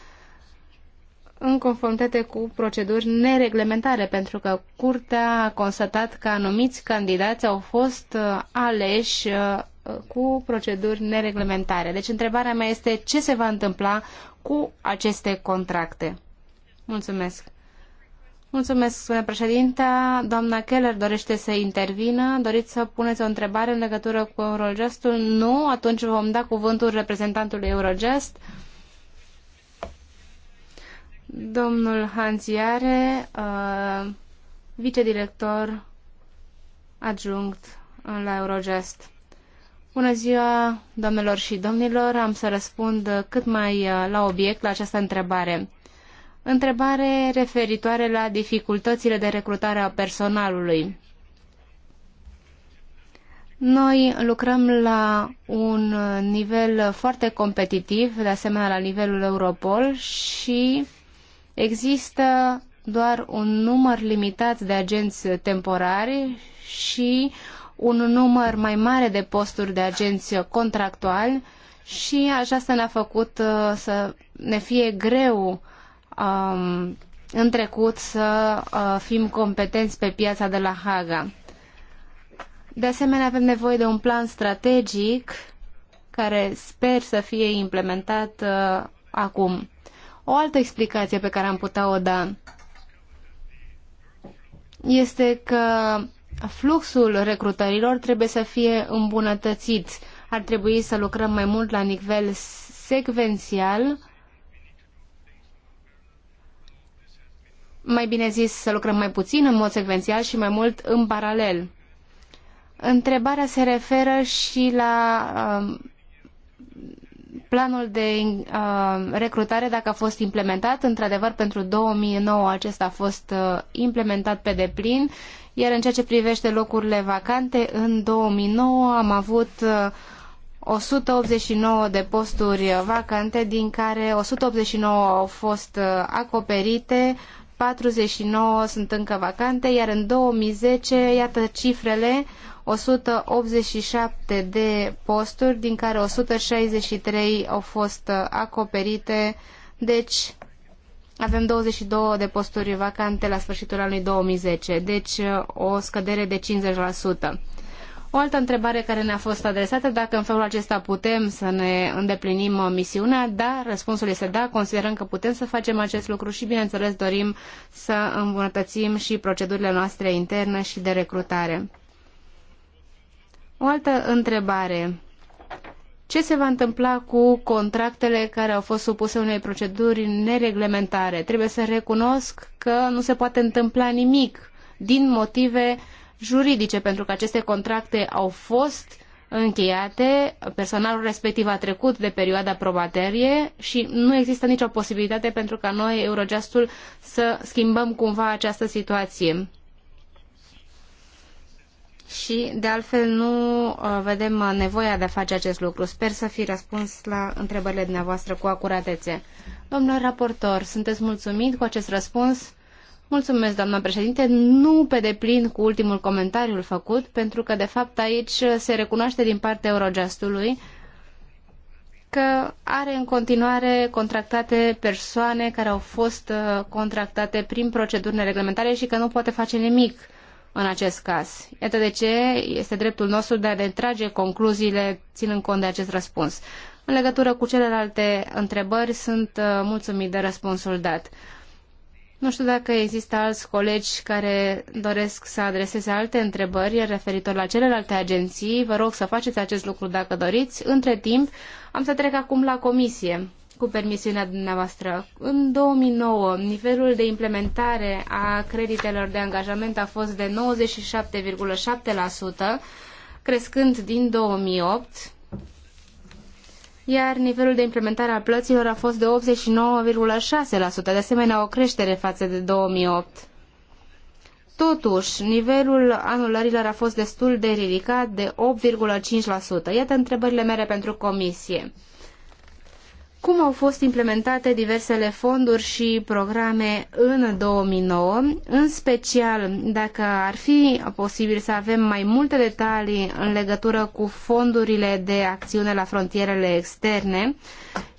în conformitate cu proceduri nereglementare, pentru că Curtea a constatat că anumiți candidați au fost uh, aleși uh, cu proceduri nereglementare. Deci întrebarea mea este ce se va întâmpla cu aceste contracte. Mulțumesc. Mulțumesc, spune președinta. Doamna Keller dorește să intervină. Doriți să puneți o întrebare în legătură cu Eurojustul? Nu? Atunci vom da cuvântul reprezentantului Eurojust domnul Hans Iare, uh, vicedirector adjunct la Eurogest. Bună ziua, domnilor și domnilor! Am să răspund cât mai uh, la obiect la această întrebare. Întrebare referitoare la dificultățile de recrutare a personalului. Noi lucrăm la un nivel foarte competitiv, de asemenea la nivelul Europol și uh, Există doar un număr limitat de agenți temporari și un număr mai mare de posturi de agenți contractuali și aceasta ne-a făcut uh, să ne fie greu um, în trecut să uh, fim competenți pe piața de la Haga. De asemenea, avem nevoie de un plan strategic care sper să fie implementat uh, acum. O altă explicație pe care am putea o da este că fluxul recrutărilor trebuie să fie îmbunătățit. Ar trebui să lucrăm mai mult la nivel secvențial, mai bine zis să lucrăm mai puțin în mod secvențial și mai mult în paralel. Întrebarea se referă și la um, planul de uh, recrutare, dacă a fost implementat, într-adevăr pentru 2009 acesta a fost uh, implementat pe deplin, iar în ceea ce privește locurile vacante, în 2009 am avut uh, 189 de posturi vacante, din care 189 au fost uh, acoperite, 49 sunt încă vacante, iar în 2010, iată cifrele, 187 de posturi, din care 163 au fost uh, acoperite, deci avem 22 de posturi vacante la sfârșitul anului 2010, deci uh, o scădere de 50%. O altă întrebare care ne-a fost adresată, dacă în felul acesta putem să ne îndeplinim uh, misiunea, da, răspunsul este da, considerăm că putem să facem acest lucru și, bineînțeles, dorim să îmbunătățim și procedurile noastre interne și de recrutare. O altă întrebare. Ce se va întâmpla cu contractele care au fost supuse unei proceduri nereglementare? Trebuie să recunosc că nu se poate întâmpla nimic din motive juridice, pentru că aceste contracte au fost încheiate, personalul respectiv a trecut de perioada probaterie și nu există nicio posibilitate pentru ca noi, Eurojustul, să schimbăm cumva această situație și, de altfel, nu uh, vedem uh, nevoia de a face acest lucru. Sper să fi răspuns la întrebările dumneavoastră cu acuratețe. Domnule raportor, sunteți mulțumit cu acest răspuns? Mulțumesc, doamna președinte. Nu pe deplin cu ultimul comentariu făcut, pentru că, de fapt, aici se recunoaște din partea Eurojustului că are în continuare contractate persoane care au fost uh, contractate prin proceduri nereglementare și că nu poate face nimic în acest caz. Iată de ce este dreptul nostru de a trage concluziile ținând cont de acest răspuns. În legătură cu celelalte întrebări, sunt uh, mulțumit de răspunsul dat. Nu știu dacă există alți colegi care doresc să adreseze alte întrebări referitor la celelalte agenții. Vă rog să faceți acest lucru dacă doriți. Între timp, am să trec acum la comisie cu permisiunea dumneavoastră. În 2009, nivelul de implementare a creditelor de angajament a fost de 97,7%, crescând din 2008, iar nivelul de implementare a plăților a fost de 89,6%, de asemenea o creștere față de 2008. Totuși, nivelul anulărilor a fost destul de ridicat, de 8,5%. Iată întrebările mele pentru comisie cum au fost implementate diversele fonduri și programe în 2009, în special dacă ar fi posibil să avem mai multe detalii în legătură cu fondurile de acțiune la frontierele externe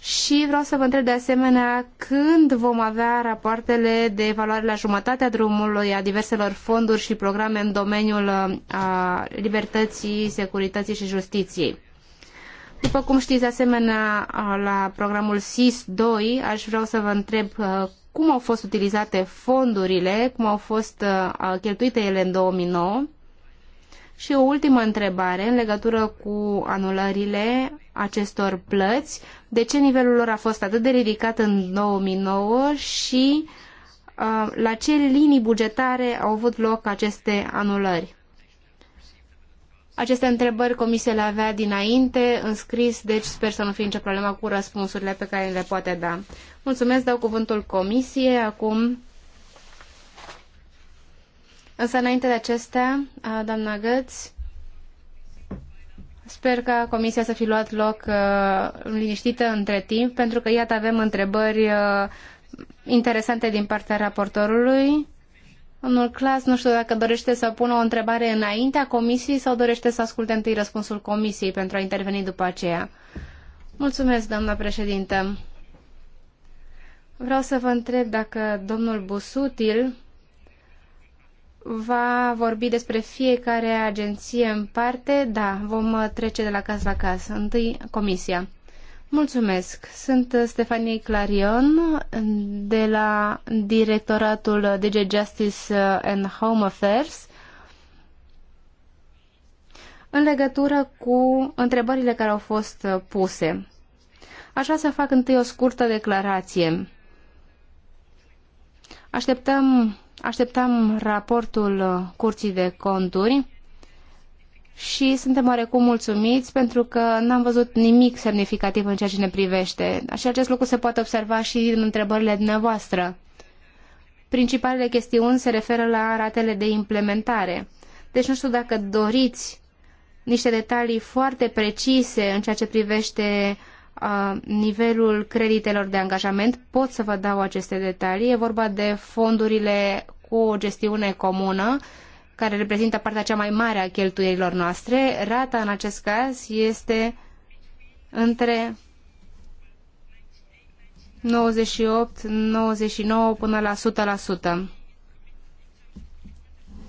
și vreau să vă întreb de asemenea când vom avea rapoartele de evaluare la jumătatea drumului a diverselor fonduri și programe în domeniul uh, a, libertății, securității și justiției. După cum știți, asemenea, la programul SIS-2, aș vrea să vă întreb cum au fost utilizate fondurile, cum au fost cheltuite ele în 2009. Și o ultimă întrebare în legătură cu anulările acestor plăți. De ce nivelul lor a fost atât de ridicat în 2009 și la ce linii bugetare au avut loc aceste anulări? Aceste întrebări comisia le avea dinainte, în scris, deci sper să nu fie nicio problemă cu răspunsurile pe care le poate da. Mulțumesc, dau cuvântul comisiei acum. Însă înainte de acestea, doamna Găț, sper ca comisia să fi luat loc uh, liniștită între timp, pentru că iată avem întrebări uh, interesante din partea raportorului Domnul Clas, nu știu dacă dorește să pună o întrebare înaintea comisiei sau dorește să asculte întâi răspunsul comisiei pentru a interveni după aceea. Mulțumesc, doamna președintă. Vreau să vă întreb dacă domnul Busutil va vorbi despre fiecare agenție în parte. Da, vom trece de la caz la caz. Întâi comisia. Mulțumesc. Sunt uh, Stefanie Clarion de la directoratul DG Justice uh, and Home Affairs în legătură cu întrebările care au fost uh, puse. Aș vrea să fac întâi o scurtă declarație. Așteptăm, așteptam raportul Curții de Conturi și suntem oarecum mulțumiți pentru că n-am văzut nimic semnificativ în ceea ce ne privește. Și acest lucru se poate observa și în întrebările dumneavoastră. Principalele chestiuni se referă la ratele de implementare. Deci nu știu dacă doriți niște detalii foarte precise în ceea ce privește uh, nivelul creditelor de angajament. Pot să vă dau aceste detalii. E vorba de fondurile cu o gestiune comună care reprezintă partea cea mai mare a cheltuielilor noastre, rata în acest caz este între 98, 99 până la 100%.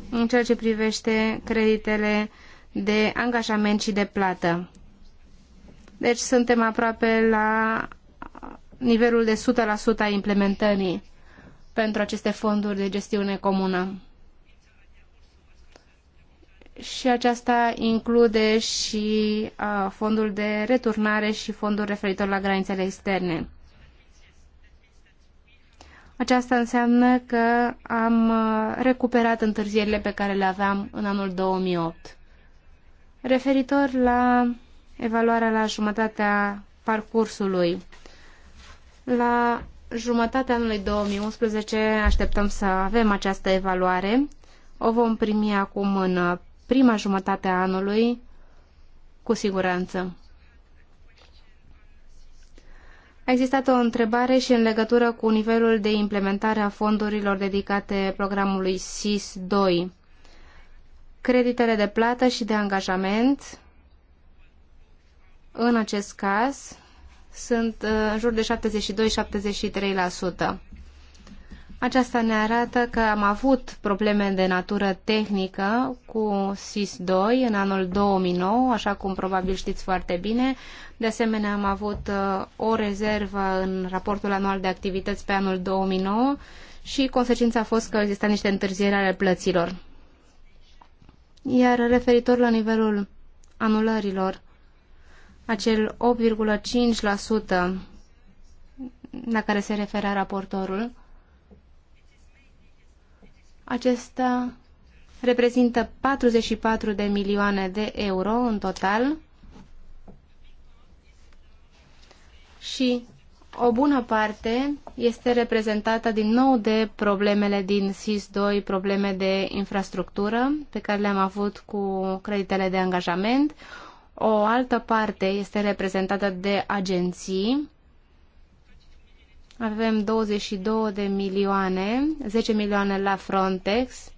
În ceea ce privește creditele de angajament și de plată. Deci suntem aproape la nivelul de 100% a implementării pentru aceste fonduri de gestiune comună și aceasta include și uh, fondul de returnare și fondul referitor la granițele externe. Aceasta înseamnă că am recuperat întârzierile pe care le aveam în anul 2008. Referitor la evaluarea la jumătatea parcursului, la jumătatea anului 2011 așteptăm să avem această evaluare. O vom primi acum în prima jumătate a anului, cu siguranță. A existat o întrebare și în legătură cu nivelul de implementare a fondurilor dedicate programului SIS-2. Creditele de plată și de angajament, în acest caz, sunt uh, în jur de 72-73%. Aceasta ne arată că am avut probleme de natură tehnică cu SIS-2 în anul 2009, așa cum probabil știți foarte bine. De asemenea, am avut uh, o rezervă în raportul anual de activități pe anul 2009 și consecința a fost că exista niște întârzieri ale plăților. Iar referitor la nivelul anulărilor, acel 8,5% la care se referea raportorul, acesta reprezintă 44 de milioane de euro în total și o bună parte este reprezentată din nou de problemele din SIS-2, probleme de infrastructură pe care le-am avut cu creditele de angajament. O altă parte este reprezentată de agenții avem 22 de milioane, 10 milioane la Frontex,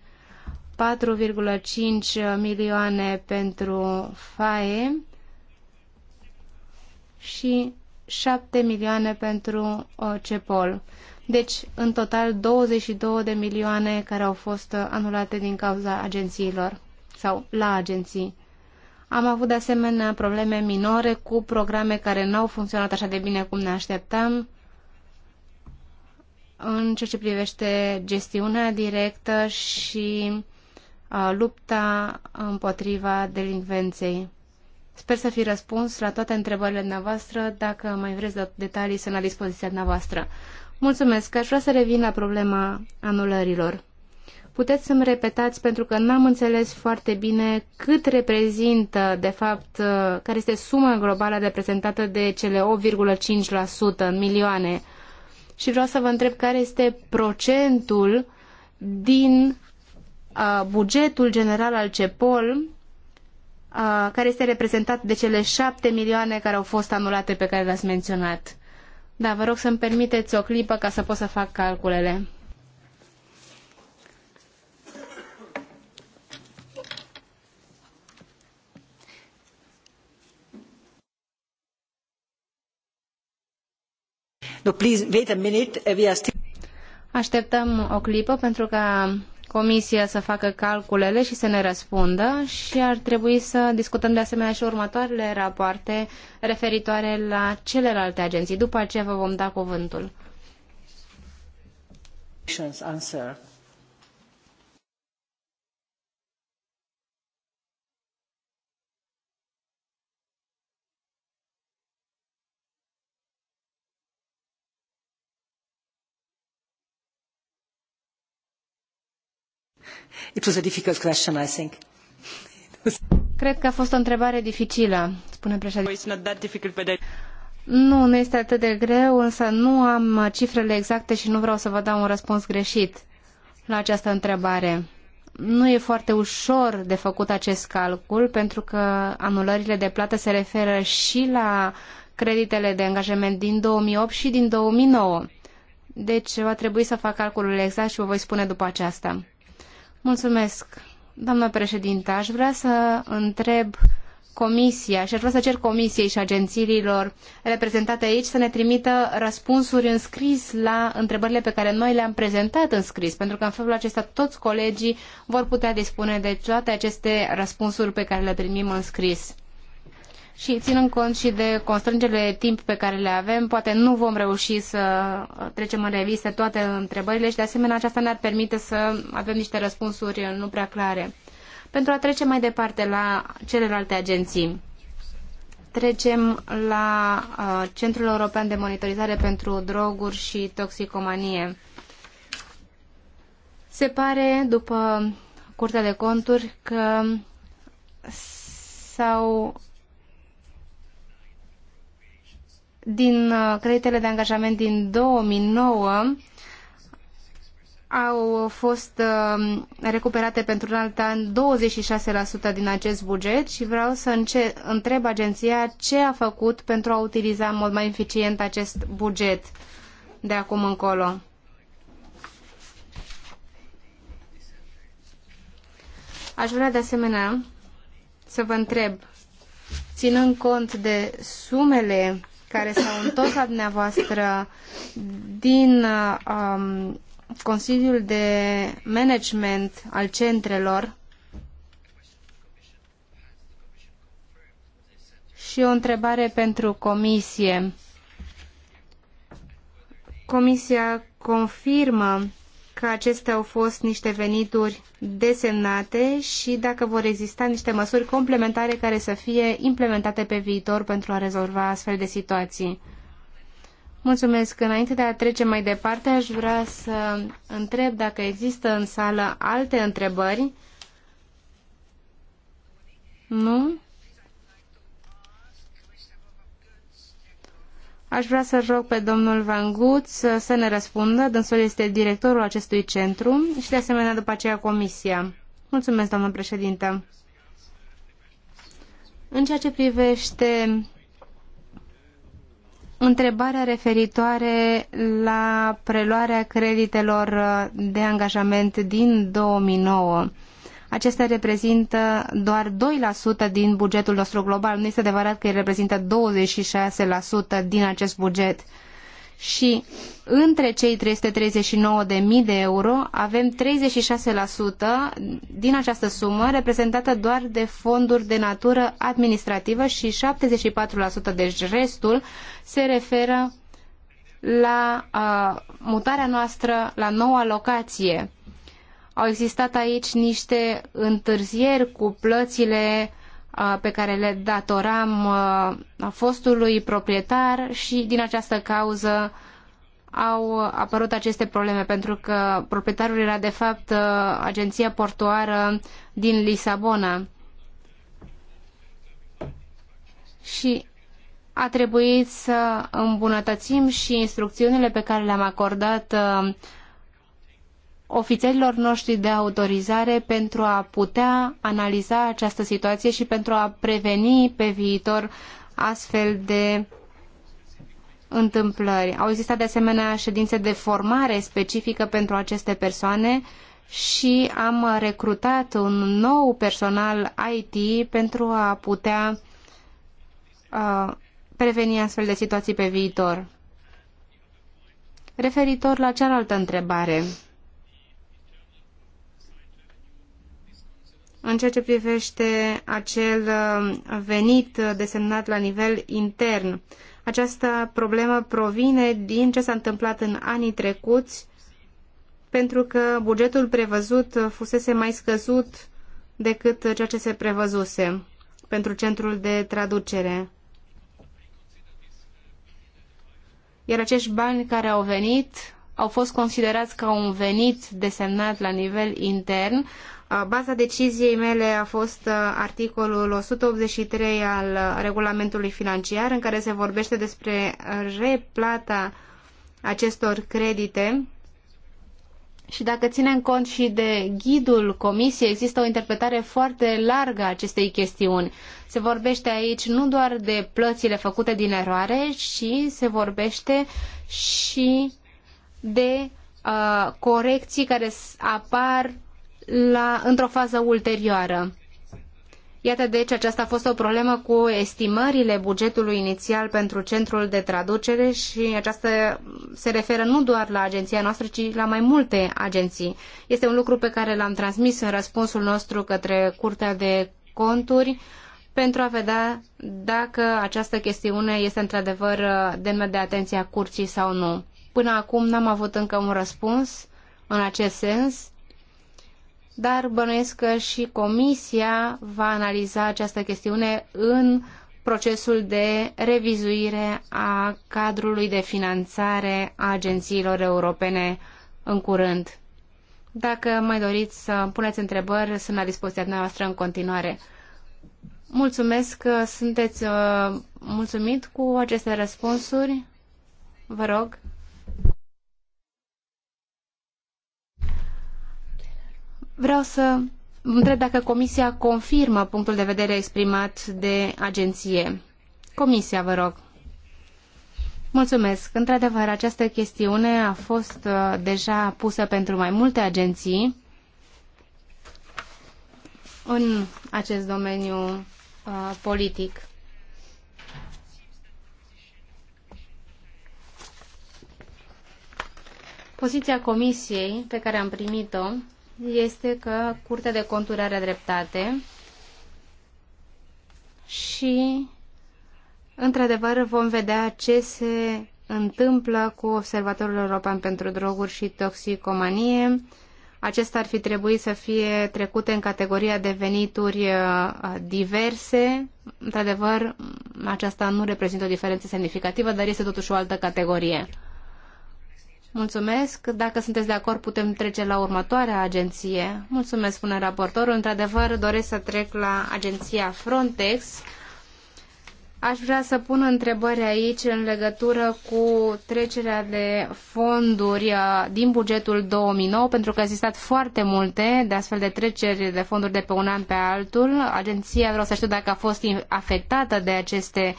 4,5 milioane pentru FAE și 7 milioane pentru uh, CEPOL. Deci, în total, 22 de milioane care au fost uh, anulate din cauza agențiilor sau la agenții. Am avut de asemenea probleme minore cu programe care n-au funcționat așa de bine cum ne așteptam, în ceea ce privește gestiunea directă și lupta împotriva delinvenței. Sper să fi răspuns la toate întrebările dumneavoastră. Dacă mai vreți detalii, sunt la dispoziția dumneavoastră. Mulțumesc. Aș vrea să revin la problema anulărilor. Puteți să-mi repetați, pentru că n-am înțeles foarte bine cât reprezintă, de fapt, care este suma globală reprezentată de cele 8,5% în milioane și vreau să vă întreb care este procentul din bugetul general al CEPOL care este reprezentat de cele șapte milioane care au fost anulate pe care le-ați menționat. Da, vă rog să-mi permiteți o clipă ca să pot să fac calculele. ateptăm uh, Așteptăm o clipă pentru ca comisia să facă calculele și să ne răspundă și ar trebui să discutăm de asemenea și următoarele rapoarte referitoare la celelalte agenții. După aceea vă vom da cuvântul. Cred că a fost o întrebare dificilă, spune preedintele Nu, nu este atât de greu, însă nu am cifrele exacte și nu vreau să vă dau un răspuns greșit la această întrebare. Nu e foarte ușor de făcut acest calcul, pentru că anulările de plată se referă și la creditele de angajament din 2008 și din 2009. Deci va trebui să fac calculul exact și vă voi spune după aceasta. Mulțumesc, doamnă președintă. Aș vrea să întreb comisia și aș vrea să cer comisiei și agențiilor reprezentate aici să ne trimită răspunsuri în scris la întrebările pe care noi le-am prezentat în scris, pentru că în felul acesta toți colegii vor putea dispune de toate aceste răspunsuri pe care le primim în scris și ținând cont și de constrângerile de timp pe care le avem, poate nu vom reuși să trecem în revistă toate întrebările și de asemenea aceasta ne-ar permite să avem niște răspunsuri nu prea clare. Pentru a trece mai departe la celelalte agenții, trecem la uh, Centrul European de Monitorizare pentru Droguri și Toxicomanie. Se pare, după Curtea de Conturi, că s-au din uh, creditele de angajament din 2009 au fost uh, recuperate pentru un alt an 26% din acest buget și vreau să întreb agenția ce a făcut pentru a utiliza în mod mai eficient acest buget de acum încolo. Aș vrea de asemenea să vă întreb, ținând cont de sumele care s-au întors la dumneavoastră din um, Consiliul de Management al centrelor și o întrebare pentru Comisie. Comisia confirmă dacă acestea au fost niște venituri desemnate și dacă vor exista niște măsuri complementare care să fie implementate pe viitor pentru a rezolva astfel de situații. Mulțumesc. Înainte de a trece mai departe, aș vrea să întreb dacă există în sală alte întrebări. Nu? Aș vrea să rog pe domnul Van Guț să ne răspundă. Dânsul este directorul acestui centru și de asemenea după aceea comisia. Mulțumesc, domnul președintă. În ceea ce privește întrebarea referitoare la preluarea creditelor de angajament din 2009, Acestea reprezintă doar 2% din bugetul nostru global. Nu este adevărat că ei reprezintă 26% din acest buget. Și între cei 339.000 de euro avem 36% din această sumă reprezentată doar de fonduri de natură administrativă și 74%, deci restul, se referă la uh, mutarea noastră la noua locație au existat aici niște întârzieri cu plățile pe care le datoram fostului proprietar și din această cauză au apărut aceste probleme pentru că proprietarul era de fapt agenția portuară din Lisabona. Și a trebuit să îmbunătățim și instrucțiunile pe care le-am acordat ofițerilor noștri de autorizare pentru a putea analiza această situație și pentru a preveni pe viitor astfel de întâmplări. Au existat de asemenea ședințe de formare specifică pentru aceste persoane și am recrutat un nou personal IT pentru a putea uh, preveni astfel de situații pe viitor. Referitor la cealaltă întrebare, În ceea ce privește acel uh, venit desemnat la nivel intern, această problemă provine din ce s-a întâmplat în anii trecuți, pentru că bugetul prevăzut fusese mai scăzut decât ceea ce se prevăzuse pentru centrul de traducere. Iar acești bani care au venit au fost considerați ca un venit desemnat la nivel intern, Baza deciziei mele a fost uh, articolul 183 al uh, regulamentului financiar în care se vorbește despre uh, replata acestor credite și dacă ținem cont și de ghidul comisiei, există o interpretare foarte largă a acestei chestiuni. Se vorbește aici nu doar de plățile făcute din eroare, ci se vorbește și de uh, corecții care apar la, într-o fază ulterioară. Iată deci, aceasta a fost o problemă cu estimările bugetului inițial pentru centrul de traducere și aceasta se referă nu doar la agenția noastră, ci la mai multe agenții. Este un lucru pe care l-am transmis în răspunsul nostru către Curtea de Conturi pentru a vedea dacă această chestiune este într-adevăr demnă de atenția curții sau nu. Până acum n-am avut încă un răspuns în acest sens dar bănuiesc că și Comisia va analiza această chestiune în procesul de revizuire a cadrului de finanțare a agențiilor europene în curând. Dacă mai doriți să puneți întrebări, sunt la dispoziția noastră în continuare. Mulțumesc că sunteți uh, mulțumit cu aceste răspunsuri. Vă rog. Vreau să întreb dacă Comisia confirmă punctul de vedere exprimat de agenție. Comisia, vă rog. Mulțumesc. Într-adevăr, această chestiune a fost uh, deja pusă pentru mai multe agenții în acest domeniu uh, politic. Poziția Comisiei pe care am primit-o este că Curtea de Conturi are dreptate și, într-adevăr, vom vedea ce se întâmplă cu Observatorul European pentru Droguri și Toxicomanie. Acesta ar fi trebuit să fie trecute în categoria de venituri uh, diverse. Într-adevăr, aceasta nu reprezintă o diferență semnificativă, dar este totuși o altă categorie. Mulțumesc. Dacă sunteți de acord, putem trece la următoarea agenție. Mulțumesc, spune raportorul. Într-adevăr, doresc să trec la agenția Frontex. Aș vrea să pun întrebări aici în legătură cu trecerea de fonduri uh, din bugetul 2009, pentru că s-a existat foarte multe de astfel de treceri de fonduri de pe un an pe altul. Agenția, vreau să știu dacă a fost afectată de aceste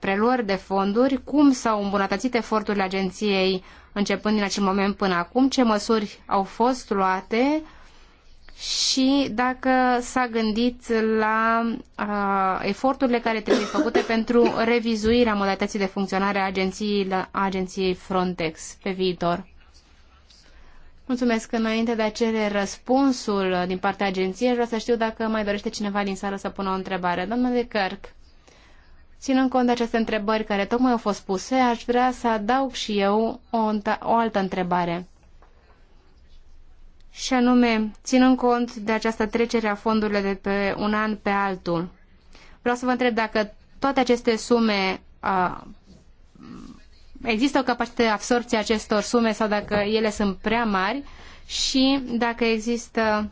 preluări de fonduri, cum s-au îmbunătățit eforturile agenției începând din acel moment până acum, ce măsuri au fost luate și dacă s-a gândit la uh, eforturile care trebuie făcute pentru revizuirea modalității de funcționare a agenției, a agenției Frontex pe viitor. Mulțumesc. Înainte de a cere răspunsul din partea agenției, vreau să știu dacă mai dorește cineva din sală să pună o întrebare. Domnule Kirk. Ținând cont de aceste întrebări care tocmai au fost puse, aș vrea să adaug și eu o, o altă întrebare. Și anume, ținând cont de această trecere a fondurilor de pe un an pe altul, vreau să vă întreb dacă toate aceste sume a, există o capacitate de absorpție a acestor sume sau dacă ele sunt prea mari și dacă există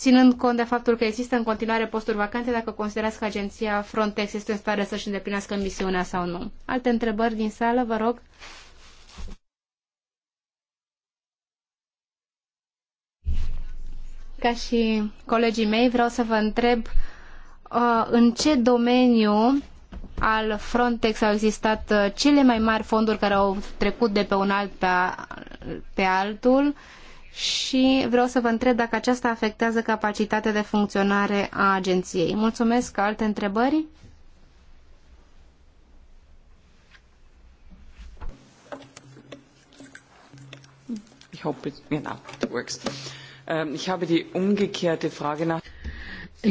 ținând cont de faptul că există în continuare posturi vacante, dacă considerați că agenția Frontex este în stare să-și îndeplinească misiunea sau nu. Alte întrebări din sală, vă rog. Ca și colegii mei, vreau să vă întreb uh, în ce domeniu al Frontex au existat uh, cele mai mari fonduri care au trecut de pe un alt pe, pe altul și vreau să vă întreb dacă aceasta afectează capacitatea de funcționare a agenției. Mulțumesc. Alte întrebări? works. Ähm,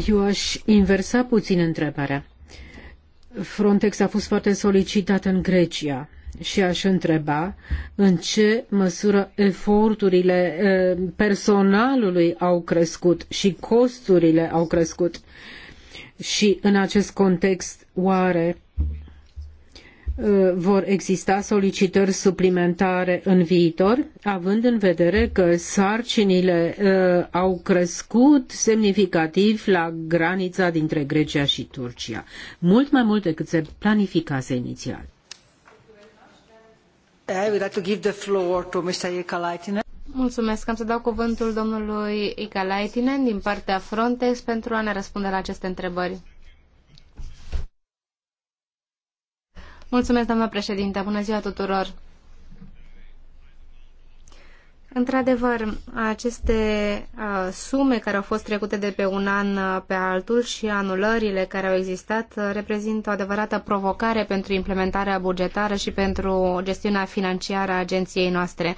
eu aș inversa puțin întrebarea. Frontex a fost foarte solicitat în Grecia și aș întreba în ce măsură eforturile eh, personalului au crescut și costurile au crescut. Și în acest context, oare eh, vor exista solicitări suplimentare în viitor, având în vedere că sarcinile eh, au crescut semnificativ la granița dintre Grecia și Turcia, mult mai mult decât se planificase inițial. I would Mulțumesc. Am să dau cuvântul domnului Ikalaitinen din partea Frontex pentru a ne răspunde la aceste întrebări. Mulțumesc, doamna președinte. Bună ziua tuturor. Într-adevăr, aceste uh, sume care au fost trecute de pe un an uh, pe altul și anulările care au existat uh, reprezintă o adevărată provocare pentru implementarea bugetară și pentru gestiunea financiară a agenției noastre.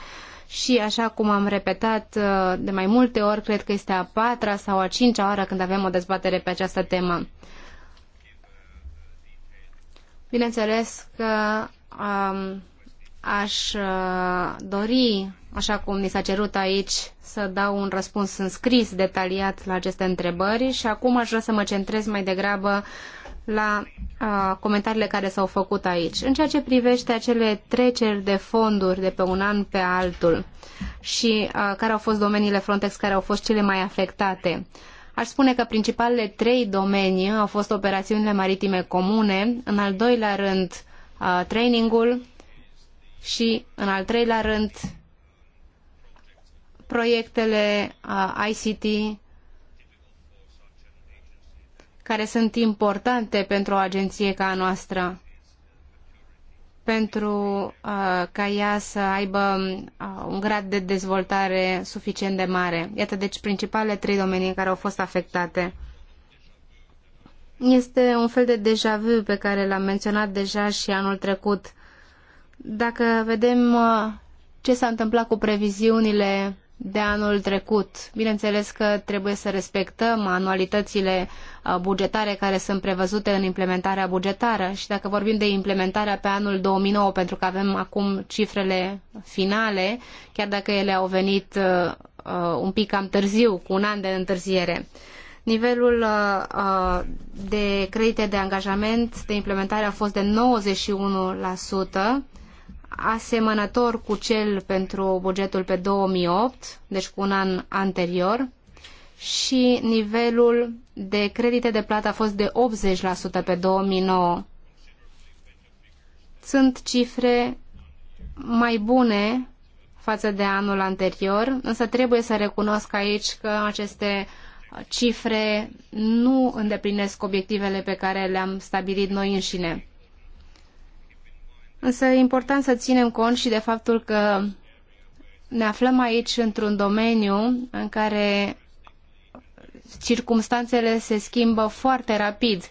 Și așa cum am repetat de mai multe ori, cred că este a patra sau a cincea oară când avem o dezbatere pe această temă. Bineînțeles că um, aș uh, dori, așa cum mi s-a cerut aici, să dau un răspuns în scris detaliat la aceste întrebări și acum aș vrea să mă centrez mai degrabă la uh, comentariile care s-au făcut aici. În ceea ce privește acele treceri de fonduri de pe un an pe altul și uh, care au fost domeniile Frontex care au fost cele mai afectate, Aș spune că principalele trei domenii au fost operațiunile maritime comune, în al doilea rând trainingul și, în al treilea rând, proiectele ICT care sunt importante pentru o agenție ca a noastră, pentru uh, ca ea să aibă uh, un grad de dezvoltare suficient de mare. Iată, deci, principalele trei domenii care au fost afectate. Este un fel de deja vu pe care l-am menționat deja și anul trecut. Dacă vedem uh, ce s-a întâmplat cu previziunile de anul trecut. Bineînțeles că trebuie să respectăm anualitățile uh, bugetare care sunt prevăzute în implementarea bugetară și dacă vorbim de implementarea pe anul 2009, pentru că avem acum cifrele finale, chiar dacă ele au venit uh, un pic cam târziu, cu un an de întârziere. Nivelul de credite de angajament, de implementare a fost de 91%, asemănător cu cel pentru bugetul pe 2008, deci cu un an anterior, și nivelul de credite de plată a fost de 80% pe 2009. Sunt cifre mai bune față de anul anterior, însă trebuie să recunosc aici că aceste cifre nu îndeplinesc obiectivele pe care le-am stabilit noi înșine. Însă e important să ținem cont și de faptul că ne aflăm aici într-un domeniu în care circumstanțele se schimbă foarte rapid.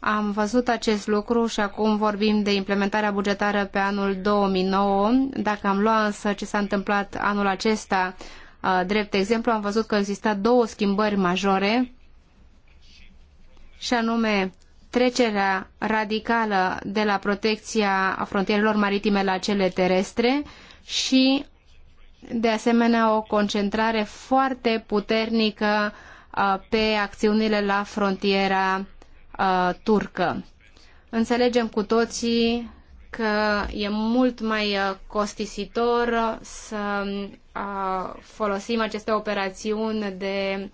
Am văzut acest lucru și acum vorbim de implementarea bugetară pe anul 2009. Dacă am luat însă ce s-a întâmplat anul acesta uh, drept exemplu, am văzut că existat două schimbări majore și anume trecerea radicală de la protecția frontierelor maritime la cele terestre și, de asemenea, o concentrare foarte puternică uh, pe acțiunile la frontiera uh, turcă. Înțelegem cu toții că e mult mai uh, costisitor să folosim aceste operațiuni de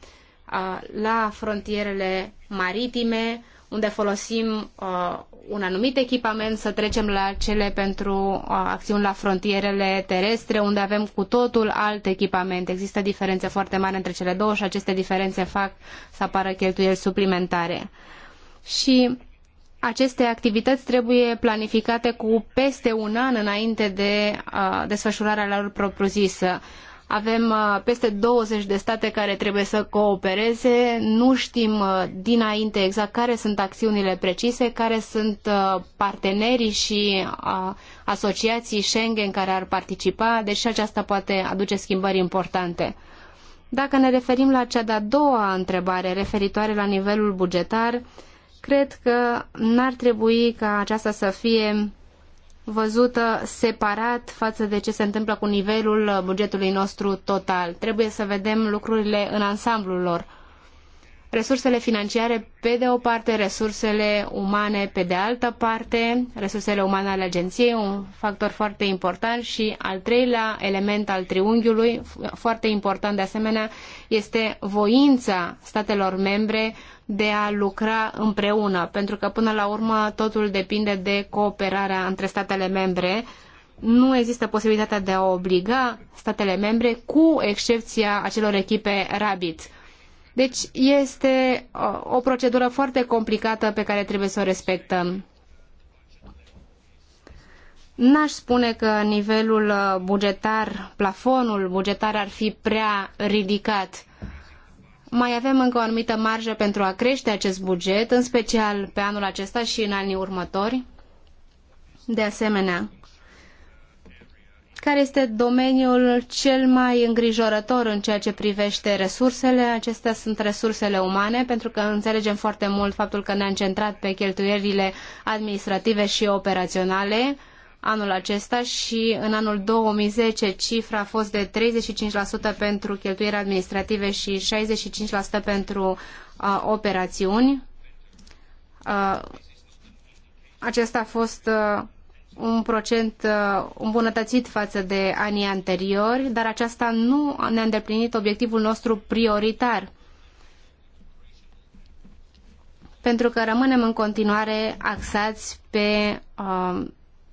la frontierele maritime unde folosim uh, un anumit echipament, să trecem la cele pentru uh, acțiuni la frontierele terestre, unde avem cu totul alt echipament. Există diferențe foarte mari între cele două și aceste diferențe fac să apară cheltuieli suplimentare. Și aceste activități trebuie planificate cu peste un an înainte de uh, desfășurarea lor propriu-zisă. Uh, avem uh, peste 20 de state care trebuie să coopereze. Nu știm uh, dinainte exact care sunt acțiunile precise, care sunt uh, partenerii și asociații Schengen care ar participa, deci aceasta poate aduce schimbări importante. Dacă ne referim la cea de-a doua întrebare referitoare la nivelul bugetar, cred că n-ar trebui ca aceasta să fie văzută separat față de ce se întâmplă cu nivelul bugetului nostru total. Trebuie să vedem lucrurile în ansamblul lor resursele financiare pe de o parte, resursele umane pe de altă parte, resursele umane ale agenției, un factor foarte important și al treilea element al triunghiului, foarte important de asemenea, este voința statelor membre de a lucra împreună, pentru că până la urmă totul depinde de cooperarea între statele membre, nu există posibilitatea de a obliga statele membre, cu excepția acelor echipe Rabbit. Deci este uh, o procedură foarte complicată pe care trebuie să o respectăm. N-aș spune că nivelul uh, bugetar, plafonul bugetar ar fi prea ridicat. Mai avem încă o anumită marjă pentru a crește acest buget, în special pe anul acesta și în anii următori. De asemenea, care este domeniul cel mai îngrijorător în ceea ce privește resursele. Acestea sunt resursele umane, pentru că înțelegem foarte mult faptul că ne-am centrat pe cheltuielile administrative și operaționale anul acesta și în anul 2010 cifra a fost de 35% pentru cheltuieri administrative și 65% pentru uh, operațiuni. Uh, acesta a fost uh, un procent uh, îmbunătățit față de anii anteriori, dar aceasta nu ne-a îndeplinit obiectivul nostru prioritar. Pentru că rămânem în continuare axați pe uh,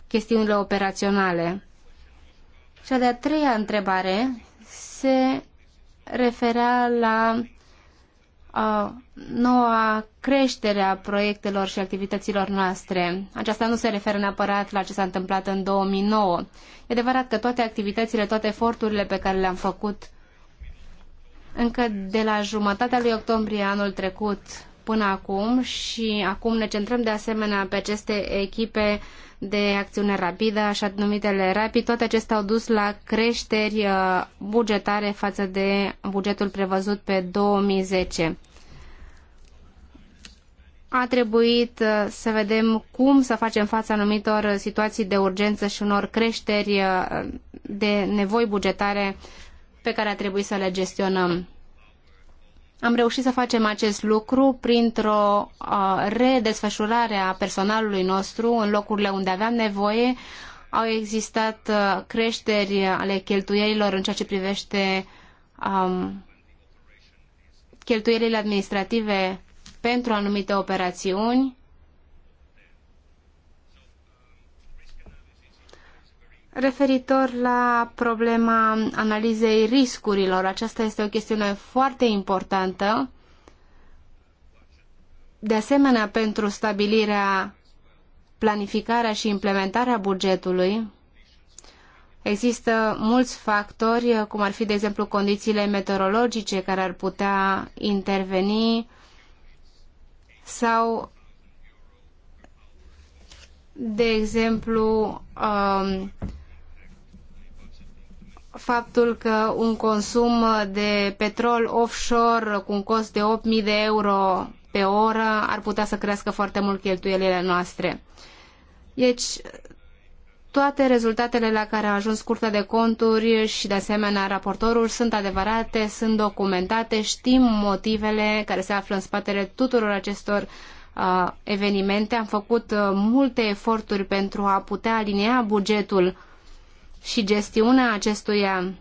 chestiunile operaționale. Cea de-a treia întrebare se referea la noua creștere a proiectelor și activităților noastre. Aceasta nu se referă neapărat la ce s-a întâmplat în 2009. E adevărat că toate activitățile, toate eforturile pe care le-am făcut încă de la jumătatea lui octombrie anul trecut până acum și acum ne centrăm de asemenea pe aceste echipe de acțiune rapidă, așa numitele rapid, Toate acestea au dus la creșteri uh, bugetare față de bugetul prevăzut pe 2010 a trebuit uh, să vedem cum să facem față anumitor situații de urgență și unor creșteri uh, de nevoi bugetare pe care a trebuit să le gestionăm. Am reușit să facem acest lucru printr-o uh, redesfășurare a personalului nostru în locurile unde aveam nevoie. Au existat uh, creșteri ale cheltuielilor în ceea ce privește um, cheltuielile administrative pentru anumite operațiuni Referitor la problema analizei riscurilor, aceasta este o chestiune foarte importantă. De asemenea, pentru stabilirea, planificarea și implementarea bugetului, există mulți factori, cum ar fi, de exemplu, condițiile meteorologice care ar putea interveni sau, de exemplu, um, faptul că un consum de petrol offshore cu un cost de 8.000 de euro pe oră ar putea să crească foarte mult cheltuielile noastre. Deci, toate rezultatele la care a ajuns Curtea de Conturi și, de asemenea, raportorul sunt adevărate, sunt documentate, știm motivele care se află în spatele tuturor acestor uh, evenimente. Am făcut uh, multe eforturi pentru a putea alinea bugetul și gestiunea acestuia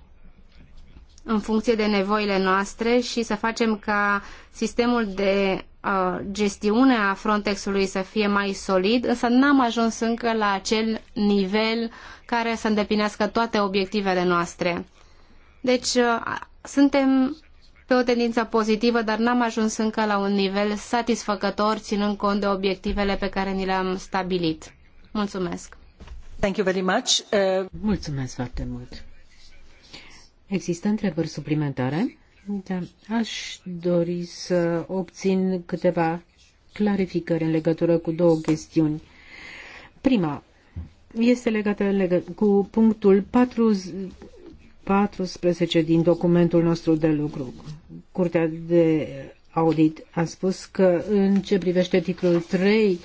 în funcție de nevoile noastre și să facem ca sistemul de uh, gestiune a Frontexului să fie mai solid, însă n-am ajuns încă la acel nivel care să îndeplinească toate obiectivele noastre. Deci uh, suntem pe o tendință pozitivă, dar n-am ajuns încă la un nivel satisfăcător, ținând cont de obiectivele pe care ni le-am stabilit. Mulțumesc! Uh, Mulțumesc Există întrebări suplimentare? Da. Aș dori să obțin câteva clarificări în legătură cu două chestiuni. Prima este legată cu punctul 4, 14 din documentul nostru de lucru. Curtea de audit a spus că în ce privește titlul 3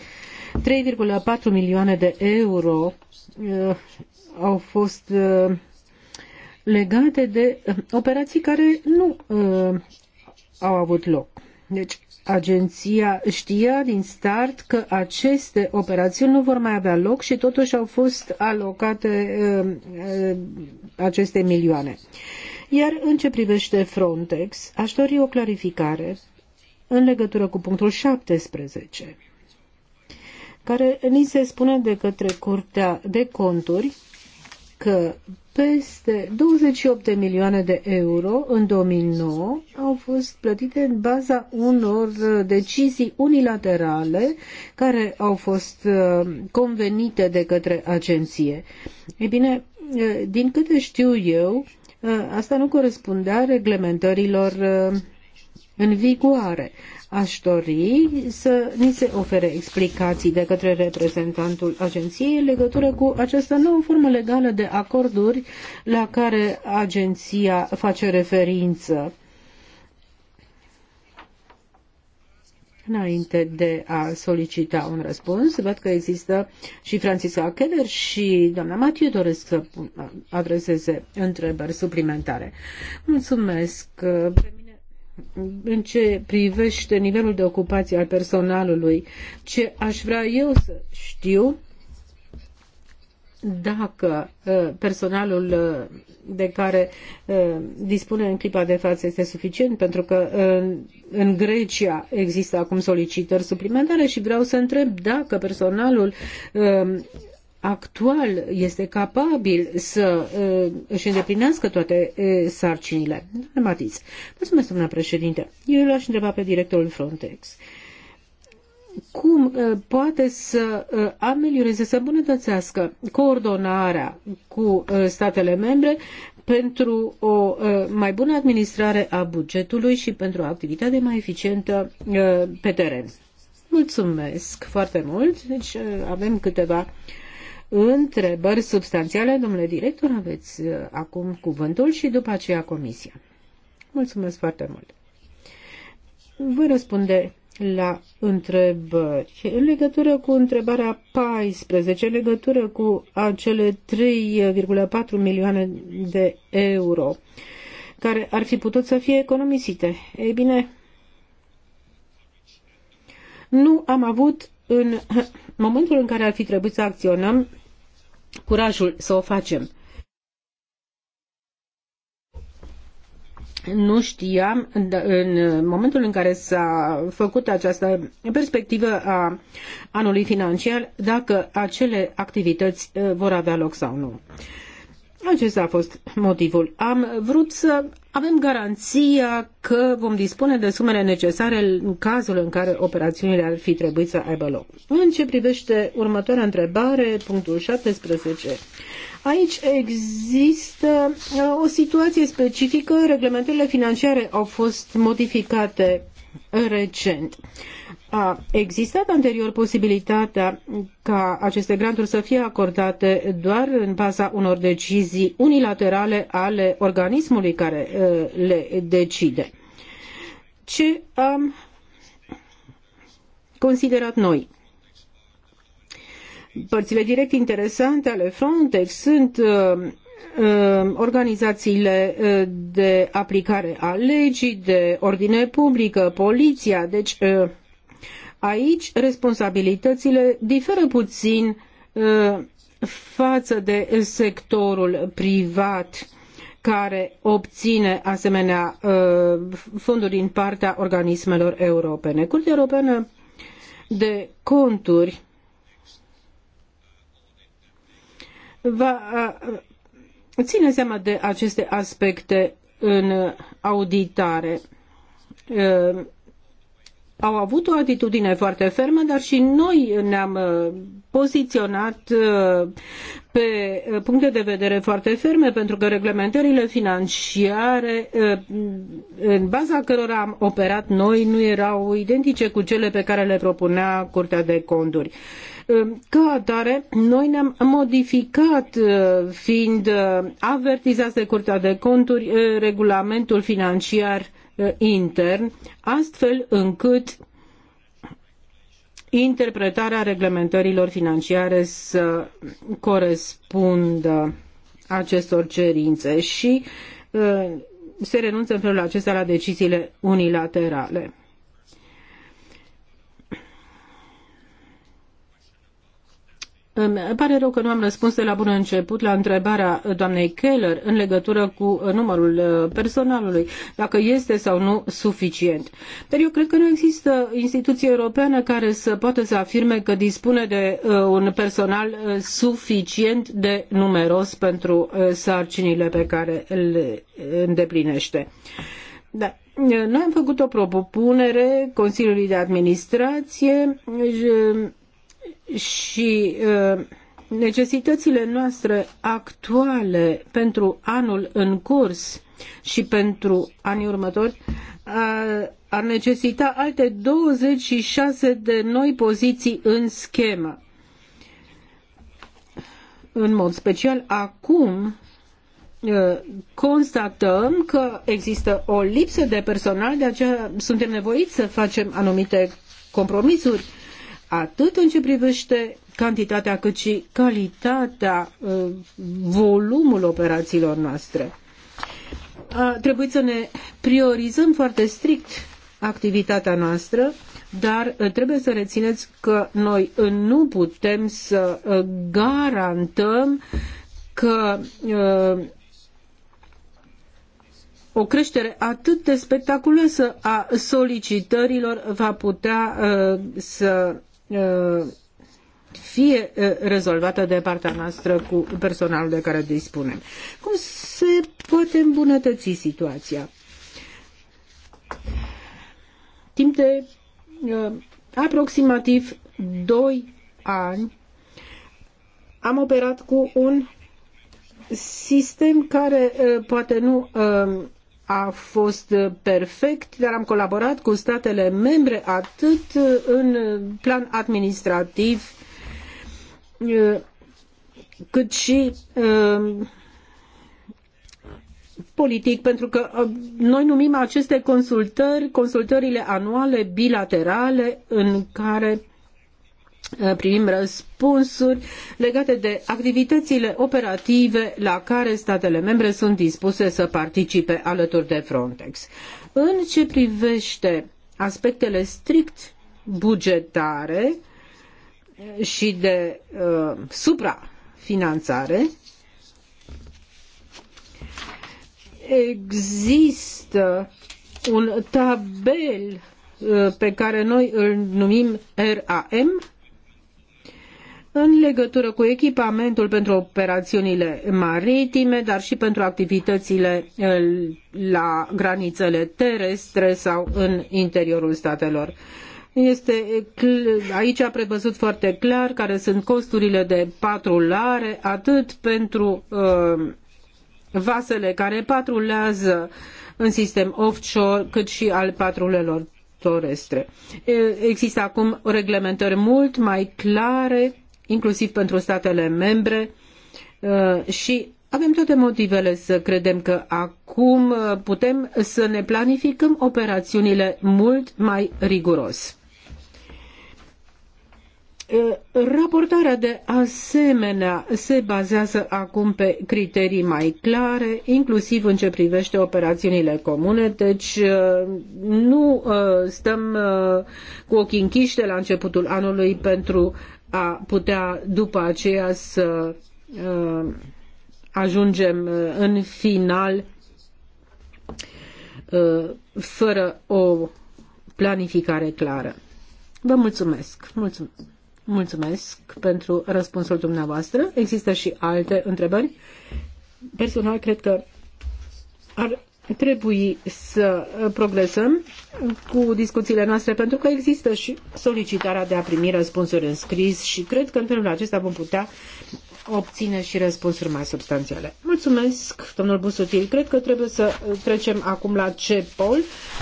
3,4 milioane de euro uh, au fost uh, legate de uh, operații care nu au avut loc. Deci, agenția știa din start că aceste operațiuni nu vor mai avea loc și totuși au fost alocate aceste milioane. Iar în ce privește Frontex, aș dori o clarificare în legătură cu punctul 17 care ni se spune de către Curtea de Conturi că peste 28 de milioane de euro în 2009 au fost plătite în baza unor decizii unilaterale care au fost uh, convenite de către agenție. Ei bine, uh, din câte știu eu, uh, asta nu corespundea reglementărilor în vigoare. Aș dori să ni se ofere explicații de către reprezentantul agenției în legătură cu această nouă formă legală de acorduri la care agenția face referință. Înainte de a solicita un răspuns, văd că există și Francisca Keller și doamna Matiu doresc să adreseze întrebări suplimentare. Mulțumesc. Pe mine în ce privește nivelul de ocupație al personalului, ce aș vrea eu să știu dacă uh, personalul uh, de care uh, dispune în clipa de față este suficient, pentru că în Grecia există acum solicitări suplimentare și vreau să întreb dacă personalul actual este capabil să uh, își îndeplinească toate uh, sarcinile. Matiz. Mulțumesc, domnule președinte. Eu l-aș întreba pe directorul Frontex. Cum uh, poate să amelioreze, să îmbunătățească coordonarea cu statele membre pentru o mai bună administrare a bugetului și pentru o activitate mai eficientă pe teren? Mulțumesc foarte mult. Deci avem câteva uh, întrebări substanțiale. Domnule director, aveți uh, acum cuvântul și după aceea comisia. Mulțumesc foarte mult. Voi răspunde la întrebări. În legătură cu întrebarea 14, în legătură cu acele 3,4 milioane de euro care ar fi putut să fie economisite. Ei bine, nu am avut în momentul în care ar fi trebuit să acționăm, curajul să o facem. nu știam da, în momentul în care s-a făcut această perspectivă a anului financiar dacă acele activități uh, vor avea loc sau nu. Acesta a fost motivul. Am vrut să avem garanția că vom dispune de sumele necesare în cazul în care operațiunile ar fi trebuit să aibă loc. În ce privește următoarea întrebare, punctul 17. Aici există uh, o situație specifică, reglementările financiare au fost modificate recent a existat anterior posibilitatea ca aceste granturi să fie acordate doar în baza unor decizii unilaterale ale organismului care uh, le decide. Ce am considerat noi? Părțile direct interesante ale Frontex sunt uh, uh, organizațiile de aplicare a legii, de ordine publică, poliția, deci Aici responsabilitățile diferă puțin uh, față de sectorul privat care obține asemenea uh, fonduri din partea organismelor europene. Curtea Europeană de Conturi va uh, ține seama de aceste aspecte în auditare au avut o atitudine foarte fermă, dar și noi ne-am uh, poziționat uh, pe uh, puncte de vedere foarte ferme, pentru că reglementările financiare în baza cărora am operat noi nu erau identice cu cele pe care le propunea Curtea de Conturi. Ca atare, noi ne-am modificat, fiind avertizați de Curtea de Conturi, regulamentul financiar Uh, intern, astfel încât interpretarea reglementărilor financiare să corespundă acestor cerințe și uh, se renunță în felul acesta la deciziile unilaterale. Îmi pare rău că nu am răspuns de la bun început la întrebarea doamnei Keller în legătură cu numărul uh, personalului, dacă este sau nu suficient. Dar eu cred că nu există instituție europeană care să poată să afirme că dispune de uh, un personal uh, suficient de numeros pentru sarcinile pe care le îndeplinește. Da. Noi am făcut o propunere Consiliului de Administrație și ă, necesitățile noastre actuale pentru anul în curs și pentru anii următori ă, ar necesita alte 26 de noi poziții în schemă. În mod special, acum ă, constatăm că există o lipsă de personal, de aceea suntem nevoiți să facem anumite compromisuri atât în ce privește cantitatea cât și calitatea, uh, volumul operațiilor noastre. A trebuit să ne priorizăm foarte strict activitatea noastră, dar uh, trebuie să rețineți că noi uh, nu putem să garantăm că o creștere atât de spectaculoasă a solicitărilor va putea să Uh, fie uh, rezolvată de partea noastră cu personalul de care dispunem. Cum se poate îmbunătăți situația? Timp de uh, aproximativ 2 ani am operat cu un sistem care uh, poate nu uh, a fost perfect, dar am colaborat cu statele membre atât în plan administrativ uh, cât și uh, politic, pentru că uh, noi numim aceste consultări, consultările anuale, bilaterale, în care Eh, primim răspunsuri legate de activitățile operative la care statele membre sunt dispuse să participe alături de Frontex. În ce privește aspectele strict bugetare eh, și de uh, suprafinanțare, există un tabel uh, pe care noi îl numim RAM, în legătură cu echipamentul pentru operațiunile maritime, dar și pentru activitățile eh, la granițele terestre sau în interiorul statelor. Este aici a prevăzut foarte clar care sunt costurile de patrulare, atât pentru uh, vasele care patrulează în sistem offshore, cât și al patrulelor terestre. Eh, există acum reglementări mult mai clare inclusiv pentru statele membre uh, și avem toate motivele să credem că acum uh, putem să ne planificăm operațiunile mult mai riguros. Uh, raportarea de asemenea se bazează acum pe criterii mai clare, inclusiv în ce privește operațiunile comune, deci nu stăm cu ochii închiși de la începutul anului pentru a putea după aceea să uh, ajungem uh, în final uh, fără o planificare clară. Vă mulțumesc. Mulțumesc. Mulțumesc pentru răspunsul dumneavoastră. Există și alte întrebări. Personal, cred că ar trebui să uh, progresăm cu discuțiile noastre pentru că există și solicitarea de a primi răspunsuri în scris și cred că în felul acesta vom putea obține și răspunsuri mai substanțiale. Mulțumesc, domnul Busutil. Cred că trebuie să uh, trecem acum la CEPOL,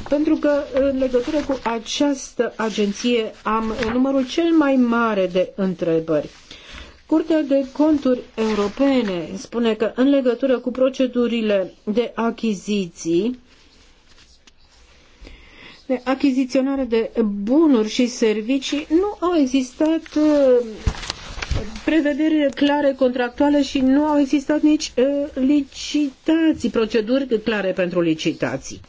pentru că uh, în legătură cu această agenție am numărul cel mai mare de întrebări. Curtea de conturi europene spune că în legătură cu procedurile de achiziții, de achiziționare de bunuri și servicii, nu au existat uh, prevederi clare contractuale și nu au existat nici uh, licitații, proceduri clare pentru licitații.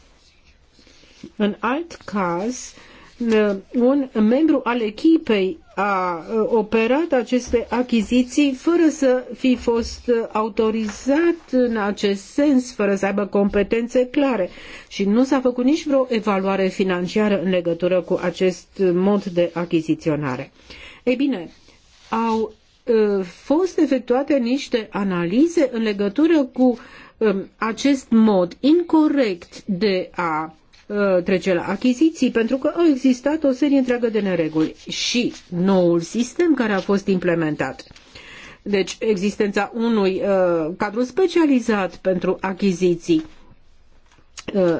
În alt caz, uh, un membru al echipei a operat aceste achiziții fără să fi fost autorizat în acest sens, fără să aibă competențe clare și nu s-a făcut nici vreo evaluare financiară în legătură cu acest mod de achiziționare. Ei bine, au fost efectuate niște analize în legătură cu acest mod incorrect de a Uh, trece la achiziții, pentru că au existat o serie întreagă de nereguli și noul sistem care a fost implementat. Deci existența unui uh, cadru specializat pentru achiziții uh,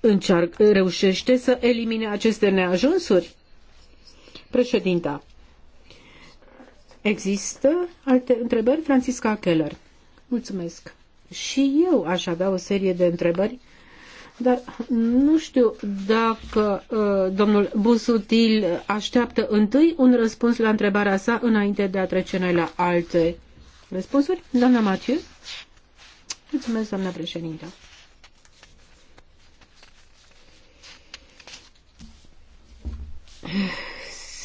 încearc, reușește să elimine aceste neajunsuri? Președinta, există alte întrebări? Francisca Keller. Mulțumesc. Și eu aș avea o serie de întrebări dar nu știu dacă uh, domnul Busutil așteaptă întâi un răspuns la întrebarea sa înainte de a trece noi la alte răspunsuri. Doamna Matiu? Mulțumesc, doamna președintă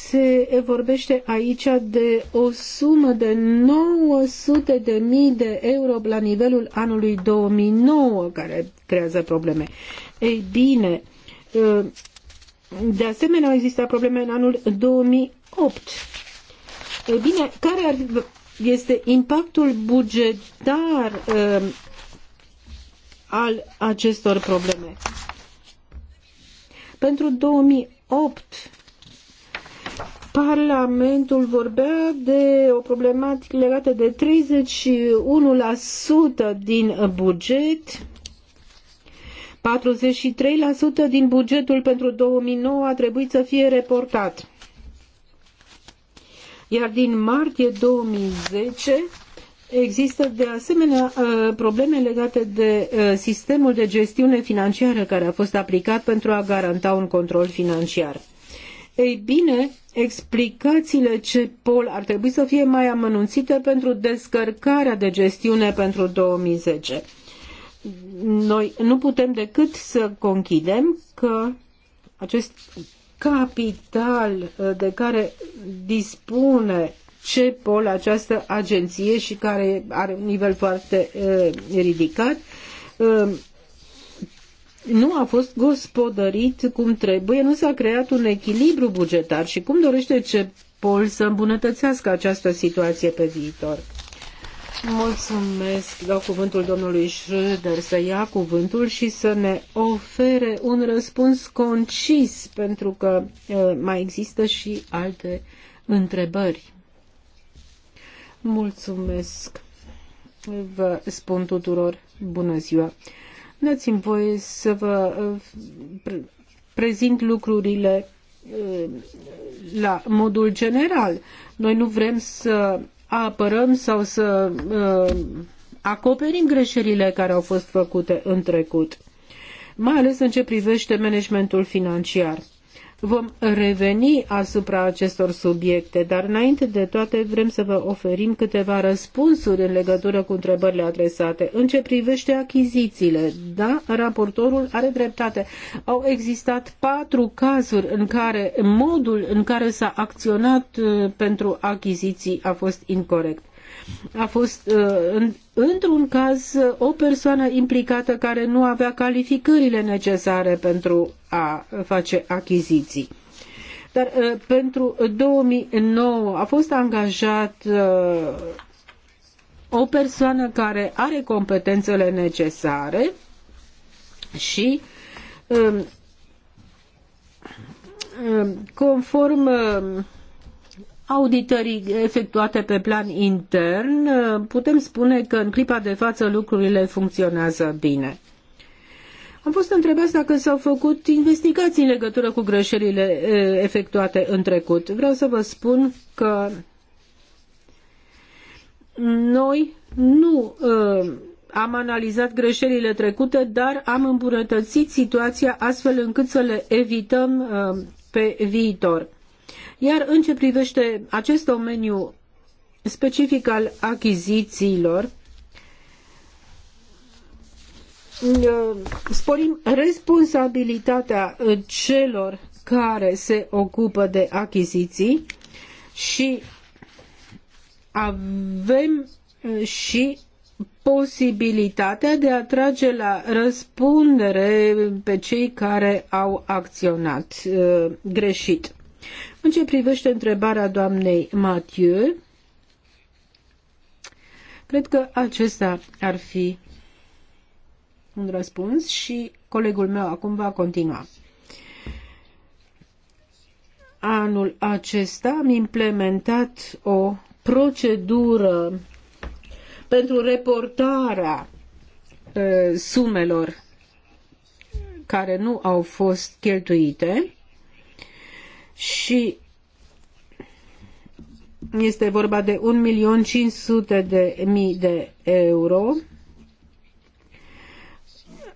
se vorbește aici de o sumă de 900 de mii de euro la nivelul anului 2009 care creează probleme. Ei bine, ă, de asemenea au existat probleme în anul 2008. Ei bine, care ar, este impactul bugetar ă, al acestor probleme? Pentru 2008 Parlamentul vorbea de o problematică legată de 31% din buget. 43% din bugetul pentru 2009 a trebuit să fie reportat. Iar din martie 2010 Există de asemenea uh, probleme legate de uh, sistemul de gestiune financiară care a fost aplicat pentru a garanta un control financiar. Ei bine, explicațiile ce pol ar trebui să fie mai amănunțite pentru descărcarea de gestiune pentru 2010. Noi nu putem decât să conchidem că acest capital uh, de care dispune CEPOL, această agenție și care are un nivel foarte uh, ridicat, uh, nu a fost gospodărit cum trebuie, nu s-a creat un echilibru bugetar și cum dorește ce pol să îmbunătățească această situație pe viitor? Mulțumesc, dau cuvântul domnului Schröder să ia cuvântul și să ne ofere un răspuns concis, pentru că uh, mai există și alte întrebări. Mulțumesc, vă spun tuturor bună ziua. Dați-mi voie să vă uh, prezint lucrurile uh, la modul general. Noi nu vrem să apărăm sau să uh, acoperim greșelile care au fost făcute în trecut, mai ales în ce privește managementul financiar. Vom reveni asupra acestor subiecte, dar înainte de toate vrem să vă oferim câteva răspunsuri în legătură cu întrebările adresate. În ce privește achizițiile, da, raportorul are dreptate. Au existat patru cazuri în care modul în care s-a acționat uh, pentru achiziții a fost incorrect a fost uh, într-un caz uh, o persoană implicată care nu avea calificările necesare pentru a face achiziții. Dar uh, pentru 2009 a fost angajat o persoană care are competențele necesare și um, um, conform um, auditării efectuate pe plan intern, putem spune că în clipa de față lucrurile funcționează bine. Am fost întrebați dacă s-au făcut investigații în legătură cu greșelile efectuate în trecut. Vreau să vă spun că noi nu uh, am analizat greșelile trecute, dar am îmbunătățit situația astfel încât să le evităm uh, pe viitor. Iar în ce privește acest domeniu specific al achizițiilor, uh, sporim responsabilitatea uh, celor care se ocupă de achiziții și avem uh, și posibilitatea de a trage la răspundere pe cei care au acționat uh, greșit. În ce privește întrebarea doamnei Mathieu, cred că acesta ar fi un răspuns și colegul meu acum va continua. Anul acesta am implementat o procedură pentru reportarea uh, sumelor care nu au fost cheltuite și este vorba de 1.500.000 de, mii de euro.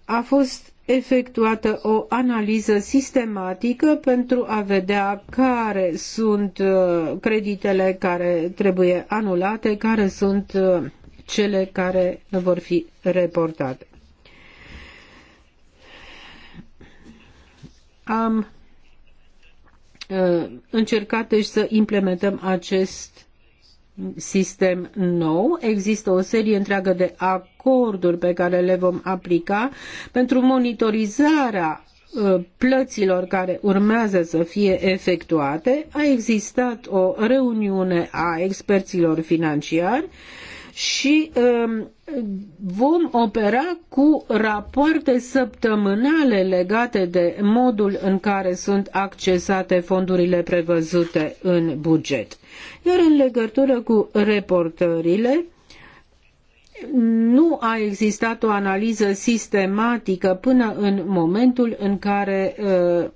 A fost efectuată o analiză sistematică pentru a vedea care sunt uh, creditele care trebuie anulate, care sunt uh, cele care vor fi reportate. Am Uh, încercat deci să implementăm acest sistem nou. Există o serie întreagă de acorduri pe care le vom aplica pentru monitorizarea uh, plăților care urmează să fie efectuate. A existat o reuniune a experților financiari și um, vom opera cu rapoarte săptămânale legate de modul în care sunt accesate fondurile prevăzute în buget. Iar în legătură cu reportările, nu a existat o analiză sistematică până în momentul în care uh,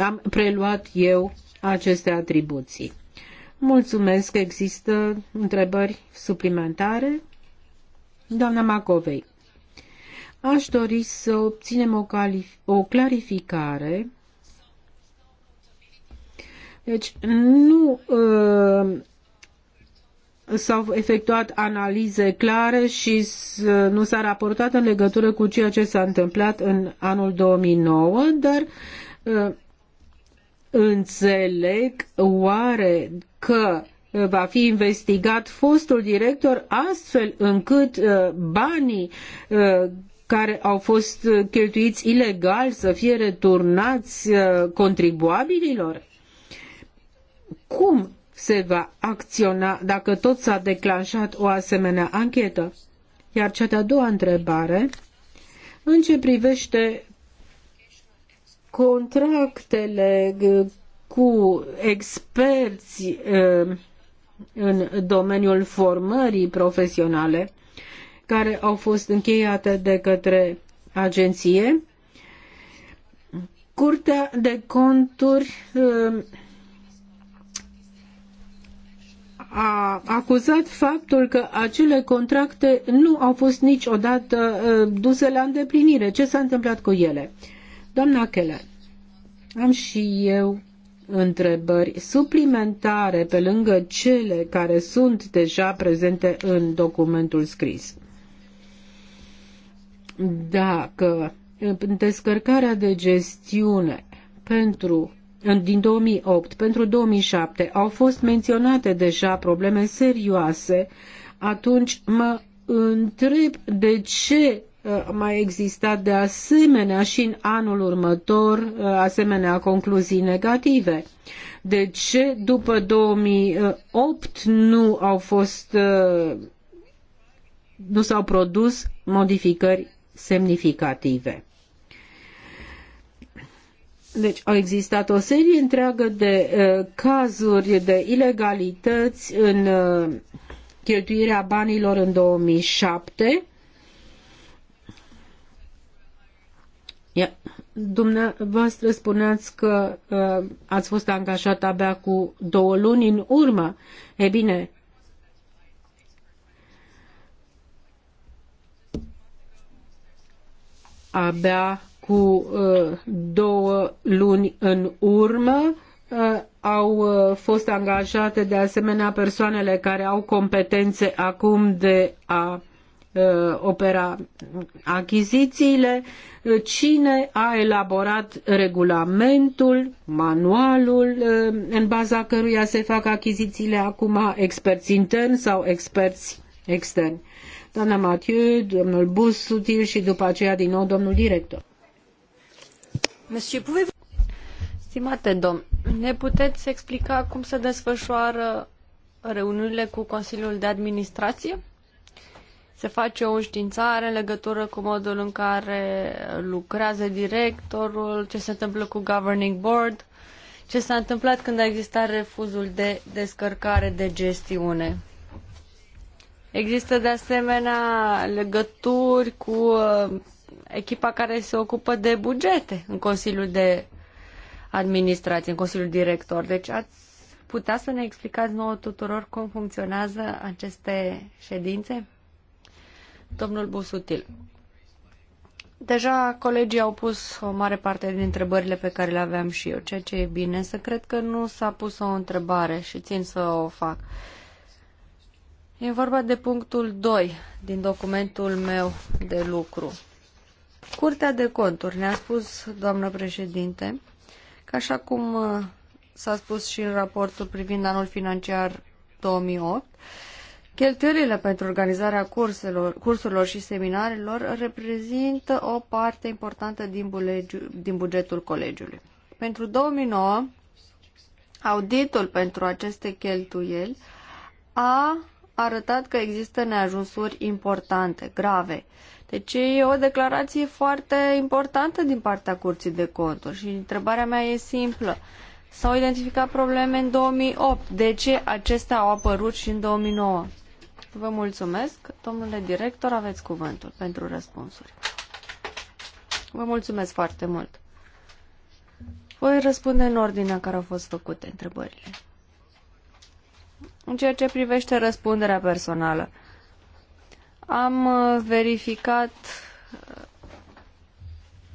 am preluat eu aceste atribuții. Mulțumesc, există întrebări suplimentare? Doamna Macovei, aș dori să obținem o, o clarificare. Deci, nu uh, s-au efectuat analize clare și nu s-a raportat în legătură cu ceea ce s-a întâmplat în anul 2009, dar uh, înțeleg oare că Eh, va fi investigat fostul director astfel încât eh, banii eh, care au fost cheltuiți ilegal să fie returnați contribuabililor? Cum se va acționa dacă tot s-a declanșat o asemenea anchetă? Iar cea de-a doua întrebare, în ce privește contractele cu experți uh, în domeniul formării profesionale care au fost încheiate de către agenție. Curtea de conturi um, a acuzat faptul că acele contracte nu au fost niciodată um, duse la îndeplinire. Ce s-a întâmplat cu ele? Doamna Keller, am și eu întrebări suplimentare pe lângă cele care sunt deja prezente în documentul scris. Dacă descărcarea de gestiune pentru din 2008 pentru 2007 au fost menționate deja probleme serioase, atunci mă întreb de ce mai exista de asemenea și în anul următor asemenea concluzii negative. De ce după 2008 nu au fost nu s-au produs modificări semnificative? Deci au existat o serie întreagă de cazuri de ilegalități în cheltuirea banilor în 2007 Dumneavoastră spuneați că uh, ați fost angajat abia cu două luni în urmă. E bine, abia cu uh, două luni în urmă uh, au uh, fost angajate de asemenea persoanele care au competențe acum de a Uh, opera achizițiile, uh, cine a elaborat regulamentul, manualul uh, în baza căruia se fac achizițiile acum, experți interni sau experți externi. Doamna Mathieu, domnul Bus Sutil și după aceea din nou domnul director. Monsieur, Stimate domn, ne puteți explica cum se desfășoară reuniunile cu Consiliul de Administrație? se face o științare în legătură cu modul în care lucrează directorul, ce se întâmplă cu governing board, ce s-a întâmplat când a existat refuzul de descărcare de gestiune. Există de asemenea legături cu uh, echipa care se ocupă de bugete în Consiliul de Administrație, în Consiliul Director. Deci ați putea să ne explicați nouă tuturor cum funcționează aceste ședințe? Domnul Deja colegii au pus o mare parte din întrebările pe care le aveam și eu, ceea ce e bine, să cred că nu s-a pus o întrebare și țin să o fac. E vorba de punctul 2 din documentul meu de lucru. Curtea de conturi ne-a spus, doamnă președinte, că așa cum uh, s-a spus și în raportul privind anul financiar 2008, Cheltuielile pentru organizarea curselor, cursurilor și seminarilor reprezintă o parte importantă din, bulegiu, din bugetul colegiului. Pentru 2009, auditul pentru aceste cheltuieli a arătat că există neajunsuri importante, grave. Deci e o declarație foarte importantă din partea Curții de Conturi și întrebarea mea e simplă. S-au identificat probleme în 2008. De ce acestea au apărut și în 2009? Vă mulțumesc. Domnule director, aveți cuvântul pentru răspunsuri. Vă mulțumesc foarte mult. Voi răspunde în ordinea care au fost făcute întrebările. În ceea ce privește răspunderea personală, am uh, verificat uh,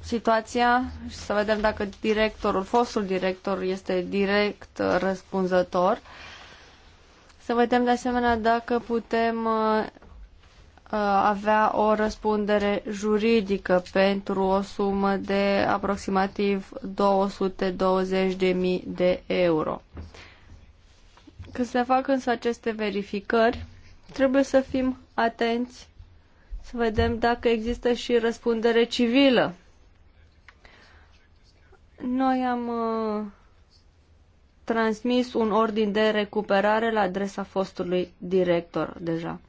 situația și să vedem dacă directorul, fostul director, este direct uh, răspunzător. Uh, să vedem de asemenea dacă putem uh, uh, avea o răspundere juridică pentru o sumă de aproximativ 220.000 de euro. Când se fac însă aceste verificări, trebuie să fim atenți să vedem dacă există și răspundere civilă. Noi am uh, transmis un ordin de recuperare la adresa fostului director deja.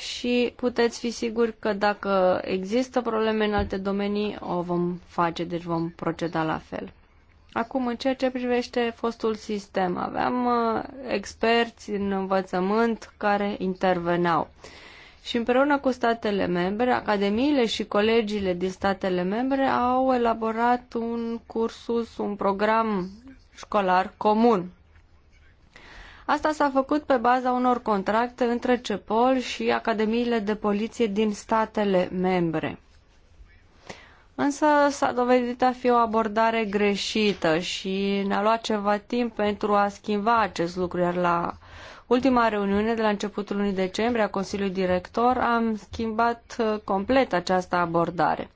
Și puteți fi siguri că dacă există probleme în alte domenii, o vom face, deci vom proceda la fel. Acum, în ceea ce privește fostul sistem, aveam uh, experți în învățământ care interveneau. Și împreună cu statele membre, academiile și colegiile din statele membre au elaborat un cursus, un program școlar comun. Asta s-a făcut pe baza unor contracte între CEPOL și academiile de poliție din statele membre. Însă s-a dovedit a fi o abordare greșită și ne-a luat ceva timp pentru a schimba acest lucru, iar la ultima reuniune de la începutul lunii decembrie a Consiliului Director am schimbat uh, complet această abordare.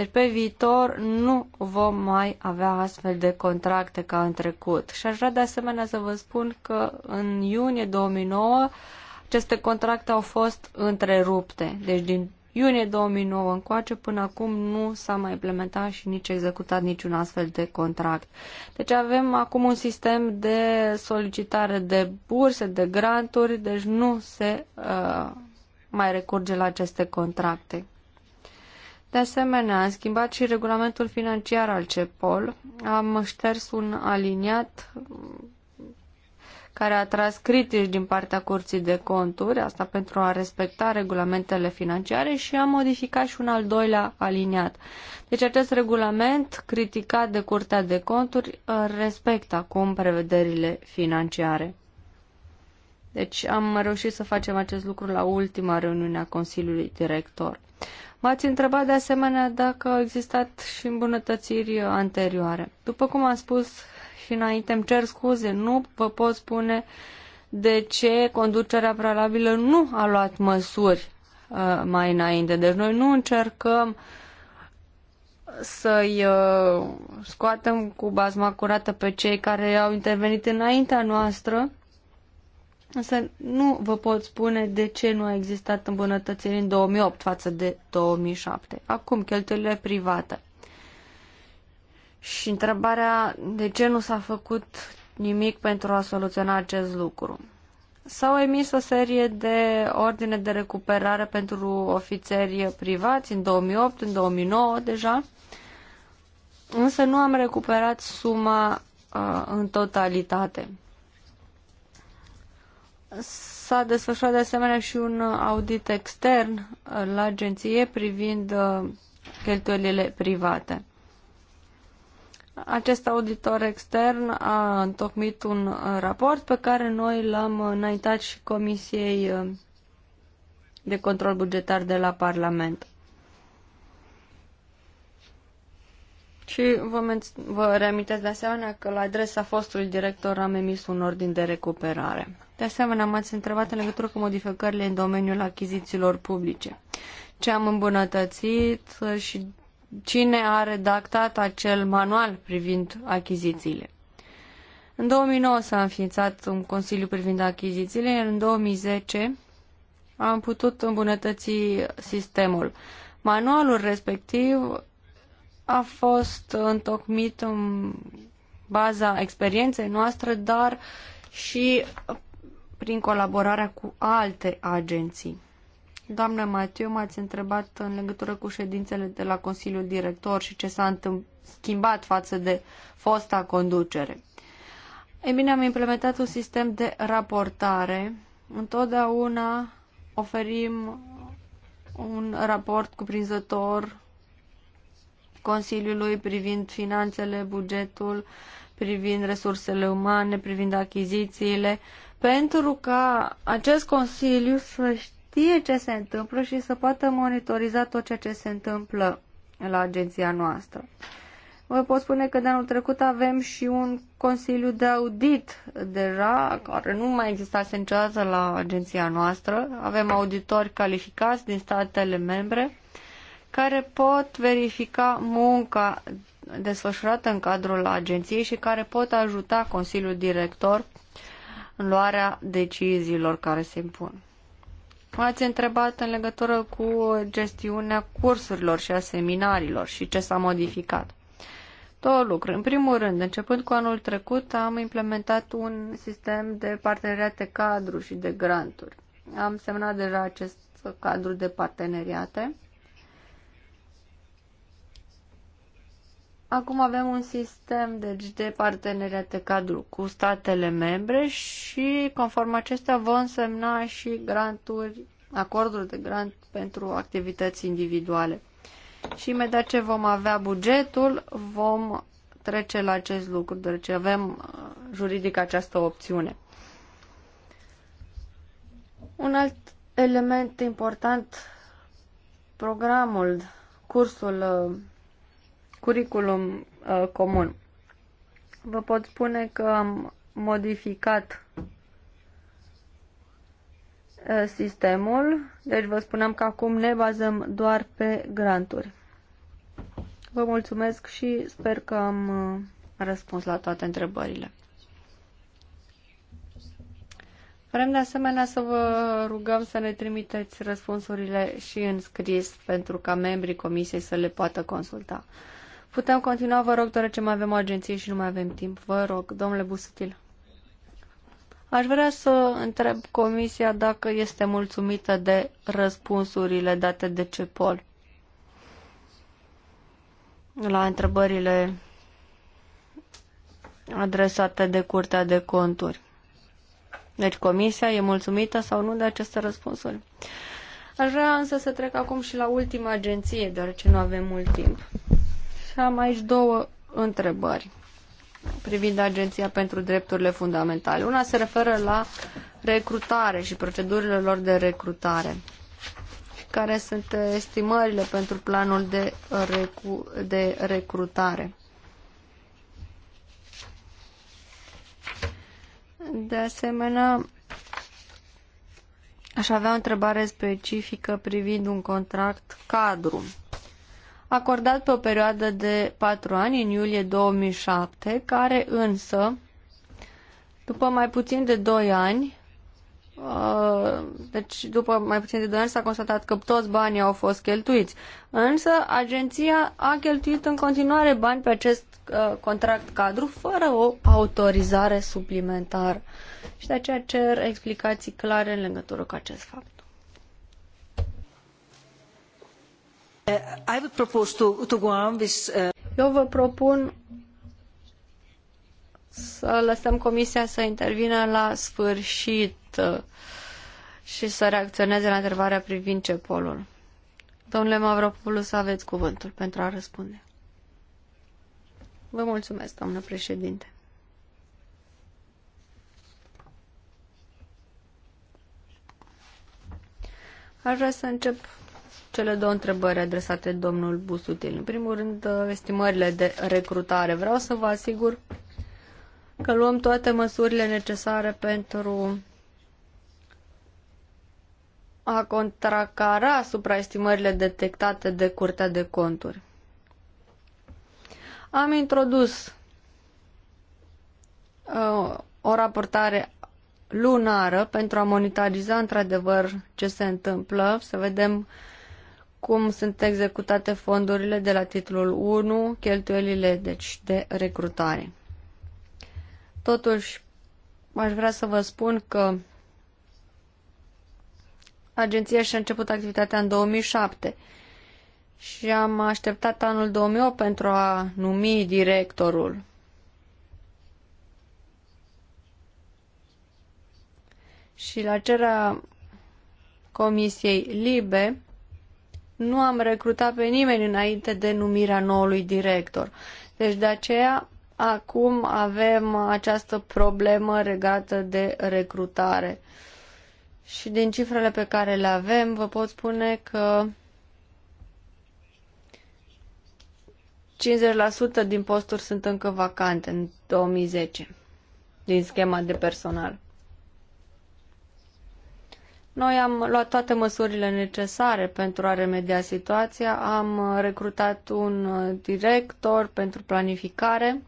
Deci pe viitor nu vom mai avea astfel de contracte ca în trecut. Și aș vrea de asemenea să vă spun că în iunie 2009 aceste contracte au fost întrerupte. Deci din iunie 2009 încoace până acum nu s-a mai implementat și nici executat niciun astfel de contract. Deci avem acum un sistem de solicitare de burse, de granturi, deci nu se uh, mai recurge la aceste contracte de asemenea, am schimbat și regulamentul financiar al CEPOL. Am șters un aliniat care a tras critici din partea Curții de Conturi, asta pentru a respecta regulamentele financiare și a modificat și un al doilea aliniat. Deci acest regulament, criticat de Curtea de Conturi, uh, respectă acum prevederile financiare. Deci am reușit să facem acest lucru la ultima reuniune a Consiliului Director. M-ați întrebat de asemenea dacă au existat și îmbunătățiri anterioare. După cum am spus și înainte, îmi cer scuze, nu vă pot spune de ce conducerea prealabilă nu a luat măsuri uh, mai înainte. Deci noi nu încercăm să-i uh, scoatem cu bazma curată pe cei care au intervenit înaintea noastră, Însă nu vă pot spune de ce nu a existat îmbunătățiri în 2008 față de 2007. Acum, cheltuielile private. Și întrebarea de ce nu s-a făcut nimic pentru a soluționa acest lucru. S-au emis o serie de ordine de recuperare pentru ofițeri privați în 2008, în 2009 deja, însă nu am recuperat suma uh, în totalitate. S-a desfășurat de asemenea și un uh, audit extern uh, la agenție privind uh, cheltuielile private. Acest auditor extern a întocmit un raport pe care noi l-am înaintat și Comisiei de Control Bugetar de la Parlament. Și vă, vă reamintesc de asemenea că la adresa fostului director am emis un ordin de recuperare. De asemenea, m-ați întrebat în legătură cu modificările în domeniul achizițiilor publice. Ce am îmbunătățit și cine a redactat acel manual privind achizițiile. În 2009 s-a înființat un Consiliu privind achizițiile, iar în 2010 am putut îmbunătăți sistemul. Manualul respectiv a fost întocmit în baza experienței noastre, dar și prin colaborarea cu alte agenții. Doamnă Matiu, m-ați întrebat în legătură cu ședințele de la Consiliul Director și ce s-a schimbat față de fosta conducere. Ei bine, am implementat un sistem de raportare. Întotdeauna oferim un raport cuprinzător Consiliului privind finanțele, bugetul, privind resursele umane, privind achizițiile, pentru ca acest Consiliu să știe ce se întâmplă și să poată monitoriza tot ceea ce se întâmplă la agenția noastră. Vă pot spune că de anul trecut avem și un Consiliu de Audit deja, care nu mai exista niciodată la agenția noastră. Avem auditori calificați din statele membre care pot verifica munca desfășurată în cadrul agenției și care pot ajuta Consiliul Director în luarea deciziilor care se impun. M-ați întrebat în legătură cu gestiunea cursurilor și a seminarilor și ce s-a modificat. Două lucruri. În primul rând, începând cu anul trecut, am implementat un sistem de parteneriate cadru și de granturi. Am semnat deja acest cadru de parteneriate Acum avem un sistem deci, de parteneriate cadru cu statele membre și conform acestea vom semna și granturi, acorduri de grant pentru activități individuale. Și imediat ce vom avea bugetul, vom trece la acest lucru, deoarece avem uh, juridic această opțiune. Un alt element important, programul, cursul uh, curriculum uh, comun. Vă pot spune că am modificat uh, sistemul, deci vă spuneam că acum ne bazăm doar pe granturi. Vă mulțumesc și sper că am uh, răspuns la toate întrebările. Vrem de asemenea să vă rugăm să ne trimiteți răspunsurile și în scris pentru ca membrii comisiei să le poată consulta. Putem continua, vă rog, ce mai avem agenție și nu mai avem timp. Vă rog, domnule Busutil. Aș vrea să întreb comisia dacă este mulțumită de răspunsurile date de CEPOL la întrebările adresate de Curtea de Conturi. Deci comisia e mulțumită sau nu de aceste răspunsuri? Aș vrea însă să trec acum și la ultima agenție, deoarece nu avem mult timp am aici două întrebări privind Agenția pentru Drepturile Fundamentale. Una se referă la recrutare și procedurile lor de recrutare. Care sunt uh, estimările pentru planul de, uh, recu- de recrutare? De asemenea, aș avea o întrebare specifică privind un contract cadru acordat pe o perioadă de patru ani, în iulie 2007, care însă, după mai puțin de doi ani, uh, deci după mai puțin de 2 ani s-a constatat că toți banii au fost cheltuiți. Însă agenția a cheltuit în continuare bani pe acest uh, contract cadru fără o autorizare suplimentară. Și de aceea cer explicații clare în legătură cu acest fapt. Eu vă propun să lăsăm comisia să intervină la sfârșit uh, și să reacționeze la întrebarea privind cepolul. Domnule Mavropoulos, să aveți cuvântul pentru a răspunde. Vă mulțumesc, doamnă președinte. Aș vrea să încep cele două întrebări adresate domnul Busutil. În primul rând, uh, estimările de recrutare. Vreau să vă asigur că luăm toate măsurile necesare pentru a contracara supraestimările detectate de Curtea de Conturi. Am introdus uh, o raportare lunară pentru a monitoriza într-adevăr ce se întâmplă, să vedem uh, cum sunt executate fondurile de la titlul 1, cheltuielile deci, de recrutare. Totuși, aș vrea să vă spun că agenția și-a început activitatea în 2007 și am așteptat anul 2008 pentru a numi directorul. Și la cererea Comisiei Libe, nu am recrutat pe nimeni înainte de numirea noului director. Deci de aceea acum avem această problemă regată de recrutare. Și din cifrele pe care le avem, vă pot spune că 50% din posturi sunt încă vacante în 2010 din schema de personal. Noi am luat toate măsurile necesare pentru a remedia situația, am recrutat un director pentru planificare,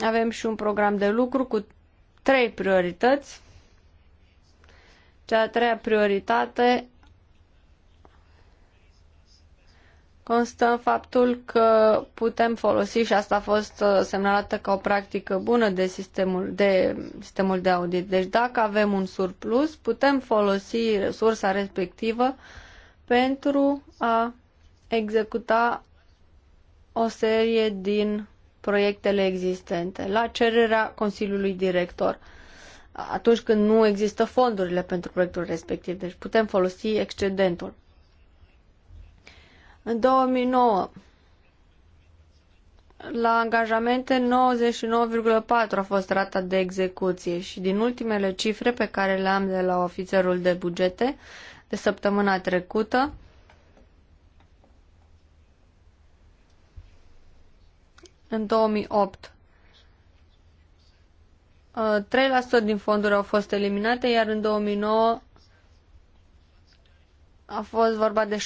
avem și un program de lucru cu trei priorități. Cea a treia prioritate constă în faptul că putem folosi, și asta a fost uh, semnalată ca o practică bună de sistemul de, sistemul de audit. Deci dacă avem un surplus, putem folosi resursa respectivă pentru a executa o serie din proiectele existente, la cererea Consiliului Director, atunci când nu există fondurile pentru proiectul respectiv. Deci putem folosi excedentul. În 2009, la angajamente 99,4 a fost rata de execuție și din ultimele cifre pe care le am de la ofițerul de bugete de săptămâna trecută, în 2008. 3% uh, din fonduri au fost eliminate, iar în 2009 a fost vorba de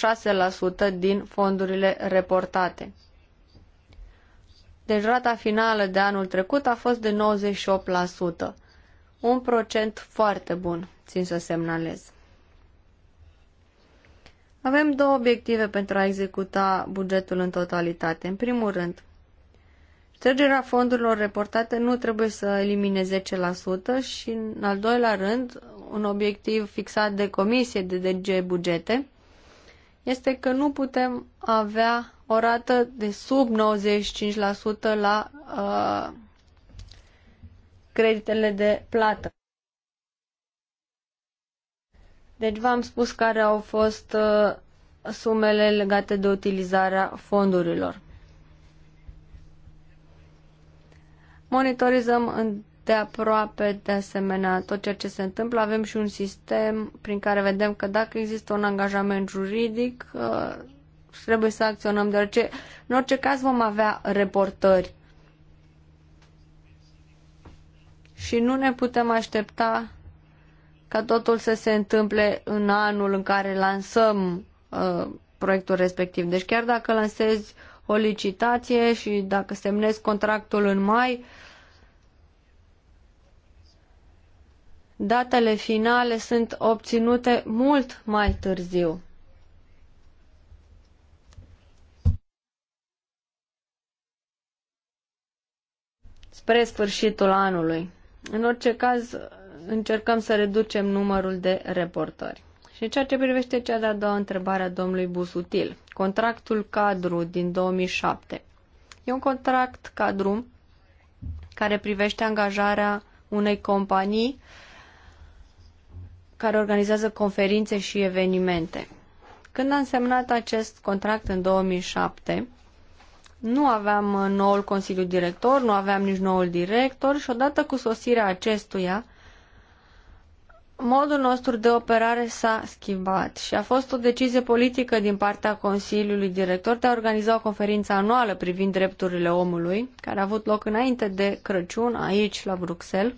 6% din fondurile reportate. Deci rata finală de anul trecut a fost de 98%. Un procent foarte bun, țin să semnalez. Avem două obiective pentru a executa bugetul în totalitate. În primul rând, ștergerea fondurilor reportate nu trebuie să elimine 10% și, în al doilea rând, un obiectiv fixat de comisie de DG bugete, este că nu putem avea o rată de sub 95% la uh, creditele de plată. Deci v-am spus care au fost uh, sumele legate de utilizarea fondurilor. Monitorizăm în de aproape de asemenea tot ceea ce se întâmplă. Avem și un sistem prin care vedem că dacă există un angajament juridic, uh, trebuie să acționăm, deoarece în orice caz vom avea reportări. Și nu ne putem aștepta ca totul să se întâmple în anul în care lansăm uh, proiectul respectiv. Deci chiar dacă lansezi o licitație și dacă semnezi contractul în mai, uh, datele finale sunt obținute mult mai târziu. spre sfârșitul anului. În orice caz, încercăm să reducem numărul de reportări. Și în ceea ce privește cea de-a doua întrebare a domnului Busutil, contractul cadru din 2007. E un contract cadru care privește angajarea unei companii uh, care organizează conferințe și evenimente. Când am semnat acest contract în 2007, nu aveam uh, noul Consiliu Director, nu aveam nici noul director și odată cu sosirea acestuia, modul nostru de operare s-a schimbat și a fost o decizie politică din partea Consiliului Director de a organiza o conferință anuală privind drepturile omului, care a avut loc înainte de Crăciun aici la Bruxelles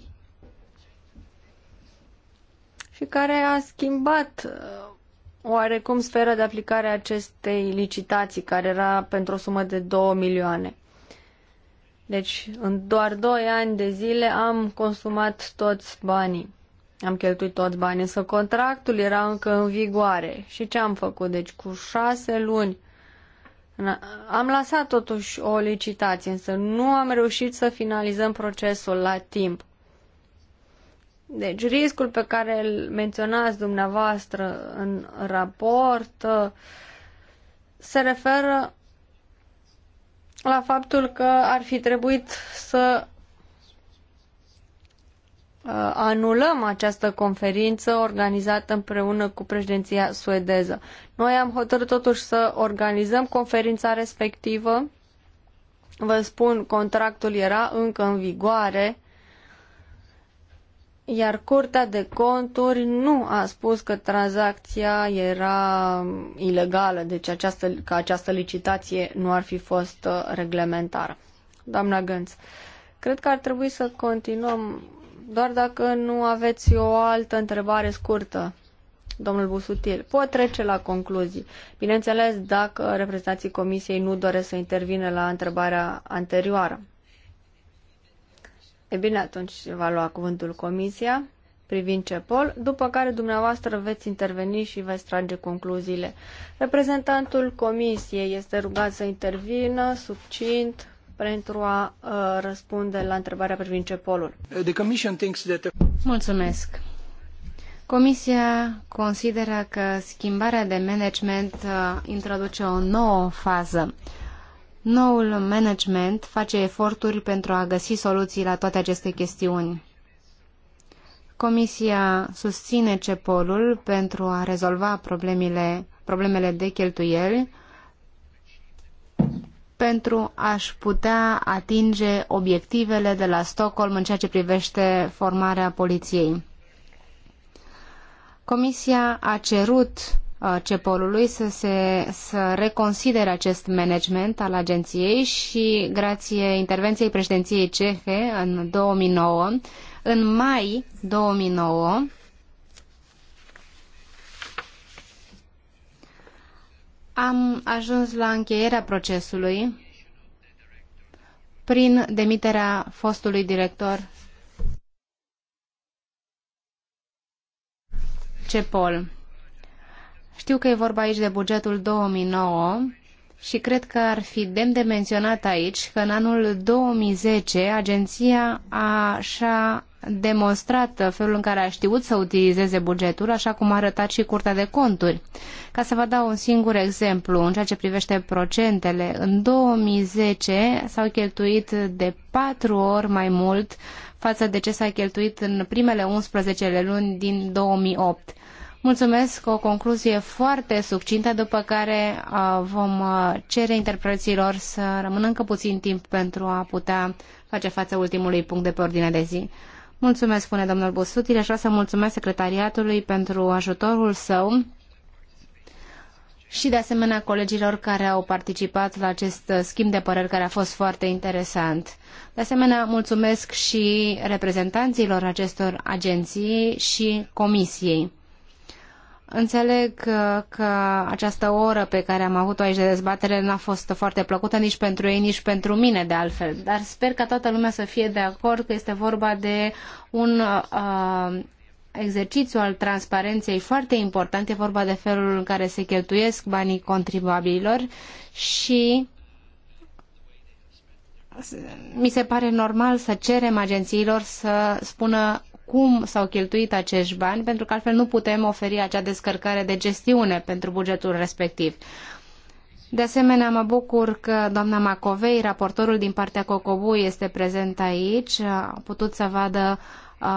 și care a schimbat uh, oarecum sfera de aplicare a acestei licitații, care era pentru o sumă de 2 milioane. Deci, în doar 2 ani de zile am consumat toți banii. Am cheltuit toți banii, însă contractul era încă în vigoare. Și ce am făcut? Deci, cu 6 luni am lăsat totuși o licitație, însă nu am reușit să finalizăm procesul la timp. Deci riscul pe care îl menționați dumneavoastră în raport uh, se referă la faptul că ar fi trebuit să uh, anulăm această conferință organizată împreună cu președinția suedeză. Noi am hotărât totuși să organizăm conferința respectivă. Vă spun, contractul era încă în vigoare iar Curtea de Conturi nu a spus că tranzacția era ilegală, deci această, că această licitație nu ar fi fost uh, reglementară. Doamna Gânț, cred că ar trebui să continuăm, doar dacă nu aveți o altă întrebare scurtă, domnul Busutil. Pot trece la concluzii. Bineînțeles, dacă reprezentanții Comisiei nu doresc să intervine la întrebarea anterioară. E bine, atunci va lua cuvântul comisia privind CEPOL, după care dumneavoastră veți interveni și veți trage concluziile. Reprezentantul comisiei este rugat să intervină subcint pentru a uh, răspunde la întrebarea privind CEPOL-ul. That... Mulțumesc. Comisia consideră că schimbarea de management uh, introduce o nouă fază Noul management face eforturi pentru a găsi soluții la toate aceste chestiuni. Comisia susține CEPOL-ul pentru a rezolva problemele, problemele de cheltuieli, pentru a-și putea atinge obiectivele de la Stockholm în ceea ce privește formarea poliției. Comisia a cerut CEPOL-ului să, se, să reconsidere acest management al agenției și grație intervenției președinției cehe în 2009, în mai 2009, am ajuns la încheierea procesului prin demiterea fostului director CEPOL. Știu că e vorba aici de bugetul 2009 și cred că ar fi demn de menționat aici că în anul 2010 agenția a, așa demonstrat felul în care a știut să utilizeze bugetul, așa cum a arătat și Curtea de Conturi. Ca să vă dau un singur exemplu în ceea ce privește procentele, în 2010 s-au cheltuit de patru ori mai mult față de ce s-a cheltuit în primele 11 luni din 2008. Mulțumesc, o concluzie foarte succintă, după care uh, vom uh, cere interpreților să rămână încă puțin timp pentru a putea face față ultimului punct de pe ordinea de zi. Mulțumesc, spune domnul Busutil, aș vrea să mulțumesc secretariatului pentru ajutorul său și de asemenea colegilor care au participat la acest schimb de păreri care a fost foarte interesant. De asemenea, mulțumesc și reprezentanților acestor agenții și comisiei. Înțeleg că, această oră pe care am avut-o aici de dezbatere n-a fost foarte plăcută nici pentru ei, nici pentru mine de altfel, dar sper ca toată lumea să fie de acord că este vorba de un uh, exercițiu al transparenței foarte important, e vorba de felul în care se cheltuiesc banii contribuabililor și mi se pare normal să cerem agențiilor să spună cum s-au cheltuit acești bani, pentru că altfel nu putem oferi acea descărcare de gestiune pentru bugetul respectiv. De asemenea, mă bucur că doamna Macovei, raportorul din partea Cocobu, este prezent aici. A putut să vadă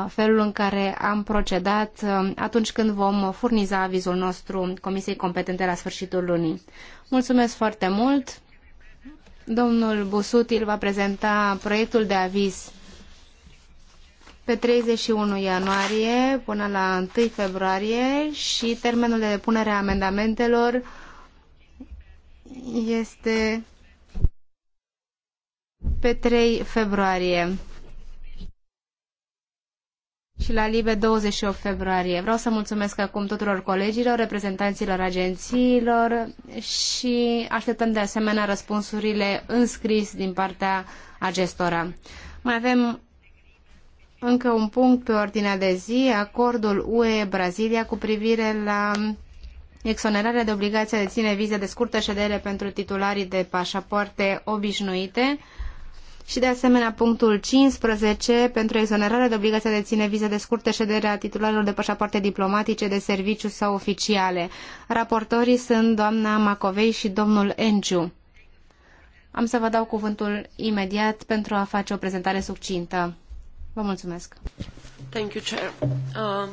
felul în care am procedat atunci când vom furniza avizul nostru Comisiei Competente la sfârșitul lunii. Mulțumesc foarte mult! Domnul Busutil va prezenta proiectul de aviz pe 31 ianuarie până la 1 februarie și termenul de depunere a amendamentelor este pe 3 februarie și la Libe 28 februarie. Vreau să mulțumesc acum tuturor colegilor, reprezentanților agențiilor și așteptăm de asemenea răspunsurile înscris din partea acestora. Mai avem încă un punct pe ordinea de zi, acordul UE-Brazilia cu privire la exonerarea de obligația de ține vize de scurtă ședere pentru titularii de pașapoarte obișnuite și de asemenea punctul 15 pentru exonerarea de obligația de ține vize de scurtă ședere a titularilor de pașapoarte diplomatice de serviciu sau oficiale. Raportorii sunt doamna Macovei și domnul Enciu. Am să vă dau cuvântul imediat pentru a face o prezentare succintă. Vă mulțumesc. Thank you, Chair. Uh,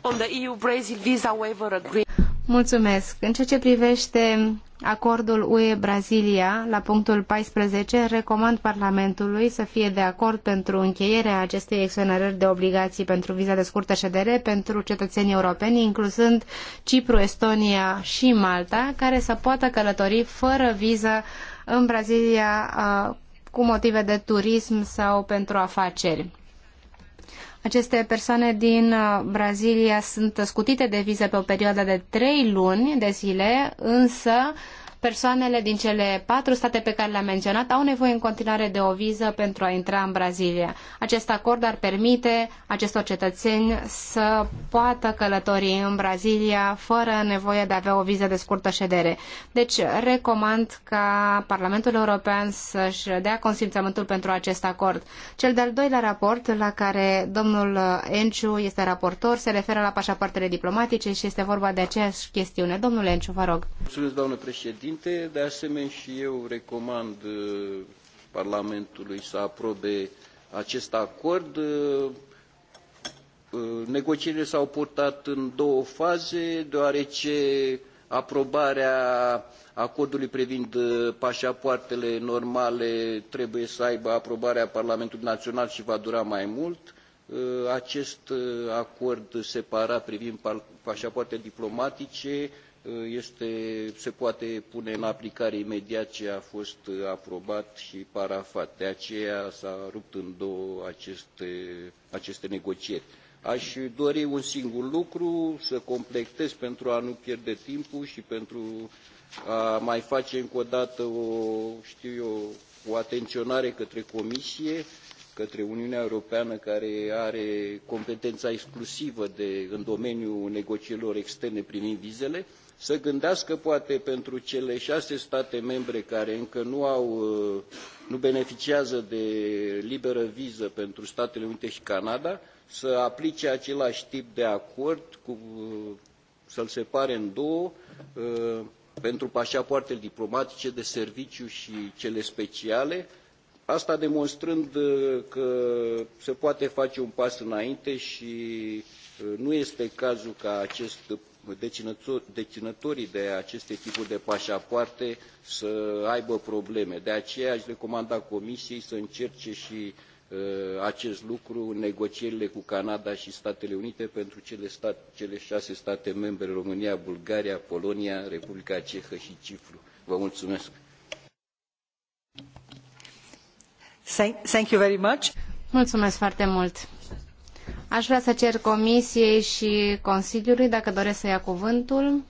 on the EU-Brazil visa waiver agreement. Mulțumesc. În ceea ce privește acordul UE-Brazilia, la punctul 14, recomand Parlamentului să fie de acord pentru încheierea acestei exonerări de obligații pentru viza de scurtă ședere pentru cetățenii europeni, incluzând Cipru, Estonia și Malta, care să poată călători fără viză în Brazilia uh, cu motive de turism sau pentru afaceri. Aceste persoane din uh, Brazilia sunt scutite de vize pe o perioadă de 3 luni de zile, însă uh, persoanele din cele patru state pe care le-am menționat au nevoie în continuare de o viză pentru a intra în Brazilia. Acest acord ar permite acestor cetățeni să poată călători în Brazilia fără nevoie de a avea o viză de scurtă ședere. Deci recomand ca Parlamentul European să-și dea consimțământul pentru acest acord. Cel de-al doilea raport la care domnul Enciu este raportor se referă la pașapoartele diplomatice și este vorba de aceeași chestiune. Domnule Enciu, vă rog. Mulțumesc, doamnă președinte de asemenea și eu recomand uh, Parlamentului să aprobe acest acord. Uh, uh, negocierile s-au purtat în două faze, deoarece aprobarea acordului privind pașapoartele normale trebuie să aibă aprobarea Parlamentului Național și va dura mai mult. Acest acord separat privind pașapoarte diplomatice Uh, este, se poate pune în aplicare imediat ce a fost uh, aprobat și parafat. De aceea s-a rupt în două aceste, aceste negocieri. Aș dori un singur lucru, să completez pentru a nu pierde timpul și pentru a mai face încă o dată o, știu eu, o atenționare către Comisie, către Uniunea Europeană, care are competența exclusivă de, în domeniul negocierilor externe privind vizele, să gândească poate pentru cele șase state membre care încă nu, au, uh, nu beneficiază de liberă viză pentru Statele Unite și Canada, să aplice același tip de acord, uh, să-l separe în două, uh, pentru pașapoartele diplomatice de serviciu și cele speciale, asta demonstrând că se poate face un pas înainte și nu este cazul ca acest deținătorii de aceste tipuri de pașapoarte să aibă probleme. De aceea aș recomanda Comisiei să încerce și ă, acest lucru în negocierile cu Canada și Statele Unite pentru cele, stat, cele șase state membre, România, Bulgaria, Polonia, Republica Cehă și Cipru. Vă mulțumesc! Mulțumesc foarte mult! Aș vrea să cer Comisiei și Consiliului dacă doresc să ia cuvântul.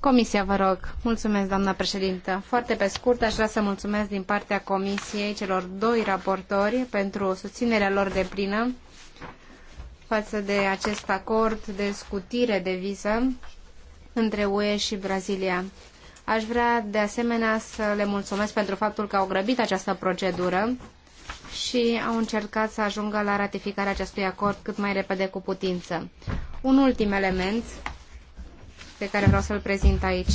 Comisia, vă rog. Mulțumesc, doamna președintă. Foarte pe scurt, aș vrea să mulțumesc din partea Comisiei celor doi raportori pentru susținerea lor de plină față de acest acord de scutire de viză între UE și Brazilia. Aș vrea de asemenea să le mulțumesc pentru faptul că au grăbit această procedură și au încercat să ajungă la ratificarea acestui acord cât mai repede cu putință. Un ultim element pe care vreau să-l prezint aici.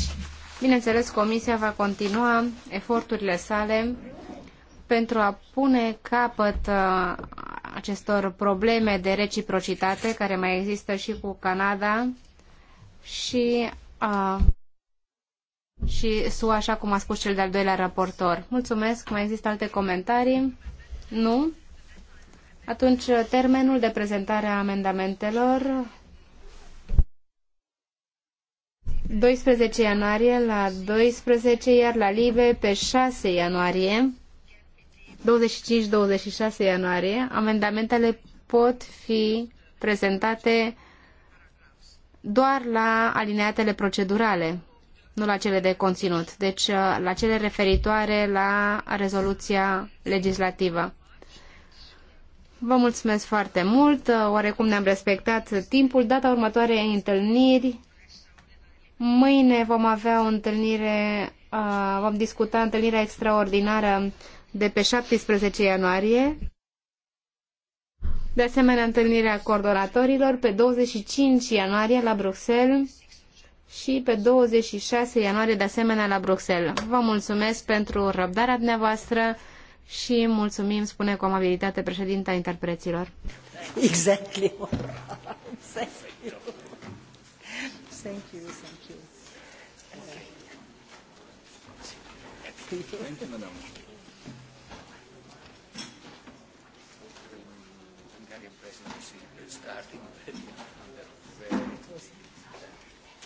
Bineînțeles, Comisia va continua eforturile sale pentru a pune capăt uh, acestor probleme de reciprocitate care mai există și cu Canada și a uh, și SUA, așa cum a spus cel de-al doilea raportor. Mulțumesc. Mai există alte comentarii? Nu? Atunci, termenul de prezentare a amendamentelor 12 ianuarie la 12, iar la Libe pe 6 ianuarie, 25-26 ianuarie, amendamentele pot fi prezentate doar la alineatele procedurale nu la cele de conținut, deci uh, la cele referitoare la rezoluția legislativă. Vă mulțumesc foarte mult, uh, oarecum ne-am respectat timpul. Data următoare întâlniri, mâine vom avea o întâlnire, uh, vom discuta întâlnirea extraordinară de pe 17 ianuarie. De asemenea, întâlnirea coordonatorilor pe 25 ianuarie la Bruxelles și pe 26 ianuarie de asemenea la Bruxelles. Vă mulțumesc pentru răbdarea dumneavoastră și mulțumim, spune cu amabilitate președinta interpreților. Exactly. Thank you. Thank you. Thank you. Thank you,